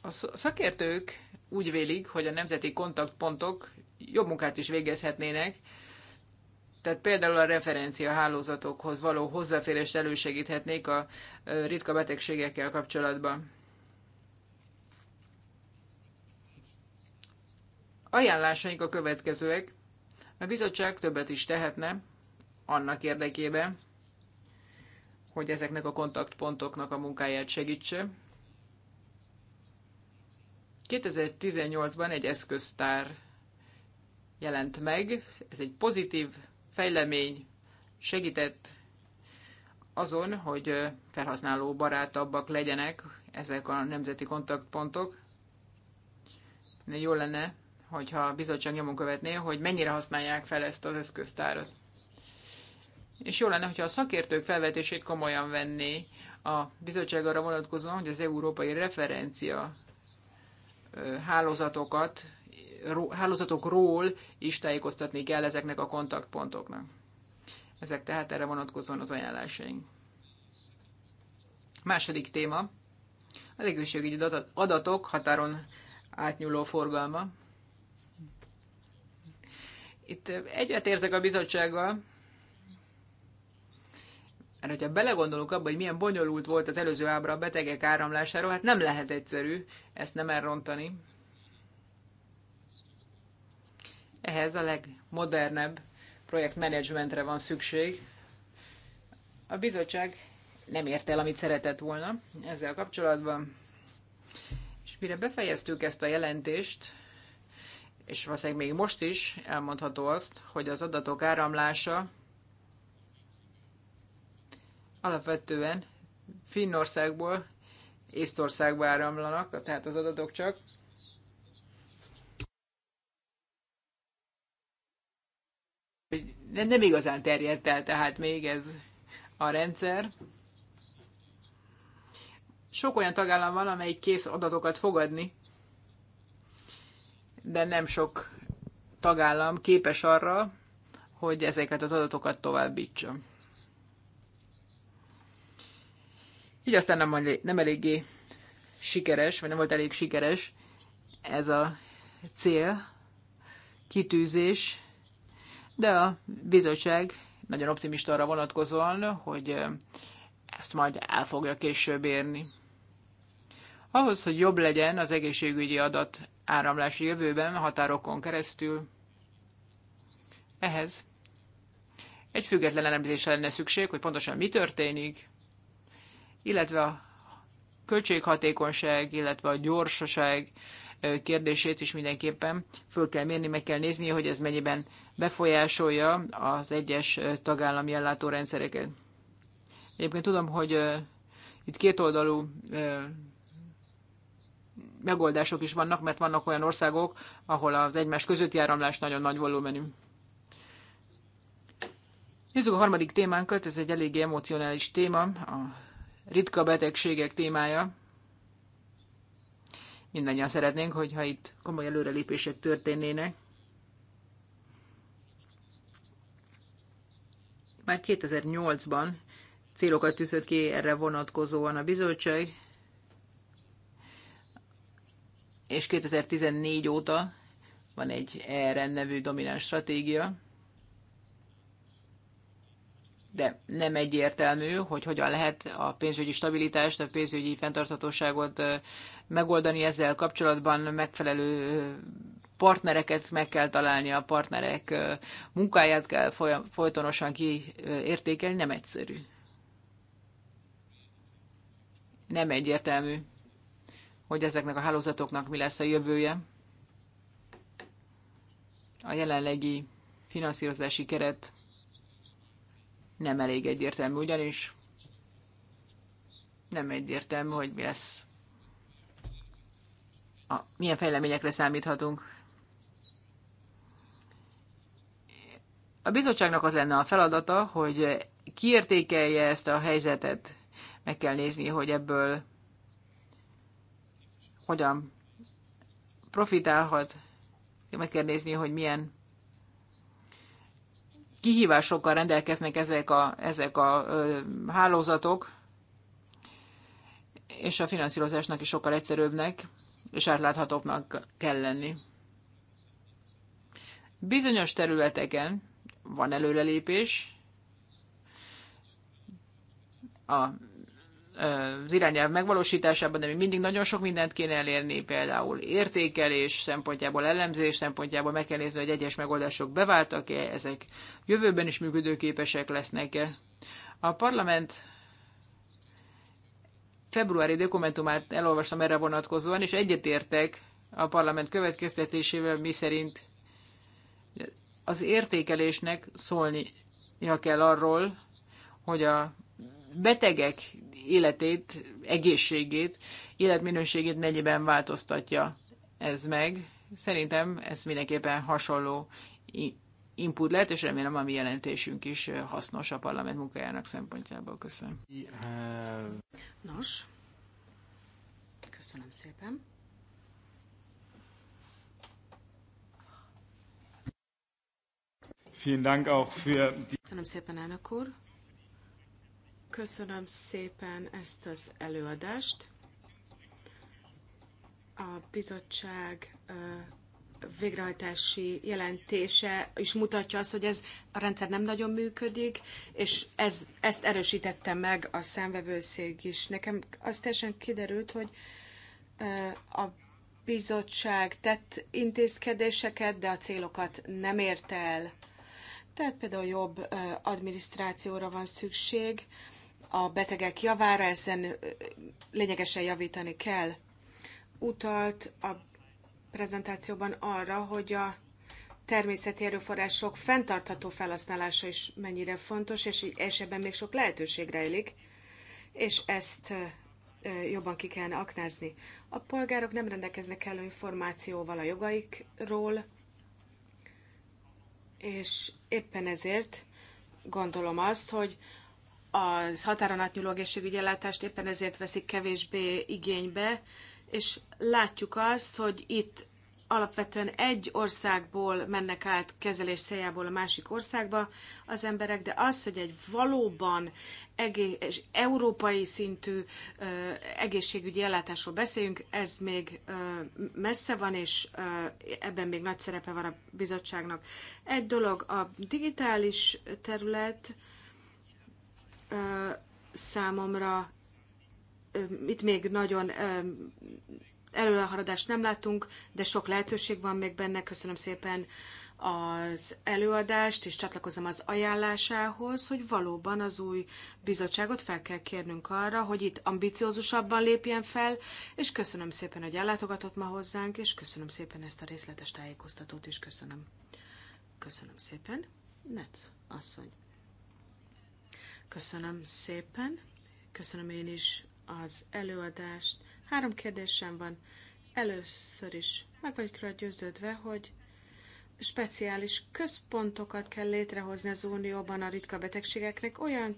A szakértők úgy vélik, hogy a nemzeti kontaktpontok jobb munkát is végezhetnének, tehát például a referencia hálózatokhoz való hozzáférést elősegíthetnék a ritka betegségekkel kapcsolatban. Ajánlásaink a következőek. A bizottság többet is tehetne annak érdekében, hogy ezeknek a kontaktpontoknak a munkáját segítse. 2018-ban egy eszköztár jelent meg, ez egy pozitív fejlemény, segített azon, hogy felhasználó barátabbak legyenek ezek a nemzeti kontaktpontok. jó lenne, hogyha a bizottság nyomon követné, hogy mennyire használják fel ezt az eszköztárat. És jó lenne, hogyha a szakértők felvetését komolyan venné a bizottság arra vonatkozóan, hogy az európai referencia hálózatokat, hálózatokról is tájékoztatni kell ezeknek a kontaktpontoknak. Ezek tehát erre vonatkozóan az ajánlásaink. Második téma, az egészségügyi adatok határon átnyúló forgalma. Itt érzek a bizottsággal, mert hogyha belegondolunk abba, hogy milyen bonyolult volt az előző ábra a betegek áramlásáról, hát nem lehet egyszerű ezt nem elrontani. Ehhez a legmodernebb projektmenedzsmentre van szükség. A bizottság nem ért el, amit szeretett volna ezzel kapcsolatban. És mire befejeztük ezt a jelentést, és valószínűleg még most is elmondható azt, hogy az adatok áramlása alapvetően Finnországból Észtországba áramlanak, tehát az adatok csak. Nem igazán terjedt el tehát még ez a rendszer. Sok olyan tagállam van, amelyik kész adatokat fogadni, de nem sok tagállam képes arra, hogy ezeket az adatokat továbbítsa. Így aztán nem, nem eléggé sikeres, vagy nem volt elég sikeres ez a cél, kitűzés, de a bizottság nagyon optimista arra vonatkozóan, hogy ezt majd el fogja később érni. Ahhoz, hogy jobb legyen az egészségügyi adat áramlás jövőben határokon keresztül. Ehhez egy független elemzésre lenne szükség, hogy pontosan mi történik, illetve a költséghatékonyság, illetve a gyorsaság kérdését is mindenképpen föl kell mérni, meg kell nézni, hogy ez mennyiben befolyásolja az egyes tagállami ellátórendszereket. Egyébként tudom, hogy itt kétoldalú megoldások is vannak, mert vannak olyan országok, ahol az egymás közötti áramlás nagyon nagy volumenű. Nézzük a harmadik témánkat, ez egy eléggé emocionális téma, a ritka betegségek témája. Mindannyian szeretnénk, hogyha itt komoly előrelépések történnének. Már 2008-ban célokat tűzött ki erre vonatkozóan a bizottság, és 2014 óta van egy ERN nevű domináns stratégia, de nem egyértelmű, hogy hogyan lehet a pénzügyi stabilitást, a pénzügyi fenntarthatóságot megoldani ezzel kapcsolatban megfelelő partnereket meg kell találni, a partnerek munkáját kell folytonosan kiértékelni, nem egyszerű. Nem egyértelmű hogy ezeknek a hálózatoknak mi lesz a jövője. A jelenlegi finanszírozási keret nem elég egyértelmű, ugyanis nem egyértelmű, hogy mi lesz, a, milyen fejleményekre számíthatunk. A bizottságnak az lenne a feladata, hogy kiértékelje ezt a helyzetet, meg kell nézni, hogy ebből hogyan profitálhat, meg kell nézni, hogy milyen kihívásokkal rendelkeznek ezek a, ezek a ö, hálózatok, és a finanszírozásnak is sokkal egyszerűbbnek és átláthatóbbnak kell lenni. Bizonyos területeken van előrelépés, a az irányelv megvalósításában, de még mindig nagyon sok mindent kéne elérni, például értékelés szempontjából, elemzés szempontjából meg kell nézni, hogy egyes megoldások beváltak-e, ezek jövőben is működőképesek lesznek-e. A parlament februári dokumentumát elolvastam erre vonatkozóan, és egyetértek a parlament következtetésével, mi szerint az értékelésnek szólnia kell arról, hogy a betegek életét, egészségét, életminőségét mennyiben változtatja ez meg. Szerintem ez mindenképpen hasonló input lehet, és remélem a mi jelentésünk is hasznos a parlament munkájának szempontjából. Köszönöm. Nos, köszönöm szépen. Vielen Dank auch für die... Köszönöm szépen, elnök úr. Köszönöm szépen ezt az előadást. A bizottság végrehajtási jelentése is mutatja azt, hogy ez a rendszer nem nagyon működik, és ez, ezt erősítette meg a számvevőszék is. Nekem azt teljesen kiderült, hogy a bizottság tett intézkedéseket, de a célokat nem ért el. Tehát például jobb adminisztrációra van szükség, a betegek javára, ezen lényegesen javítani kell. Utalt a prezentációban arra, hogy a természeti erőforrások fenntartható felhasználása is mennyire fontos, és, ebben még sok lehetőség rejlik, és ezt jobban ki kellene aknázni. A polgárok nem rendelkeznek elő információval a jogaikról, és éppen ezért gondolom azt, hogy az határon átnyúló egészségügyellátást éppen ezért veszik kevésbé igénybe, és látjuk azt, hogy itt alapvetően egy országból mennek át kezelés céljából a másik országba az emberek, de az, hogy egy valóban egész, európai szintű ö, egészségügyi ellátásról beszéljünk, ez még ö, messze van, és ö, ebben még nagy szerepe van a bizottságnak. Egy dolog a digitális terület, számomra itt még nagyon előrehaladást nem látunk, de sok lehetőség van még benne. Köszönöm szépen az előadást, és csatlakozom az ajánlásához, hogy valóban az új bizottságot fel kell kérnünk arra, hogy itt ambiciózusabban lépjen fel, és köszönöm szépen, hogy ellátogatott ma hozzánk, és köszönöm szépen ezt a részletes tájékoztatót is, köszönöm. Köszönöm szépen. net asszony. Köszönöm szépen. Köszönöm én is az előadást. Három kérdésem van. Először is meg vagyok rá győződve, hogy speciális központokat kell létrehozni az Unióban a ritka betegségeknek, olyan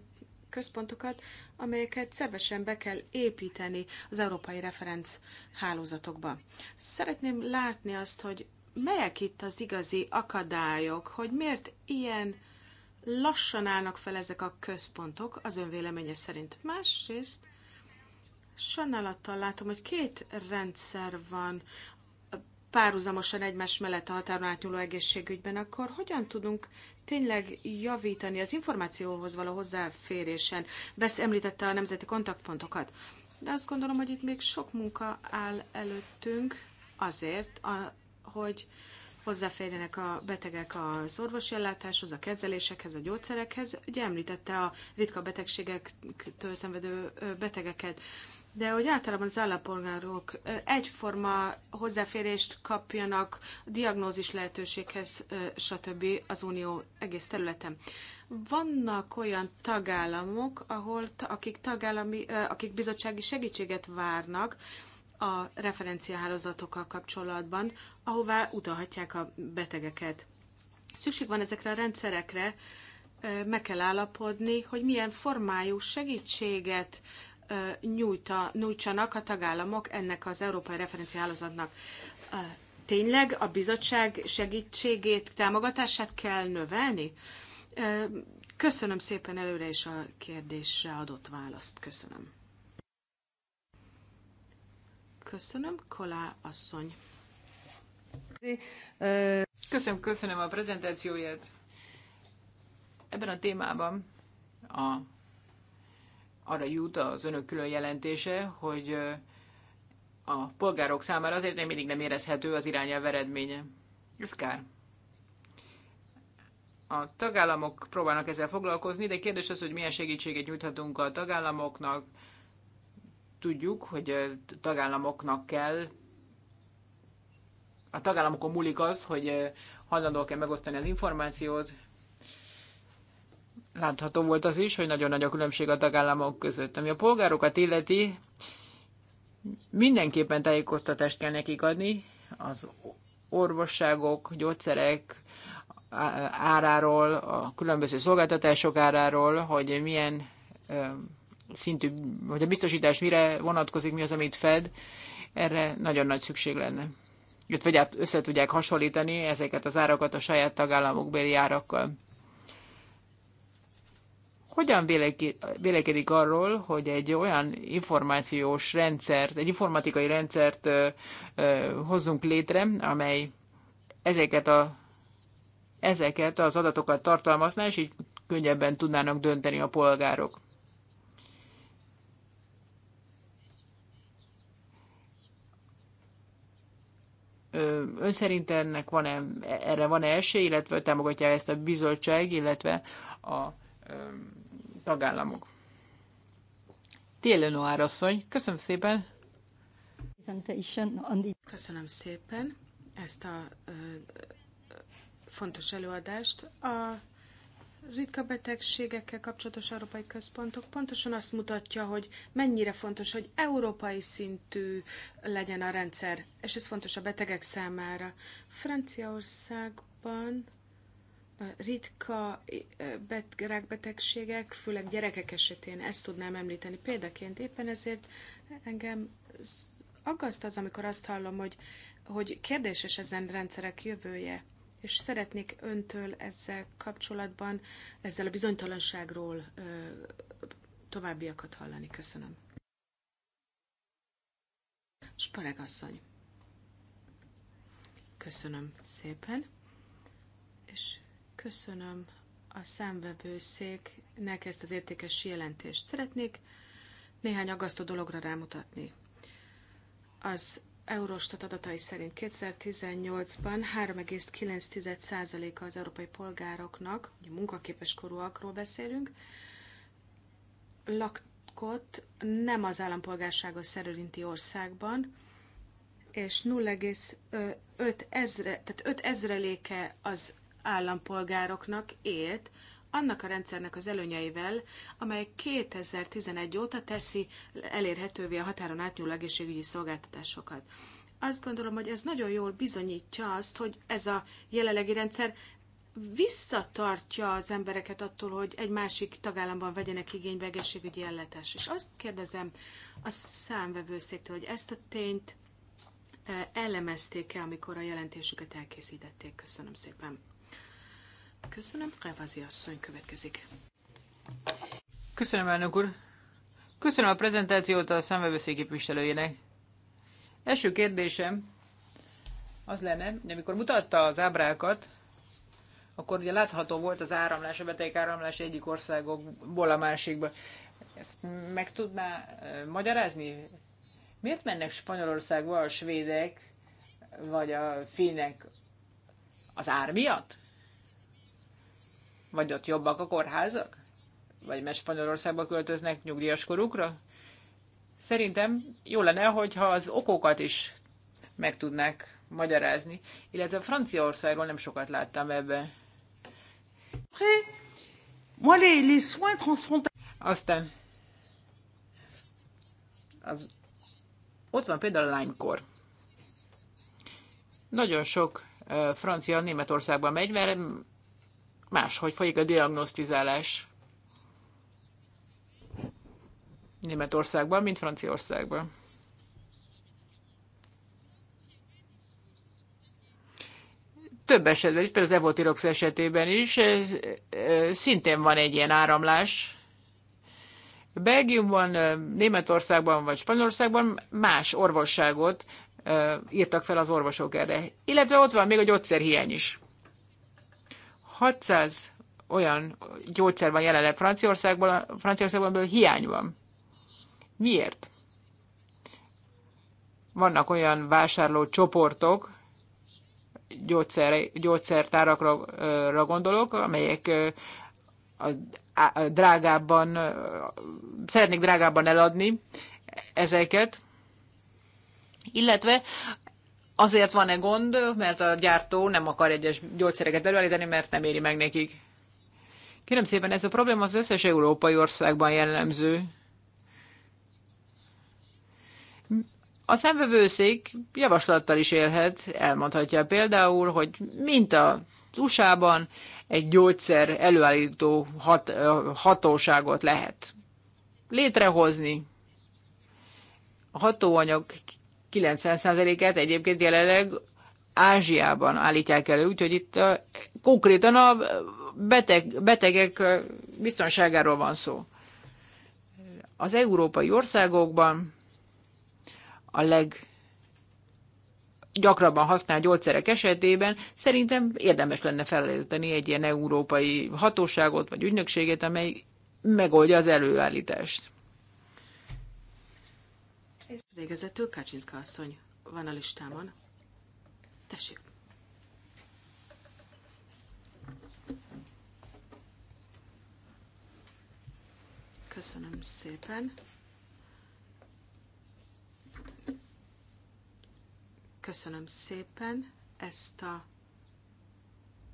központokat, amelyeket szebesen be kell építeni az európai referenc hálózatokba. Szeretném látni azt, hogy melyek itt az igazi akadályok, hogy miért ilyen lassan állnak fel ezek a központok, az ön véleménye szerint. Másrészt sajnálattal látom, hogy két rendszer van párhuzamosan egymás mellett a határon átnyúló egészségügyben, akkor hogyan tudunk tényleg javítani az információhoz való hozzáférésen? Besz említette a nemzeti kontaktpontokat. De azt gondolom, hogy itt még sok munka áll előttünk azért, a, hogy hozzáférjenek a betegek az orvosi ellátáshoz, a kezelésekhez, a gyógyszerekhez. Ugye említette a ritka betegségektől szenvedő betegeket, de hogy általában az állapolgárok egyforma hozzáférést kapjanak diagnózis lehetőséghez, stb. az unió egész területen. Vannak olyan tagállamok, ahol akik, tagállami, akik bizottsági segítséget várnak a referenciahálózatokkal kapcsolatban, ahová utalhatják a betegeket. Szükség van ezekre a rendszerekre, meg kell állapodni, hogy milyen formájú segítséget nyújta, nyújtsanak a tagállamok ennek az európai referenciálozatnak. Tényleg a bizottság segítségét, támogatását kell növelni? Köszönöm szépen előre is a kérdésre adott választ. Köszönöm. Köszönöm, Kolá asszony. Köszönöm, köszönöm a prezentációját. Ebben a témában a, arra jut az önök külön jelentése, hogy a polgárok számára azért nem mindig nem érezhető az irányelv eredménye. Ez kár. A tagállamok próbálnak ezzel foglalkozni, de kérdés az, hogy milyen segítséget nyújthatunk a tagállamoknak. Tudjuk, hogy tagállamoknak kell a tagállamokon múlik az, hogy eh, hajlandóak-e megosztani az információt. Látható volt az is, hogy nagyon nagy a különbség a tagállamok között. Ami a polgárokat illeti, mindenképpen tájékoztatást kell nekik adni az orvosságok, gyógyszerek áráról, a különböző szolgáltatások áráról, hogy milyen eh, szintű, hogy a biztosítás mire vonatkozik, mi az, amit fed, erre nagyon nagy szükség lenne illetve össze tudják hasonlítani ezeket az árakat a saját tagállamok béli árakkal. Hogyan vélekedik arról, hogy egy olyan információs rendszert, egy informatikai rendszert ö, ö, hozzunk létre, amely ezeket, a, ezeket az adatokat tartalmazná, és így könnyebben tudnának dönteni a polgárok? ön szerint ennek van-e, erre van-e esély, illetve támogatja ezt a bizottság, illetve a tagállamok? Télen Noár asszony, köszönöm szépen! Köszönöm szépen ezt a fontos előadást. A ritka betegségekkel kapcsolatos európai központok pontosan azt mutatja, hogy mennyire fontos, hogy európai szintű legyen a rendszer, és ez fontos a betegek számára. Franciaországban ritka rákbetegségek, főleg gyerekek esetén ezt tudnám említeni példaként. Éppen ezért engem aggaszt az, amikor azt hallom, hogy, hogy kérdéses ezen rendszerek jövője és szeretnék öntől ezzel kapcsolatban, ezzel a bizonytalanságról továbbiakat hallani. Köszönöm. Spareg asszony. Köszönöm szépen, és köszönöm a számvevőszéknek ezt az értékes jelentést. Szeretnék néhány aggasztó dologra rámutatni. Az Eurostat adatai szerint 2018-ban 3,9%-a az európai polgároknak, ugye munkaképes korúakról beszélünk, lakott nem az állampolgársága szerinti országban, és 0,5 ezre, tehát 5 ezreléke az állampolgároknak élt annak a rendszernek az előnyeivel, amely 2011 óta teszi elérhetővé a határon átnyúló egészségügyi szolgáltatásokat. Azt gondolom, hogy ez nagyon jól bizonyítja azt, hogy ez a jelenlegi rendszer visszatartja az embereket attól, hogy egy másik tagállamban vegyenek igénybe egészségügyi ellátást. És azt kérdezem a számvevőszéktől, hogy ezt a tényt eh, elemezték-e, amikor a jelentésüket elkészítették. Köszönöm szépen. Köszönöm, Kávázi asszony következik. Köszönöm, elnök úr. Köszönöm a prezentációt a számvevőszék képviselőjének. Első kérdésem az lenne, hogy amikor mutatta az ábrákat, akkor ugye látható volt az áramlás, a beteg áramlás egyik országokból a másikba. Ezt meg tudná magyarázni? Miért mennek Spanyolországba a svédek, vagy a finnek az ár miatt? Vagy ott jobbak a kórházak? Vagy mert Spanyolországba költöznek nyugdíjas korukra? Szerintem jó lenne, hogyha az okokat is meg tudnák magyarázni, illetve a Franciaországról nem sokat láttam ebben. Aztán az, ott van például a lánykor. Nagyon sok francia Németországban megy, mert máshogy folyik a diagnosztizálás Németországban, mint Franciaországban. Több esetben is, például az Evotirox esetében is szintén van egy ilyen áramlás, Belgiumban, Németországban vagy Spanyolországban más orvosságot írtak fel az orvosok erre. Illetve ott van még a gyógyszerhiány is. 600 olyan gyógyszer van jelenleg Franciaországban, Franciaországban, amiből hiány van. Miért? Vannak olyan vásárló csoportok, gyógyszer, gyógyszertárakra gondolok, amelyek a, a drágábban, szeretnék drágábban eladni ezeket, illetve azért van-e gond, mert a gyártó nem akar egyes gyógyszereket előállítani, mert nem éri meg nekik. Kérem szépen, ez a probléma az összes európai országban jellemző. A szemvevőszék javaslattal is élhet, elmondhatja például, hogy mint a USA-ban egy gyógyszer előállító hat, hatóságot lehet létrehozni. A hatóanyag 90%-át egyébként jelenleg Ázsiában állítják elő, úgyhogy itt konkrétan a beteg, betegek biztonságáról van szó. Az európai országokban a leg gyakrabban használt gyógyszerek esetében szerintem érdemes lenne felállítani egy ilyen európai hatóságot vagy ügynökséget, amely megoldja az előállítást. Végezetül Kacsinszka asszony van a listámon. Tessék! Köszönöm szépen. Köszönöm szépen ezt a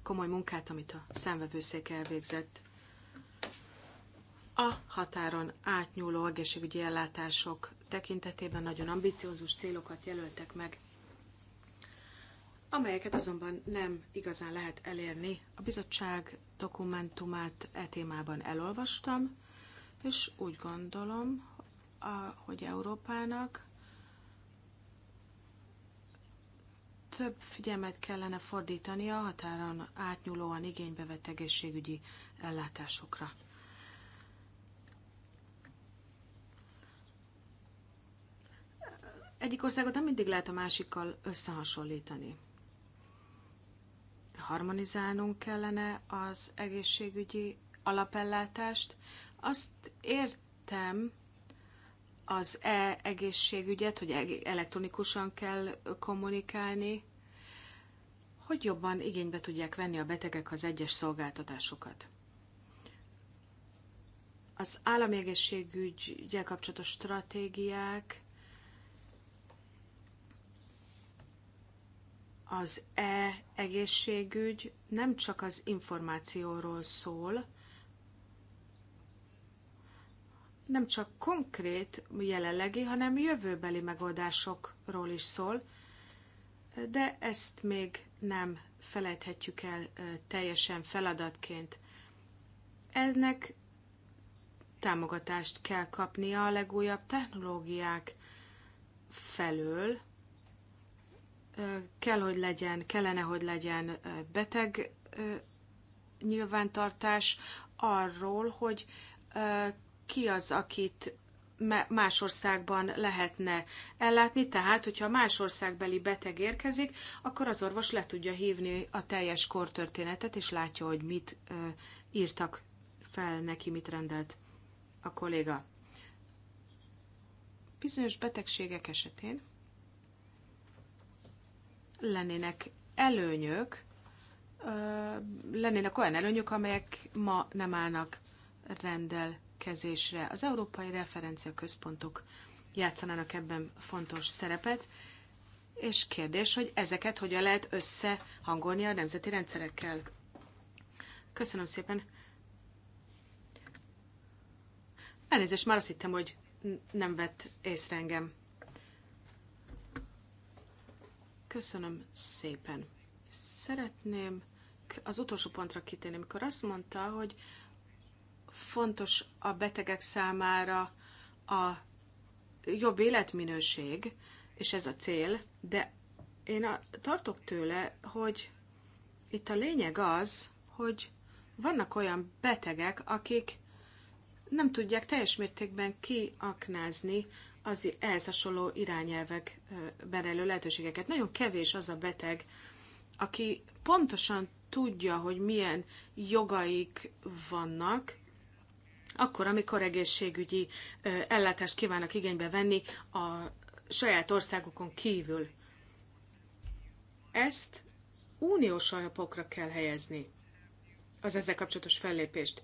komoly munkát, amit a szemvevőszék elvégzett. A határon átnyúló egészségügyi ellátások tekintetében nagyon ambiciózus célokat jelöltek meg, amelyeket azonban nem igazán lehet elérni. A bizottság dokumentumát e témában elolvastam, és úgy gondolom, hogy Európának több figyelmet kellene fordítani a határon átnyúlóan igénybe vett egészségügyi ellátásokra. egyik országot nem mindig lehet a másikkal összehasonlítani. Harmonizálnunk kellene az egészségügyi alapellátást. Azt értem az e-egészségügyet, hogy e- elektronikusan kell kommunikálni, hogy jobban igénybe tudják venni a betegek az egyes szolgáltatásokat. Az állami egészségügyel kapcsolatos stratégiák az e-egészségügy nem csak az információról szól, nem csak konkrét jelenlegi, hanem jövőbeli megoldásokról is szól, de ezt még nem felejthetjük el teljesen feladatként. Ennek támogatást kell kapnia a legújabb technológiák felől, kell, hogy legyen, kellene, hogy legyen beteg nyilvántartás arról, hogy ki az, akit más országban lehetne ellátni, tehát hogyha más országbeli beteg érkezik, akkor az orvos le tudja hívni a teljes kortörténetet, és látja, hogy mit írtak fel neki, mit rendelt a kolléga. Bizonyos betegségek esetén lennének előnyök, lennének olyan előnyök, amelyek ma nem állnak rendelkezésre. Az európai referencia központok játszanának ebben fontos szerepet, és kérdés, hogy ezeket hogyan lehet összehangolni a nemzeti rendszerekkel. Köszönöm szépen. Elnézést, már azt hittem, hogy nem vett észre engem. Köszönöm szépen. Szeretném az utolsó pontra kitérni, amikor azt mondta, hogy fontos a betegek számára a jobb életminőség, és ez a cél, de én a, tartok tőle, hogy itt a lényeg az, hogy vannak olyan betegek, akik nem tudják teljes mértékben kiaknázni az ehhez hasonló irányelvek elő lehetőségeket. Nagyon kevés az a beteg, aki pontosan tudja, hogy milyen jogaik vannak, akkor, amikor egészségügyi ellátást kívánnak igénybe venni a saját országukon kívül. Ezt uniós alapokra kell helyezni, az ezzel kapcsolatos fellépést.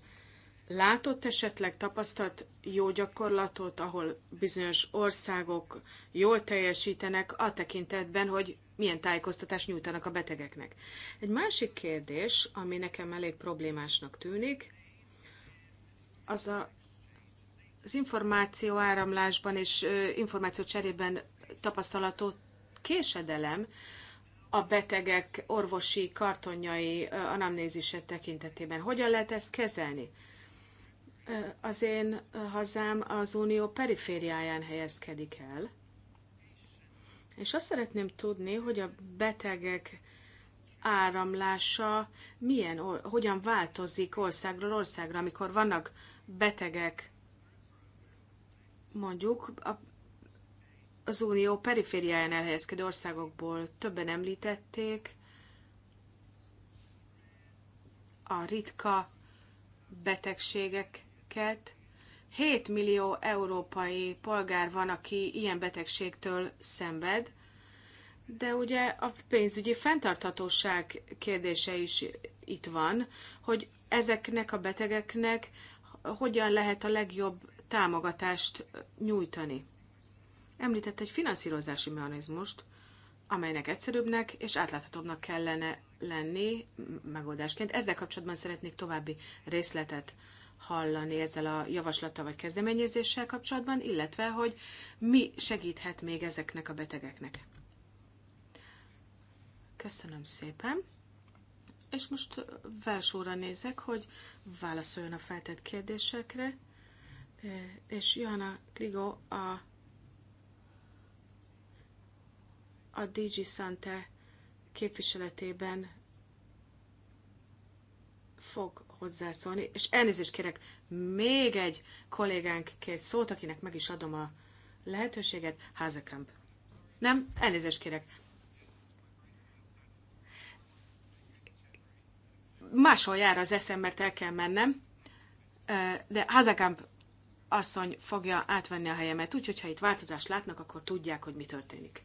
Látott esetleg, tapasztalt jó gyakorlatot, ahol bizonyos országok jól teljesítenek a tekintetben, hogy milyen tájékoztatást nyújtanak a betegeknek. Egy másik kérdés, ami nekem elég problémásnak tűnik, az a, az információ áramlásban és információ cserében tapasztalató késedelem a betegek orvosi kartonjai anamnézise tekintetében. Hogyan lehet ezt kezelni? az én hazám az unió perifériáján helyezkedik el, és azt szeretném tudni, hogy a betegek áramlása milyen, hogyan változik országról országra, amikor vannak betegek mondjuk a, az unió perifériáján elhelyezkedő országokból többen említették a ritka betegségek embereket, 7 millió európai polgár van, aki ilyen betegségtől szenved, de ugye a pénzügyi fenntarthatóság kérdése is itt van, hogy ezeknek a betegeknek hogyan lehet a legjobb támogatást nyújtani. Említett egy finanszírozási mechanizmust, amelynek egyszerűbbnek és átláthatóbbnak kellene lenni megoldásként. Ezzel kapcsolatban szeretnék további részletet hallani ezzel a javaslattal vagy kezdeményezéssel kapcsolatban, illetve hogy mi segíthet még ezeknek a betegeknek. Köszönöm szépen. És most Velsóra nézek, hogy válaszoljon a feltett kérdésekre. És Johanna Kligo a, a DG Sante képviseletében fog hozzászólni, és elnézést kérek, még egy kollégánk kért szót, akinek meg is adom a lehetőséget, Házekamp. Nem, elnézést kérek. Máshol jár az eszem, mert el kell mennem, de Házekamp asszony fogja átvenni a helyemet, úgyhogy ha itt változást látnak, akkor tudják, hogy mi történik.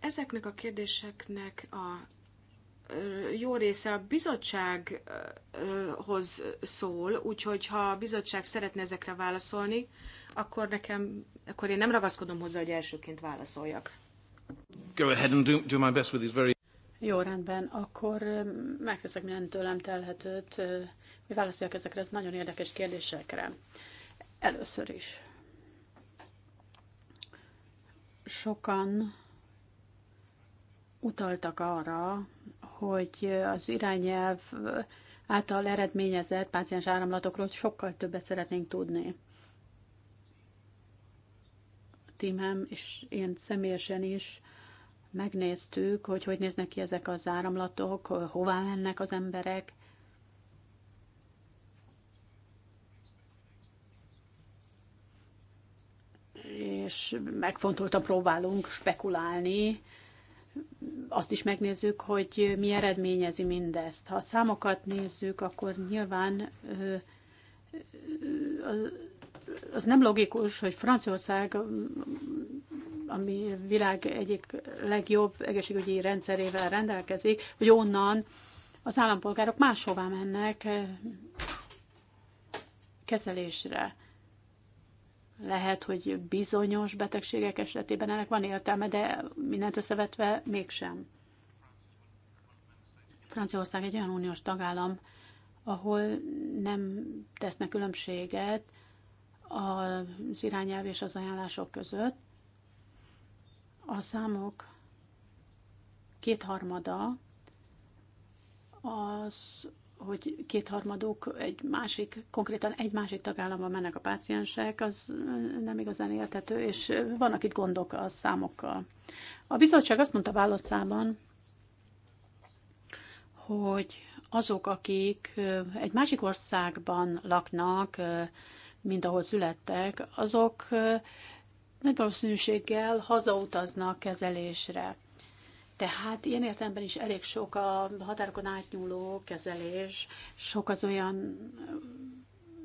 Ezeknek a kérdéseknek a jó része a bizottsághoz szól, úgyhogy ha a bizottság szeretne ezekre válaszolni, akkor nekem, akkor én nem ragaszkodom hozzá, hogy elsőként válaszoljak. Go ahead and do, do my best with these very... Jó, rendben, akkor megteszek minden tőlem telhetőt, hogy válaszoljak ezekre az nagyon érdekes kérdésekre. Először is. Sokan utaltak arra, hogy az irányelv által eredményezett páciens áramlatokról sokkal többet szeretnénk tudni. A tímem és én személyesen is megnéztük, hogy hogy néznek ki ezek az áramlatok, hová mennek az emberek. És megfontoltan próbálunk spekulálni, azt is megnézzük, hogy mi eredményezi mindezt. Ha a számokat nézzük, akkor nyilván az nem logikus, hogy Franciaország, ami világ egyik legjobb egészségügyi rendszerével rendelkezik, hogy onnan az állampolgárok máshová mennek kezelésre. Lehet, hogy bizonyos betegségek esetében ennek van értelme, de mindent összevetve mégsem. Franciaország egy olyan uniós tagállam, ahol nem tesznek különbséget az irányelv és az ajánlások között. A számok kétharmada az hogy kétharmaduk egy másik, konkrétan egy másik tagállamba mennek a páciensek, az nem igazán éltető, és vannak itt gondok a számokkal. A bizottság azt mondta válaszában, hogy azok, akik egy másik országban laknak, mint ahol születtek, azok nagy valószínűséggel hazautaznak kezelésre. Tehát ilyen értelemben is elég sok a határokon átnyúló kezelés, sok az olyan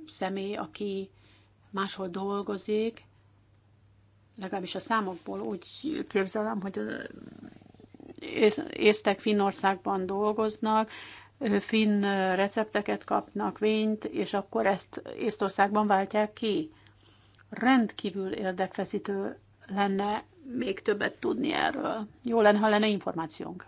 személy, aki máshol dolgozik, legalábbis a számokból úgy képzelem, hogy észtek Finnországban dolgoznak, finn recepteket kapnak, vényt, és akkor ezt Észtországban váltják ki. Rendkívül érdekfeszítő lenne még többet tudni erről. Jó lenne, ha lenne információnk.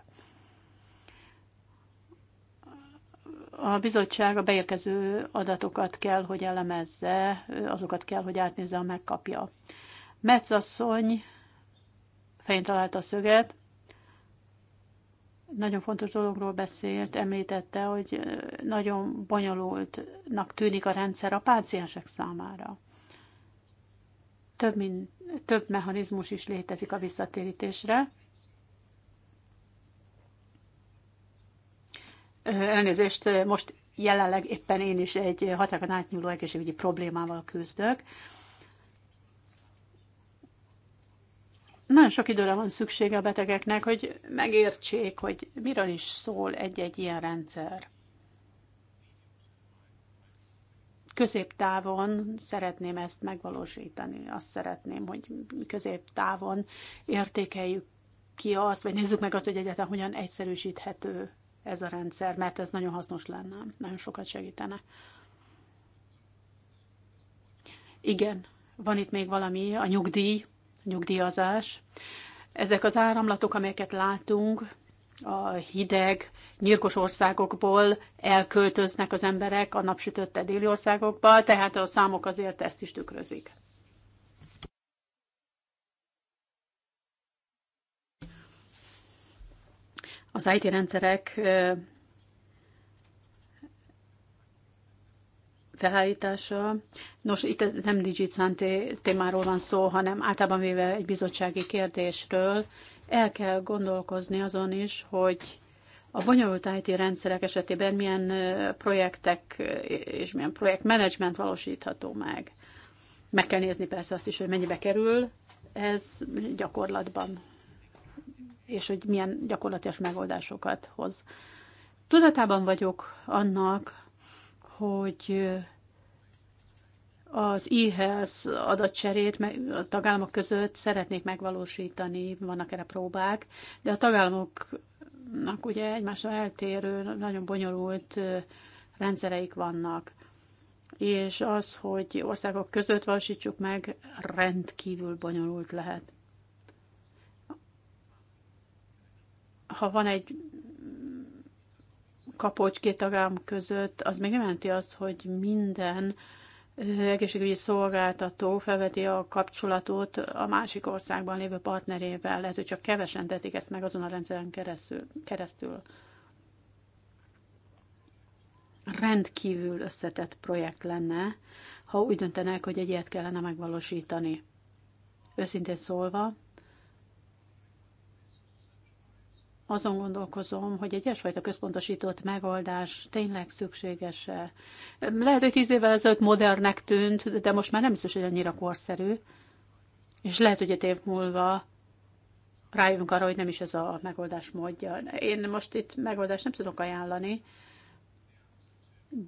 A bizottság a beérkező adatokat kell, hogy elemezze, azokat kell, hogy átnézze, ha megkapja. Metz asszony fején találta a szöget, nagyon fontos dologról beszélt, említette, hogy nagyon bonyolultnak tűnik a rendszer a páciensek számára. Több, mint, több mechanizmus is létezik a visszatérítésre. Elnézést, most jelenleg éppen én is egy határokon átnyúló egészségügyi problémával küzdök. Nagyon sok időre van szüksége a betegeknek, hogy megértsék, hogy miről is szól egy-egy ilyen rendszer. középtávon szeretném ezt megvalósítani. Azt szeretném, hogy középtávon értékeljük ki azt, vagy nézzük meg azt, hogy egyáltalán hogyan egyszerűsíthető ez a rendszer, mert ez nagyon hasznos lenne, nagyon sokat segítene. Igen, van itt még valami, a nyugdíj, a nyugdíjazás. Ezek az áramlatok, amelyeket látunk, a hideg, nyírkos országokból elköltöznek az emberek a napsütötte déli országokba, tehát a számok azért ezt is tükrözik. Az IT rendszerek felállítása. Nos, itt nem Digit témáról van szó, hanem általában véve egy bizottsági kérdésről, el kell gondolkozni azon is, hogy a bonyolult IT rendszerek esetében milyen projektek és milyen projektmenedzsment valósítható meg. Meg kell nézni persze azt is, hogy mennyibe kerül ez gyakorlatban, és hogy milyen gyakorlatilag megoldásokat hoz. Tudatában vagyok annak, hogy az IHELS adatcserét a tagállamok között szeretnék megvalósítani, vannak erre próbák, de a tagállamoknak ugye egymásra eltérő, nagyon bonyolult rendszereik vannak. És az, hogy országok között valósítsuk meg, rendkívül bonyolult lehet. Ha van egy kapocs két tagállam között, az még nem jelenti azt, hogy minden egészségügyi szolgáltató felveti a kapcsolatot a másik országban lévő partnerével. Lehet, hogy csak kevesen tetik ezt meg azon a rendszeren keresztül. keresztül. Rendkívül összetett projekt lenne, ha úgy döntenek, hogy egy ilyet kellene megvalósítani. Őszintén szólva, azon gondolkozom, hogy egy ilyesfajta központosított megoldás tényleg szükséges-e. Lehet, hogy tíz évvel ezelőtt modernnek tűnt, de most már nem biztos, hogy annyira korszerű. És lehet, hogy egy év múlva rájövünk arra, hogy nem is ez a megoldás módja. Én most itt megoldást nem tudok ajánlani,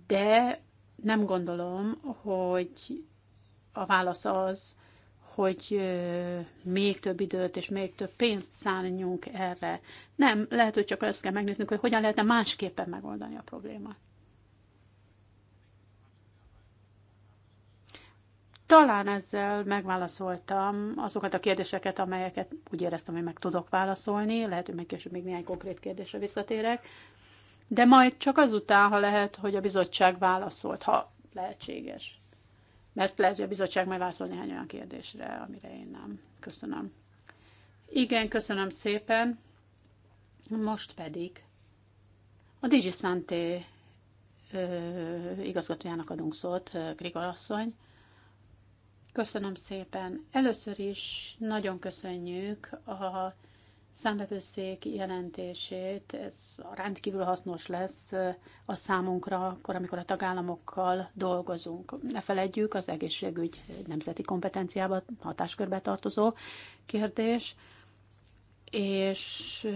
de nem gondolom, hogy a válasz az, hogy még több időt és még több pénzt szálljunk erre. Nem, lehet, hogy csak azt kell megnéznünk, hogy hogyan lehetne másképpen megoldani a problémát. Talán ezzel megválaszoltam azokat a kérdéseket, amelyeket úgy éreztem, hogy meg tudok válaszolni. Lehet, hogy még később még néhány konkrét kérdésre visszatérek. De majd csak azután, ha lehet, hogy a bizottság válaszolt, ha lehetséges mert lehet, hogy a bizottság majd válaszol néhány olyan kérdésre, amire én nem. Köszönöm. Igen, köszönöm szépen. Most pedig a DigiSanté igazgatójának adunk szót, Grigol asszony. Köszönöm szépen. Először is nagyon köszönjük a szembevőszék jelentését, ez rendkívül hasznos lesz a számunkra, akkor, amikor a tagállamokkal dolgozunk. Ne felejtjük, az egészségügy nemzeti kompetenciába, hatáskörbe tartozó kérdés, és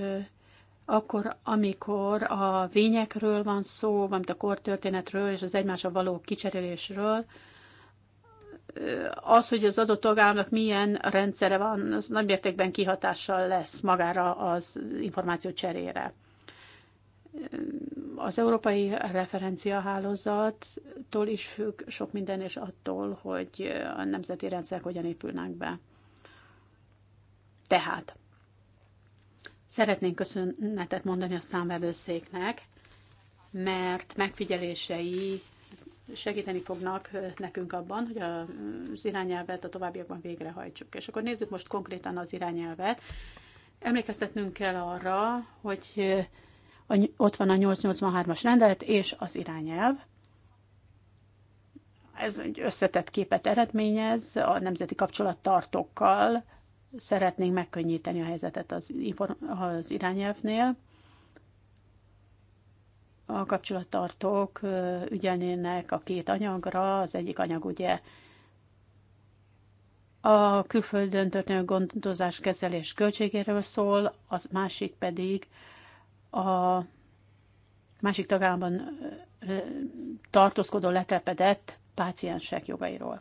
akkor, amikor a vényekről van szó, valamint a kortörténetről és az egymásra való kicserélésről, az, hogy az adott tagállamnak milyen rendszere van, az mértékben kihatással lesz magára az információ cserére. Az európai referenciahálózattól is függ sok minden, és attól, hogy a nemzeti rendszerek hogyan épülnek be. Tehát szeretnénk köszönetet mondani a számvevőszéknek, mert megfigyelései segíteni fognak nekünk abban, hogy az irányelvet a továbbiakban végrehajtsuk. És akkor nézzük most konkrétan az irányelvet. Emlékeztetnünk kell arra, hogy ott van a 883-as rendelet és az irányelv. Ez egy összetett képet eredményez, a nemzeti kapcsolattartókkal szeretnénk megkönnyíteni a helyzetet az, az irányelvnél a kapcsolattartók ügyelnének a két anyagra, az egyik anyag ugye a külföldön történő gondozás kezelés költségéről szól, az másik pedig a másik tagállamban tartózkodó letelepedett páciensek jogairól.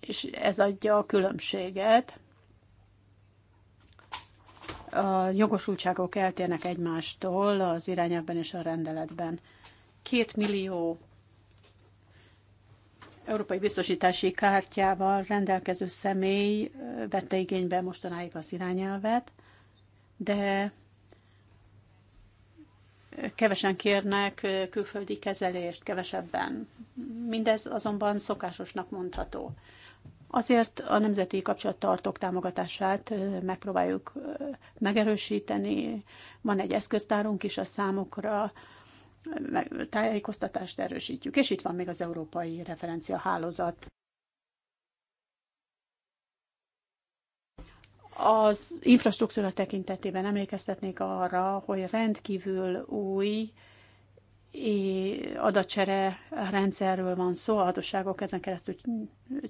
És ez adja a különbséget a jogosultságok eltérnek egymástól az irányelvben és a rendeletben. Két millió európai biztosítási kártyával rendelkező személy vette igénybe mostanáig az irányelvet, de kevesen kérnek külföldi kezelést, kevesebben. Mindez azonban szokásosnak mondható. Azért a nemzeti kapcsolattartók támogatását megpróbáljuk megerősíteni. Van egy eszköztárunk is a számokra, tájékoztatást erősítjük. És itt van még az Európai Referencia Hálózat. Az infrastruktúra tekintetében emlékeztetnék arra, hogy rendkívül új, adatcsere rendszerről van szó, a hatóságok ezen keresztül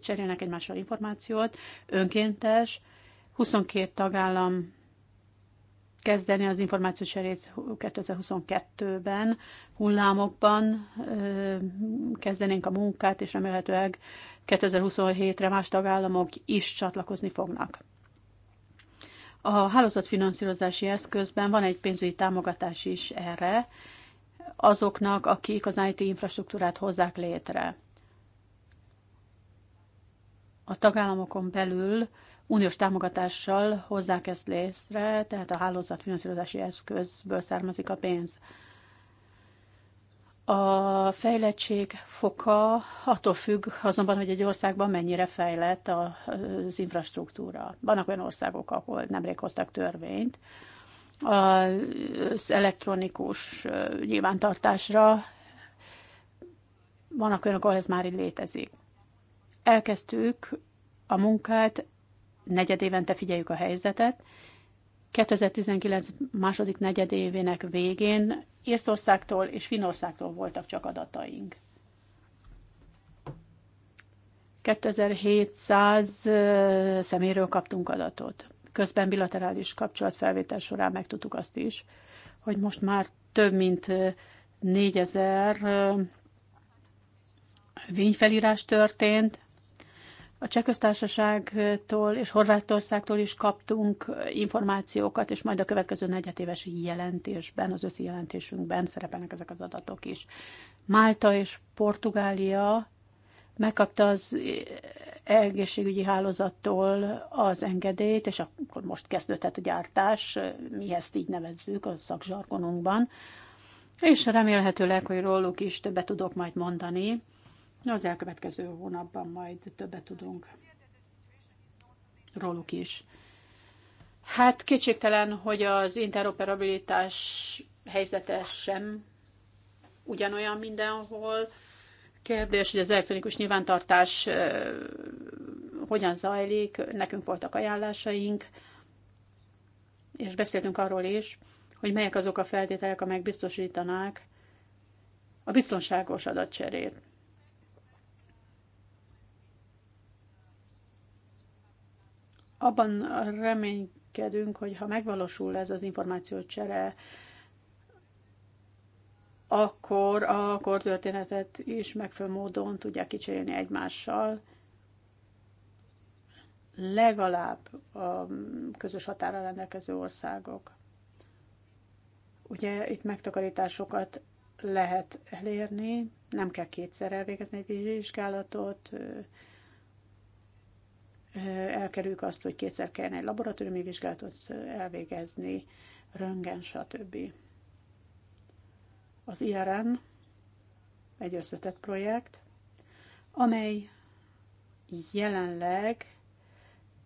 cserélnek egymással információt, önkéntes, 22 tagállam kezdeni az cserét 2022-ben, hullámokban kezdenénk a munkát, és remélhetőleg 2027-re más tagállamok is csatlakozni fognak. A hálózatfinanszírozási eszközben van egy pénzügyi támogatás is erre, azoknak, akik az IT infrastruktúrát hozzák létre. A tagállamokon belül uniós támogatással hozzák ezt létre, tehát a hálózat finanszírozási eszközből származik a pénz. A fejlettség foka attól függ azonban, hogy egy országban mennyire fejlett az infrastruktúra. Vannak olyan országok, ahol nemrég hoztak törvényt, az elektronikus nyilvántartásra. Vannak olyanok, ahol ez már így létezik. Elkezdtük a munkát, negyed évente figyeljük a helyzetet. 2019 második negyedévének végén Észtországtól és Finországtól voltak csak adataink. 2700 szeméről kaptunk adatot. Közben bilaterális kapcsolatfelvétel során megtudtuk azt is, hogy most már több mint négyezer vényfelírás történt. A Csehköztársaságtól és Horvátországtól is kaptunk információkat, és majd a következő negyedéves jelentésben, az összi jelentésünkben szerepelnek ezek az adatok is. Málta és Portugália megkapta az eh, egészségügyi hálózattól az engedélyt, és akkor most kezdődhet a gyártás, eh, mi ezt így nevezzük a szakzsargonunkban, és remélhetőleg, hogy róluk is többet tudok majd mondani. Az elkövetkező hónapban majd többet tudunk róluk is. Hát kétségtelen, hogy az interoperabilitás helyzete sem ugyanolyan mindenhol, kérdés, hogy az elektronikus nyilvántartás hogyan zajlik, nekünk voltak ajánlásaink, és beszéltünk arról is, hogy melyek azok a feltételek, amelyek biztosítanák a biztonságos adatcserét. Abban reménykedünk, hogy ha megvalósul ez az információcsere, akkor a kortörténetet is megfelelő módon tudják kicserélni egymással, legalább a közös határa rendelkező országok. Ugye itt megtakarításokat lehet elérni, nem kell kétszer elvégezni egy vizsgálatot, elkerüljük azt, hogy kétszer kellene egy laboratóriumi vizsgálatot elvégezni, röngen, stb. Az IRN egy összetett projekt, amely jelenleg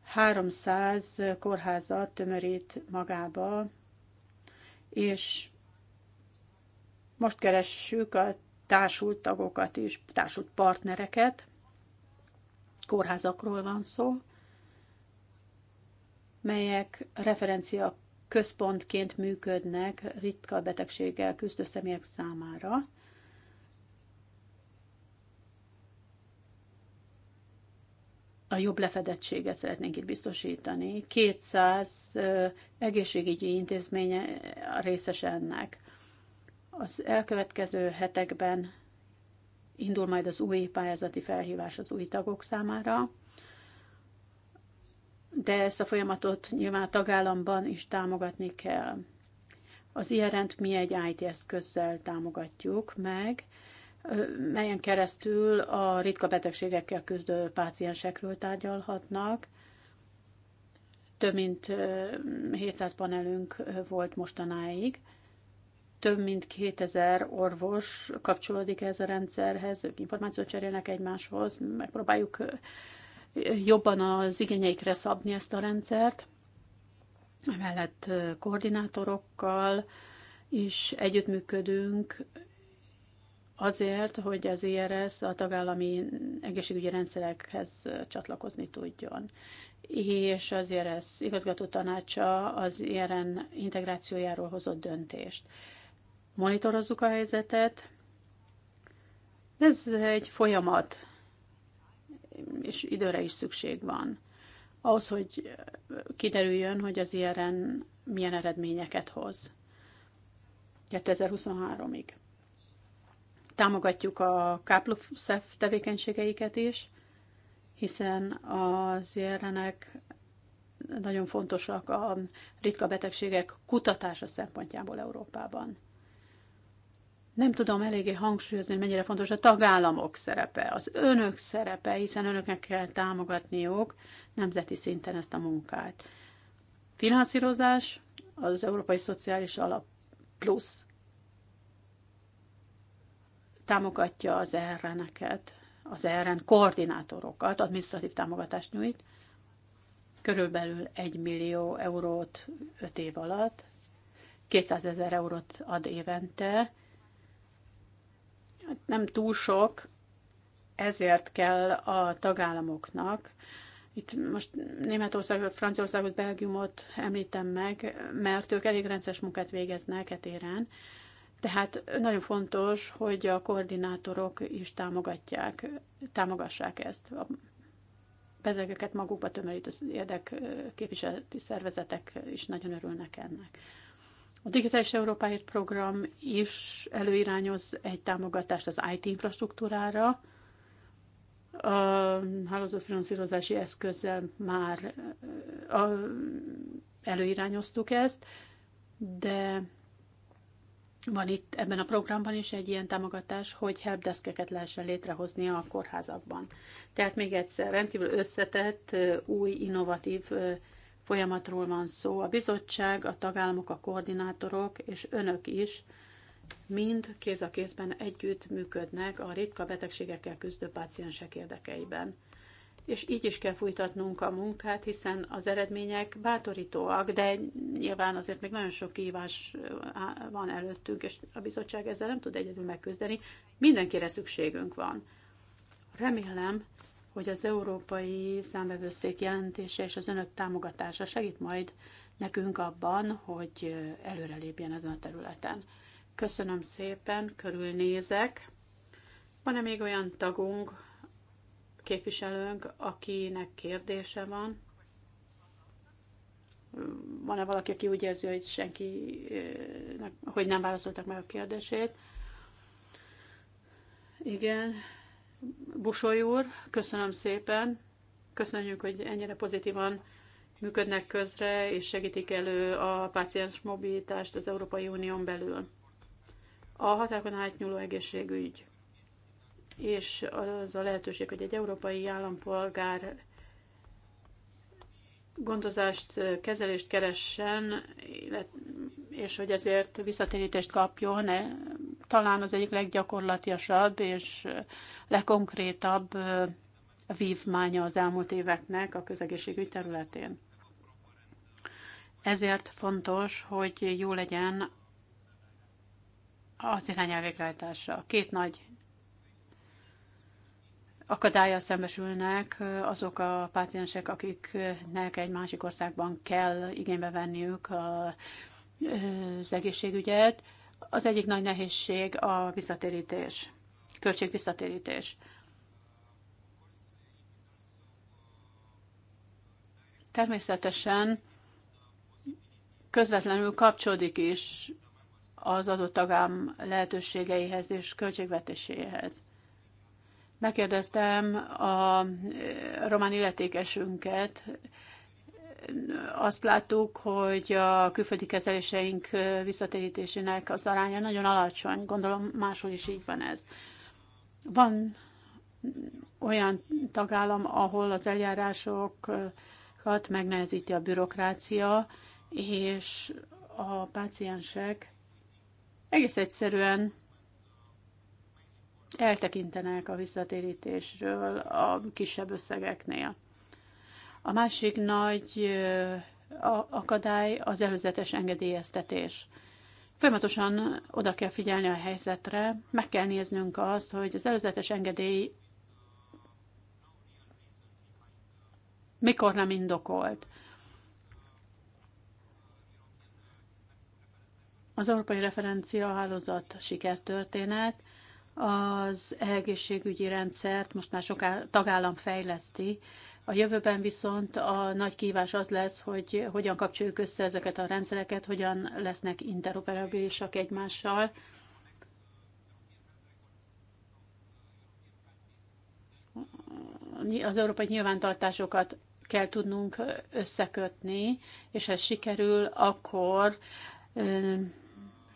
300 kórházat tömörít magába, és most keressük a társult tagokat és társult partnereket. Kórházakról van szó, melyek referencia központként működnek ritka betegséggel küzdő személyek számára. A jobb lefedettséget szeretnénk itt biztosítani. 200 egészségügyi intézménye részes ennek. Az elkövetkező hetekben indul majd az új pályázati felhívás az új tagok számára de ezt a folyamatot nyilván a tagállamban is támogatni kell. Az IRN-t mi egy IT eszközzel támogatjuk meg, melyen keresztül a ritka betegségekkel küzdő páciensekről tárgyalhatnak. Több mint 700 panelünk volt mostanáig. Több mint 2000 orvos kapcsolódik ez a rendszerhez, ők információt cserélnek egymáshoz, megpróbáljuk jobban az igényeikre szabni ezt a rendszert, emellett koordinátorokkal is együttműködünk azért, hogy az IRS a tagállami egészségügyi rendszerekhez csatlakozni tudjon. És az IRS igazgató tanácsa az IRN integrációjáról hozott döntést. Monitorozzuk a helyzetet. Ez egy folyamat, és időre is szükség van. Ahhoz, hogy kiderüljön, hogy az IRN milyen eredményeket hoz 2023-ig. Támogatjuk a KPLUSZEF tevékenységeiket is, hiszen az IRN-ek nagyon fontosak a ritka betegségek kutatása szempontjából Európában nem tudom eléggé hangsúlyozni, hogy mennyire fontos a tagállamok szerepe, az önök szerepe, hiszen önöknek kell támogatniuk nemzeti szinten ezt a munkát. Finanszírozás az Európai Szociális Alap Plusz támogatja az ERN-eket, az ERN koordinátorokat, administratív támogatást nyújt, körülbelül 1 millió eurót 5 év alatt, 200 ezer eurót ad évente, Hát nem túl sok, ezért kell a tagállamoknak, itt most Németországot, Franciaországot, Belgiumot említem meg, mert ők elég rendszeres munkát végeznek etéren, tehát nagyon fontos, hogy a koordinátorok is támogatják, támogassák ezt. A pedagógeket magukba tömörítő érdekképviseleti szervezetek is nagyon örülnek ennek. A Digitális Európáért program is előirányoz egy támogatást az IT infrastruktúrára. A hálózatfinanszírozási eszközzel már előirányoztuk ezt, de van itt ebben a programban is egy ilyen támogatás, hogy helpdeskeket lehessen létrehozni a kórházakban. Tehát még egyszer, rendkívül összetett, új, innovatív folyamatról van szó. A bizottság, a tagállamok, a koordinátorok és önök is mind kéz a kézben együtt működnek a ritka betegségekkel küzdő páciensek érdekeiben. És így is kell folytatnunk a munkát, hiszen az eredmények bátorítóak, de nyilván azért még nagyon sok kívás van előttünk, és a bizottság ezzel nem tud egyedül megküzdeni. Mindenkire szükségünk van. Remélem, hogy az Európai Számvevőszék jelentése és az önök támogatása segít majd nekünk abban, hogy előrelépjen ezen a területen. Köszönöm szépen, körülnézek. Van-e még olyan tagunk, képviselőnk, akinek kérdése van? Van-e valaki, aki úgy érzi, hogy senki, hogy nem válaszoltak meg a kérdését? Igen, Busoly úr, köszönöm szépen. Köszönjük, hogy ennyire pozitívan működnek közre, és segítik elő a páciens mobilitást az Európai Unión belül. A határokon átnyúló egészségügy és az a lehetőség, hogy egy európai állampolgár gondozást, kezelést keressen, és hogy ezért visszatérítést kapjon, e- talán az egyik leggyakorlatiasabb és legkonkrétabb vívmánya az elmúlt éveknek a közegészségügy területén. Ezért fontos, hogy jó legyen az irányelv végrehajtása. Két nagy akadálya szembesülnek azok a páciensek, akiknek egy másik országban kell igénybe venniük az egészségügyet. Az egyik nagy nehézség a visszatérítés, költség visszatérítés. Természetesen közvetlenül kapcsolódik is az adott tagám lehetőségeihez és költségvetéséhez. Megkérdeztem a eh, román illetékesünket, azt láttuk, hogy a külföldi kezeléseink visszatérítésének az aránya nagyon alacsony. Gondolom máshol is így van ez. Van olyan tagállam, ahol az eljárásokat megnehezíti a bürokrácia, és a páciensek egész egyszerűen eltekintenek a visszatérítésről a kisebb összegeknél. A másik nagy akadály az előzetes engedélyeztetés. Folyamatosan oda kell figyelni a helyzetre, meg kell néznünk azt, hogy az előzetes engedély mikor nem indokolt. Az Európai Referencia Hálózat sikertörténet, az egészségügyi rendszert most már sok tagállam fejleszti, a jövőben viszont a nagy kívás az lesz, hogy hogyan kapcsoljuk össze ezeket a rendszereket, hogyan lesznek interoperabilisak egymással. Az európai nyilvántartásokat kell tudnunk összekötni, és ez sikerül, akkor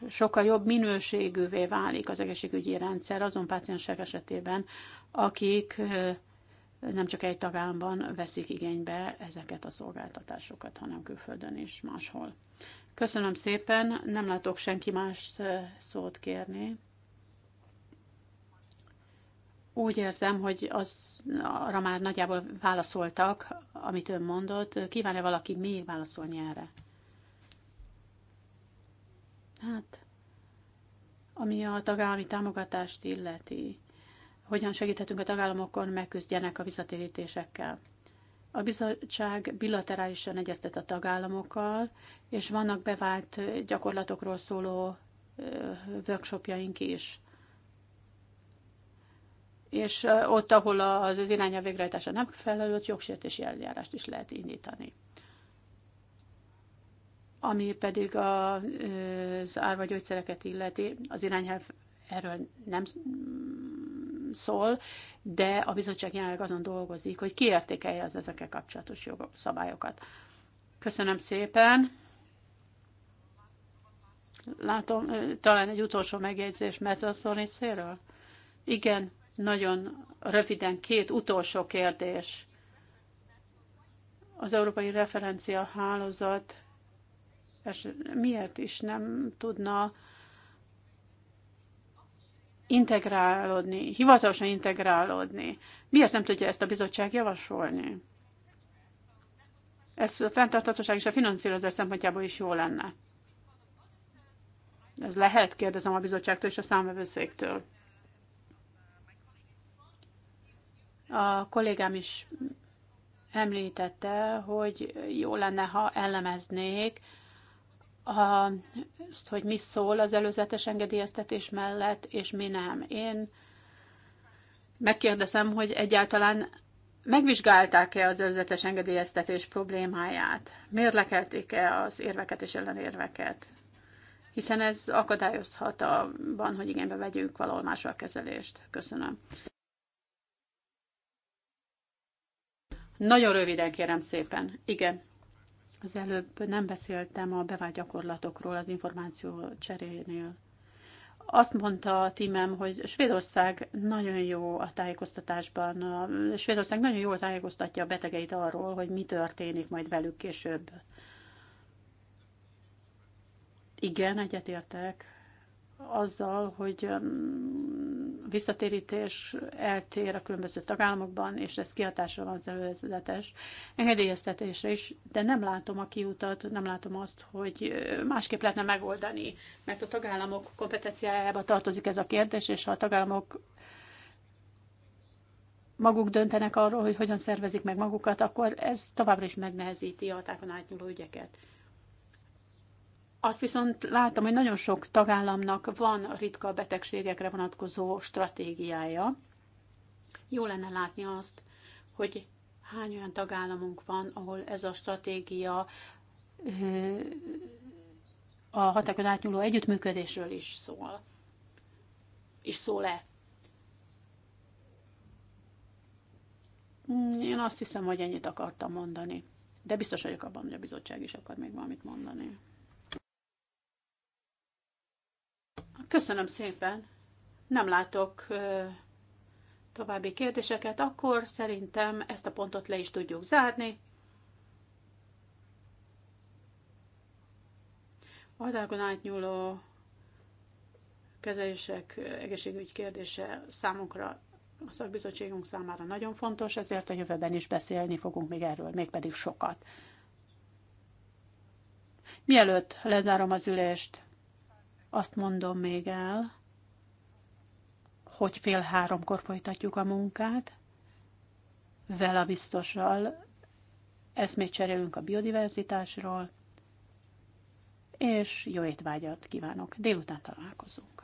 sokkal jobb minőségűvé válik az egészségügyi rendszer azon páciensek esetében, akik nem csak egy tagállamban veszik igénybe ezeket a szolgáltatásokat, hanem külföldön is máshol. Köszönöm szépen, nem látok senki más eh, szót kérni. Úgy érzem, hogy az, arra már nagyjából válaszoltak, amit ön mondott. Kíván-e valaki még válaszolni erre? Hát, ami a tagállami támogatást illeti, hogyan segíthetünk a tagállamokon megküzdjenek a visszatérítésekkel. A bizottság bilaterálisan egyeztet a tagállamokkal, és vannak bevált gyakorlatokról szóló workshopjaink is. És ott, ahol az iránya végrehajtása nem felelő, ott jogsértési eljárást is lehet indítani. Ami pedig az árva gyógyszereket illeti, az irányelv erről nem szól, de a bizottság jelenleg azon dolgozik, hogy kiértékelje az ezekkel kapcsolatos jogszabályokat. Köszönöm szépen! Látom, talán egy utolsó megjegyzés Mezzaszor részéről? Igen, nagyon röviden két utolsó kérdés. Az Európai Referencia Hálózat és miért is nem tudna integrálódni, hivatalosan integrálódni. Miért nem tudja ezt a bizottság javasolni? Ez a fenntartatóság és a finanszírozás szempontjából is jó lenne. Ez lehet, kérdezem a bizottságtól és a számvevőszéktől. A kollégám is említette, hogy jó lenne, ha elemeznék, azt, hogy mi szól az előzetes engedélyeztetés mellett, és mi nem. Én megkérdezem, hogy egyáltalán megvizsgálták-e az előzetes engedélyeztetés problémáját? Mérlekelték-e az érveket és ellenérveket? Hiszen ez akadályozhat abban, hogy igénybe vegyünk valahol másra a kezelést. Köszönöm. Nagyon röviden kérem szépen. Igen. Az előbb nem beszéltem a bevált gyakorlatokról az információ cserénél. Azt mondta a tímem, hogy Svédország nagyon jó a tájékoztatásban, Svédország nagyon jól tájékoztatja a betegeit arról, hogy mi történik majd velük később. Igen, egyetértek azzal, hogy visszatérítés eltér a különböző tagállamokban, és ez kihatással van az előzetes engedélyeztetésre is, de nem látom a kiutat, nem látom azt, hogy másképp lehetne megoldani, mert a tagállamok kompetenciájába tartozik ez a kérdés, és ha a tagállamok maguk döntenek arról, hogy hogyan szervezik meg magukat, akkor ez továbbra is megnehezíti a tákon átnyúló ügyeket. Azt viszont látom, hogy nagyon sok tagállamnak van ritka betegségekre vonatkozó stratégiája. Jó lenne látni azt, hogy hány olyan tagállamunk van, ahol ez a stratégia a hatákon átnyúló együttműködésről is szól. És szól-e? Én azt hiszem, hogy ennyit akartam mondani. De biztos vagyok abban, hogy a bizottság is akar még valamit mondani. Köszönöm szépen. Nem látok további kérdéseket, akkor szerintem ezt a pontot le is tudjuk zárni. Határon átnyúló kezelések, egészségügy kérdése számunkra, a szakbizottságunk számára nagyon fontos, ezért a jövőben is beszélni fogunk még erről, mégpedig sokat. Mielőtt lezárom az ülést, azt mondom még el, hogy fél háromkor folytatjuk a munkát, vele biztossal eszmét cserélünk a biodiverzitásról, és jó étvágyat kívánok. Délután találkozunk.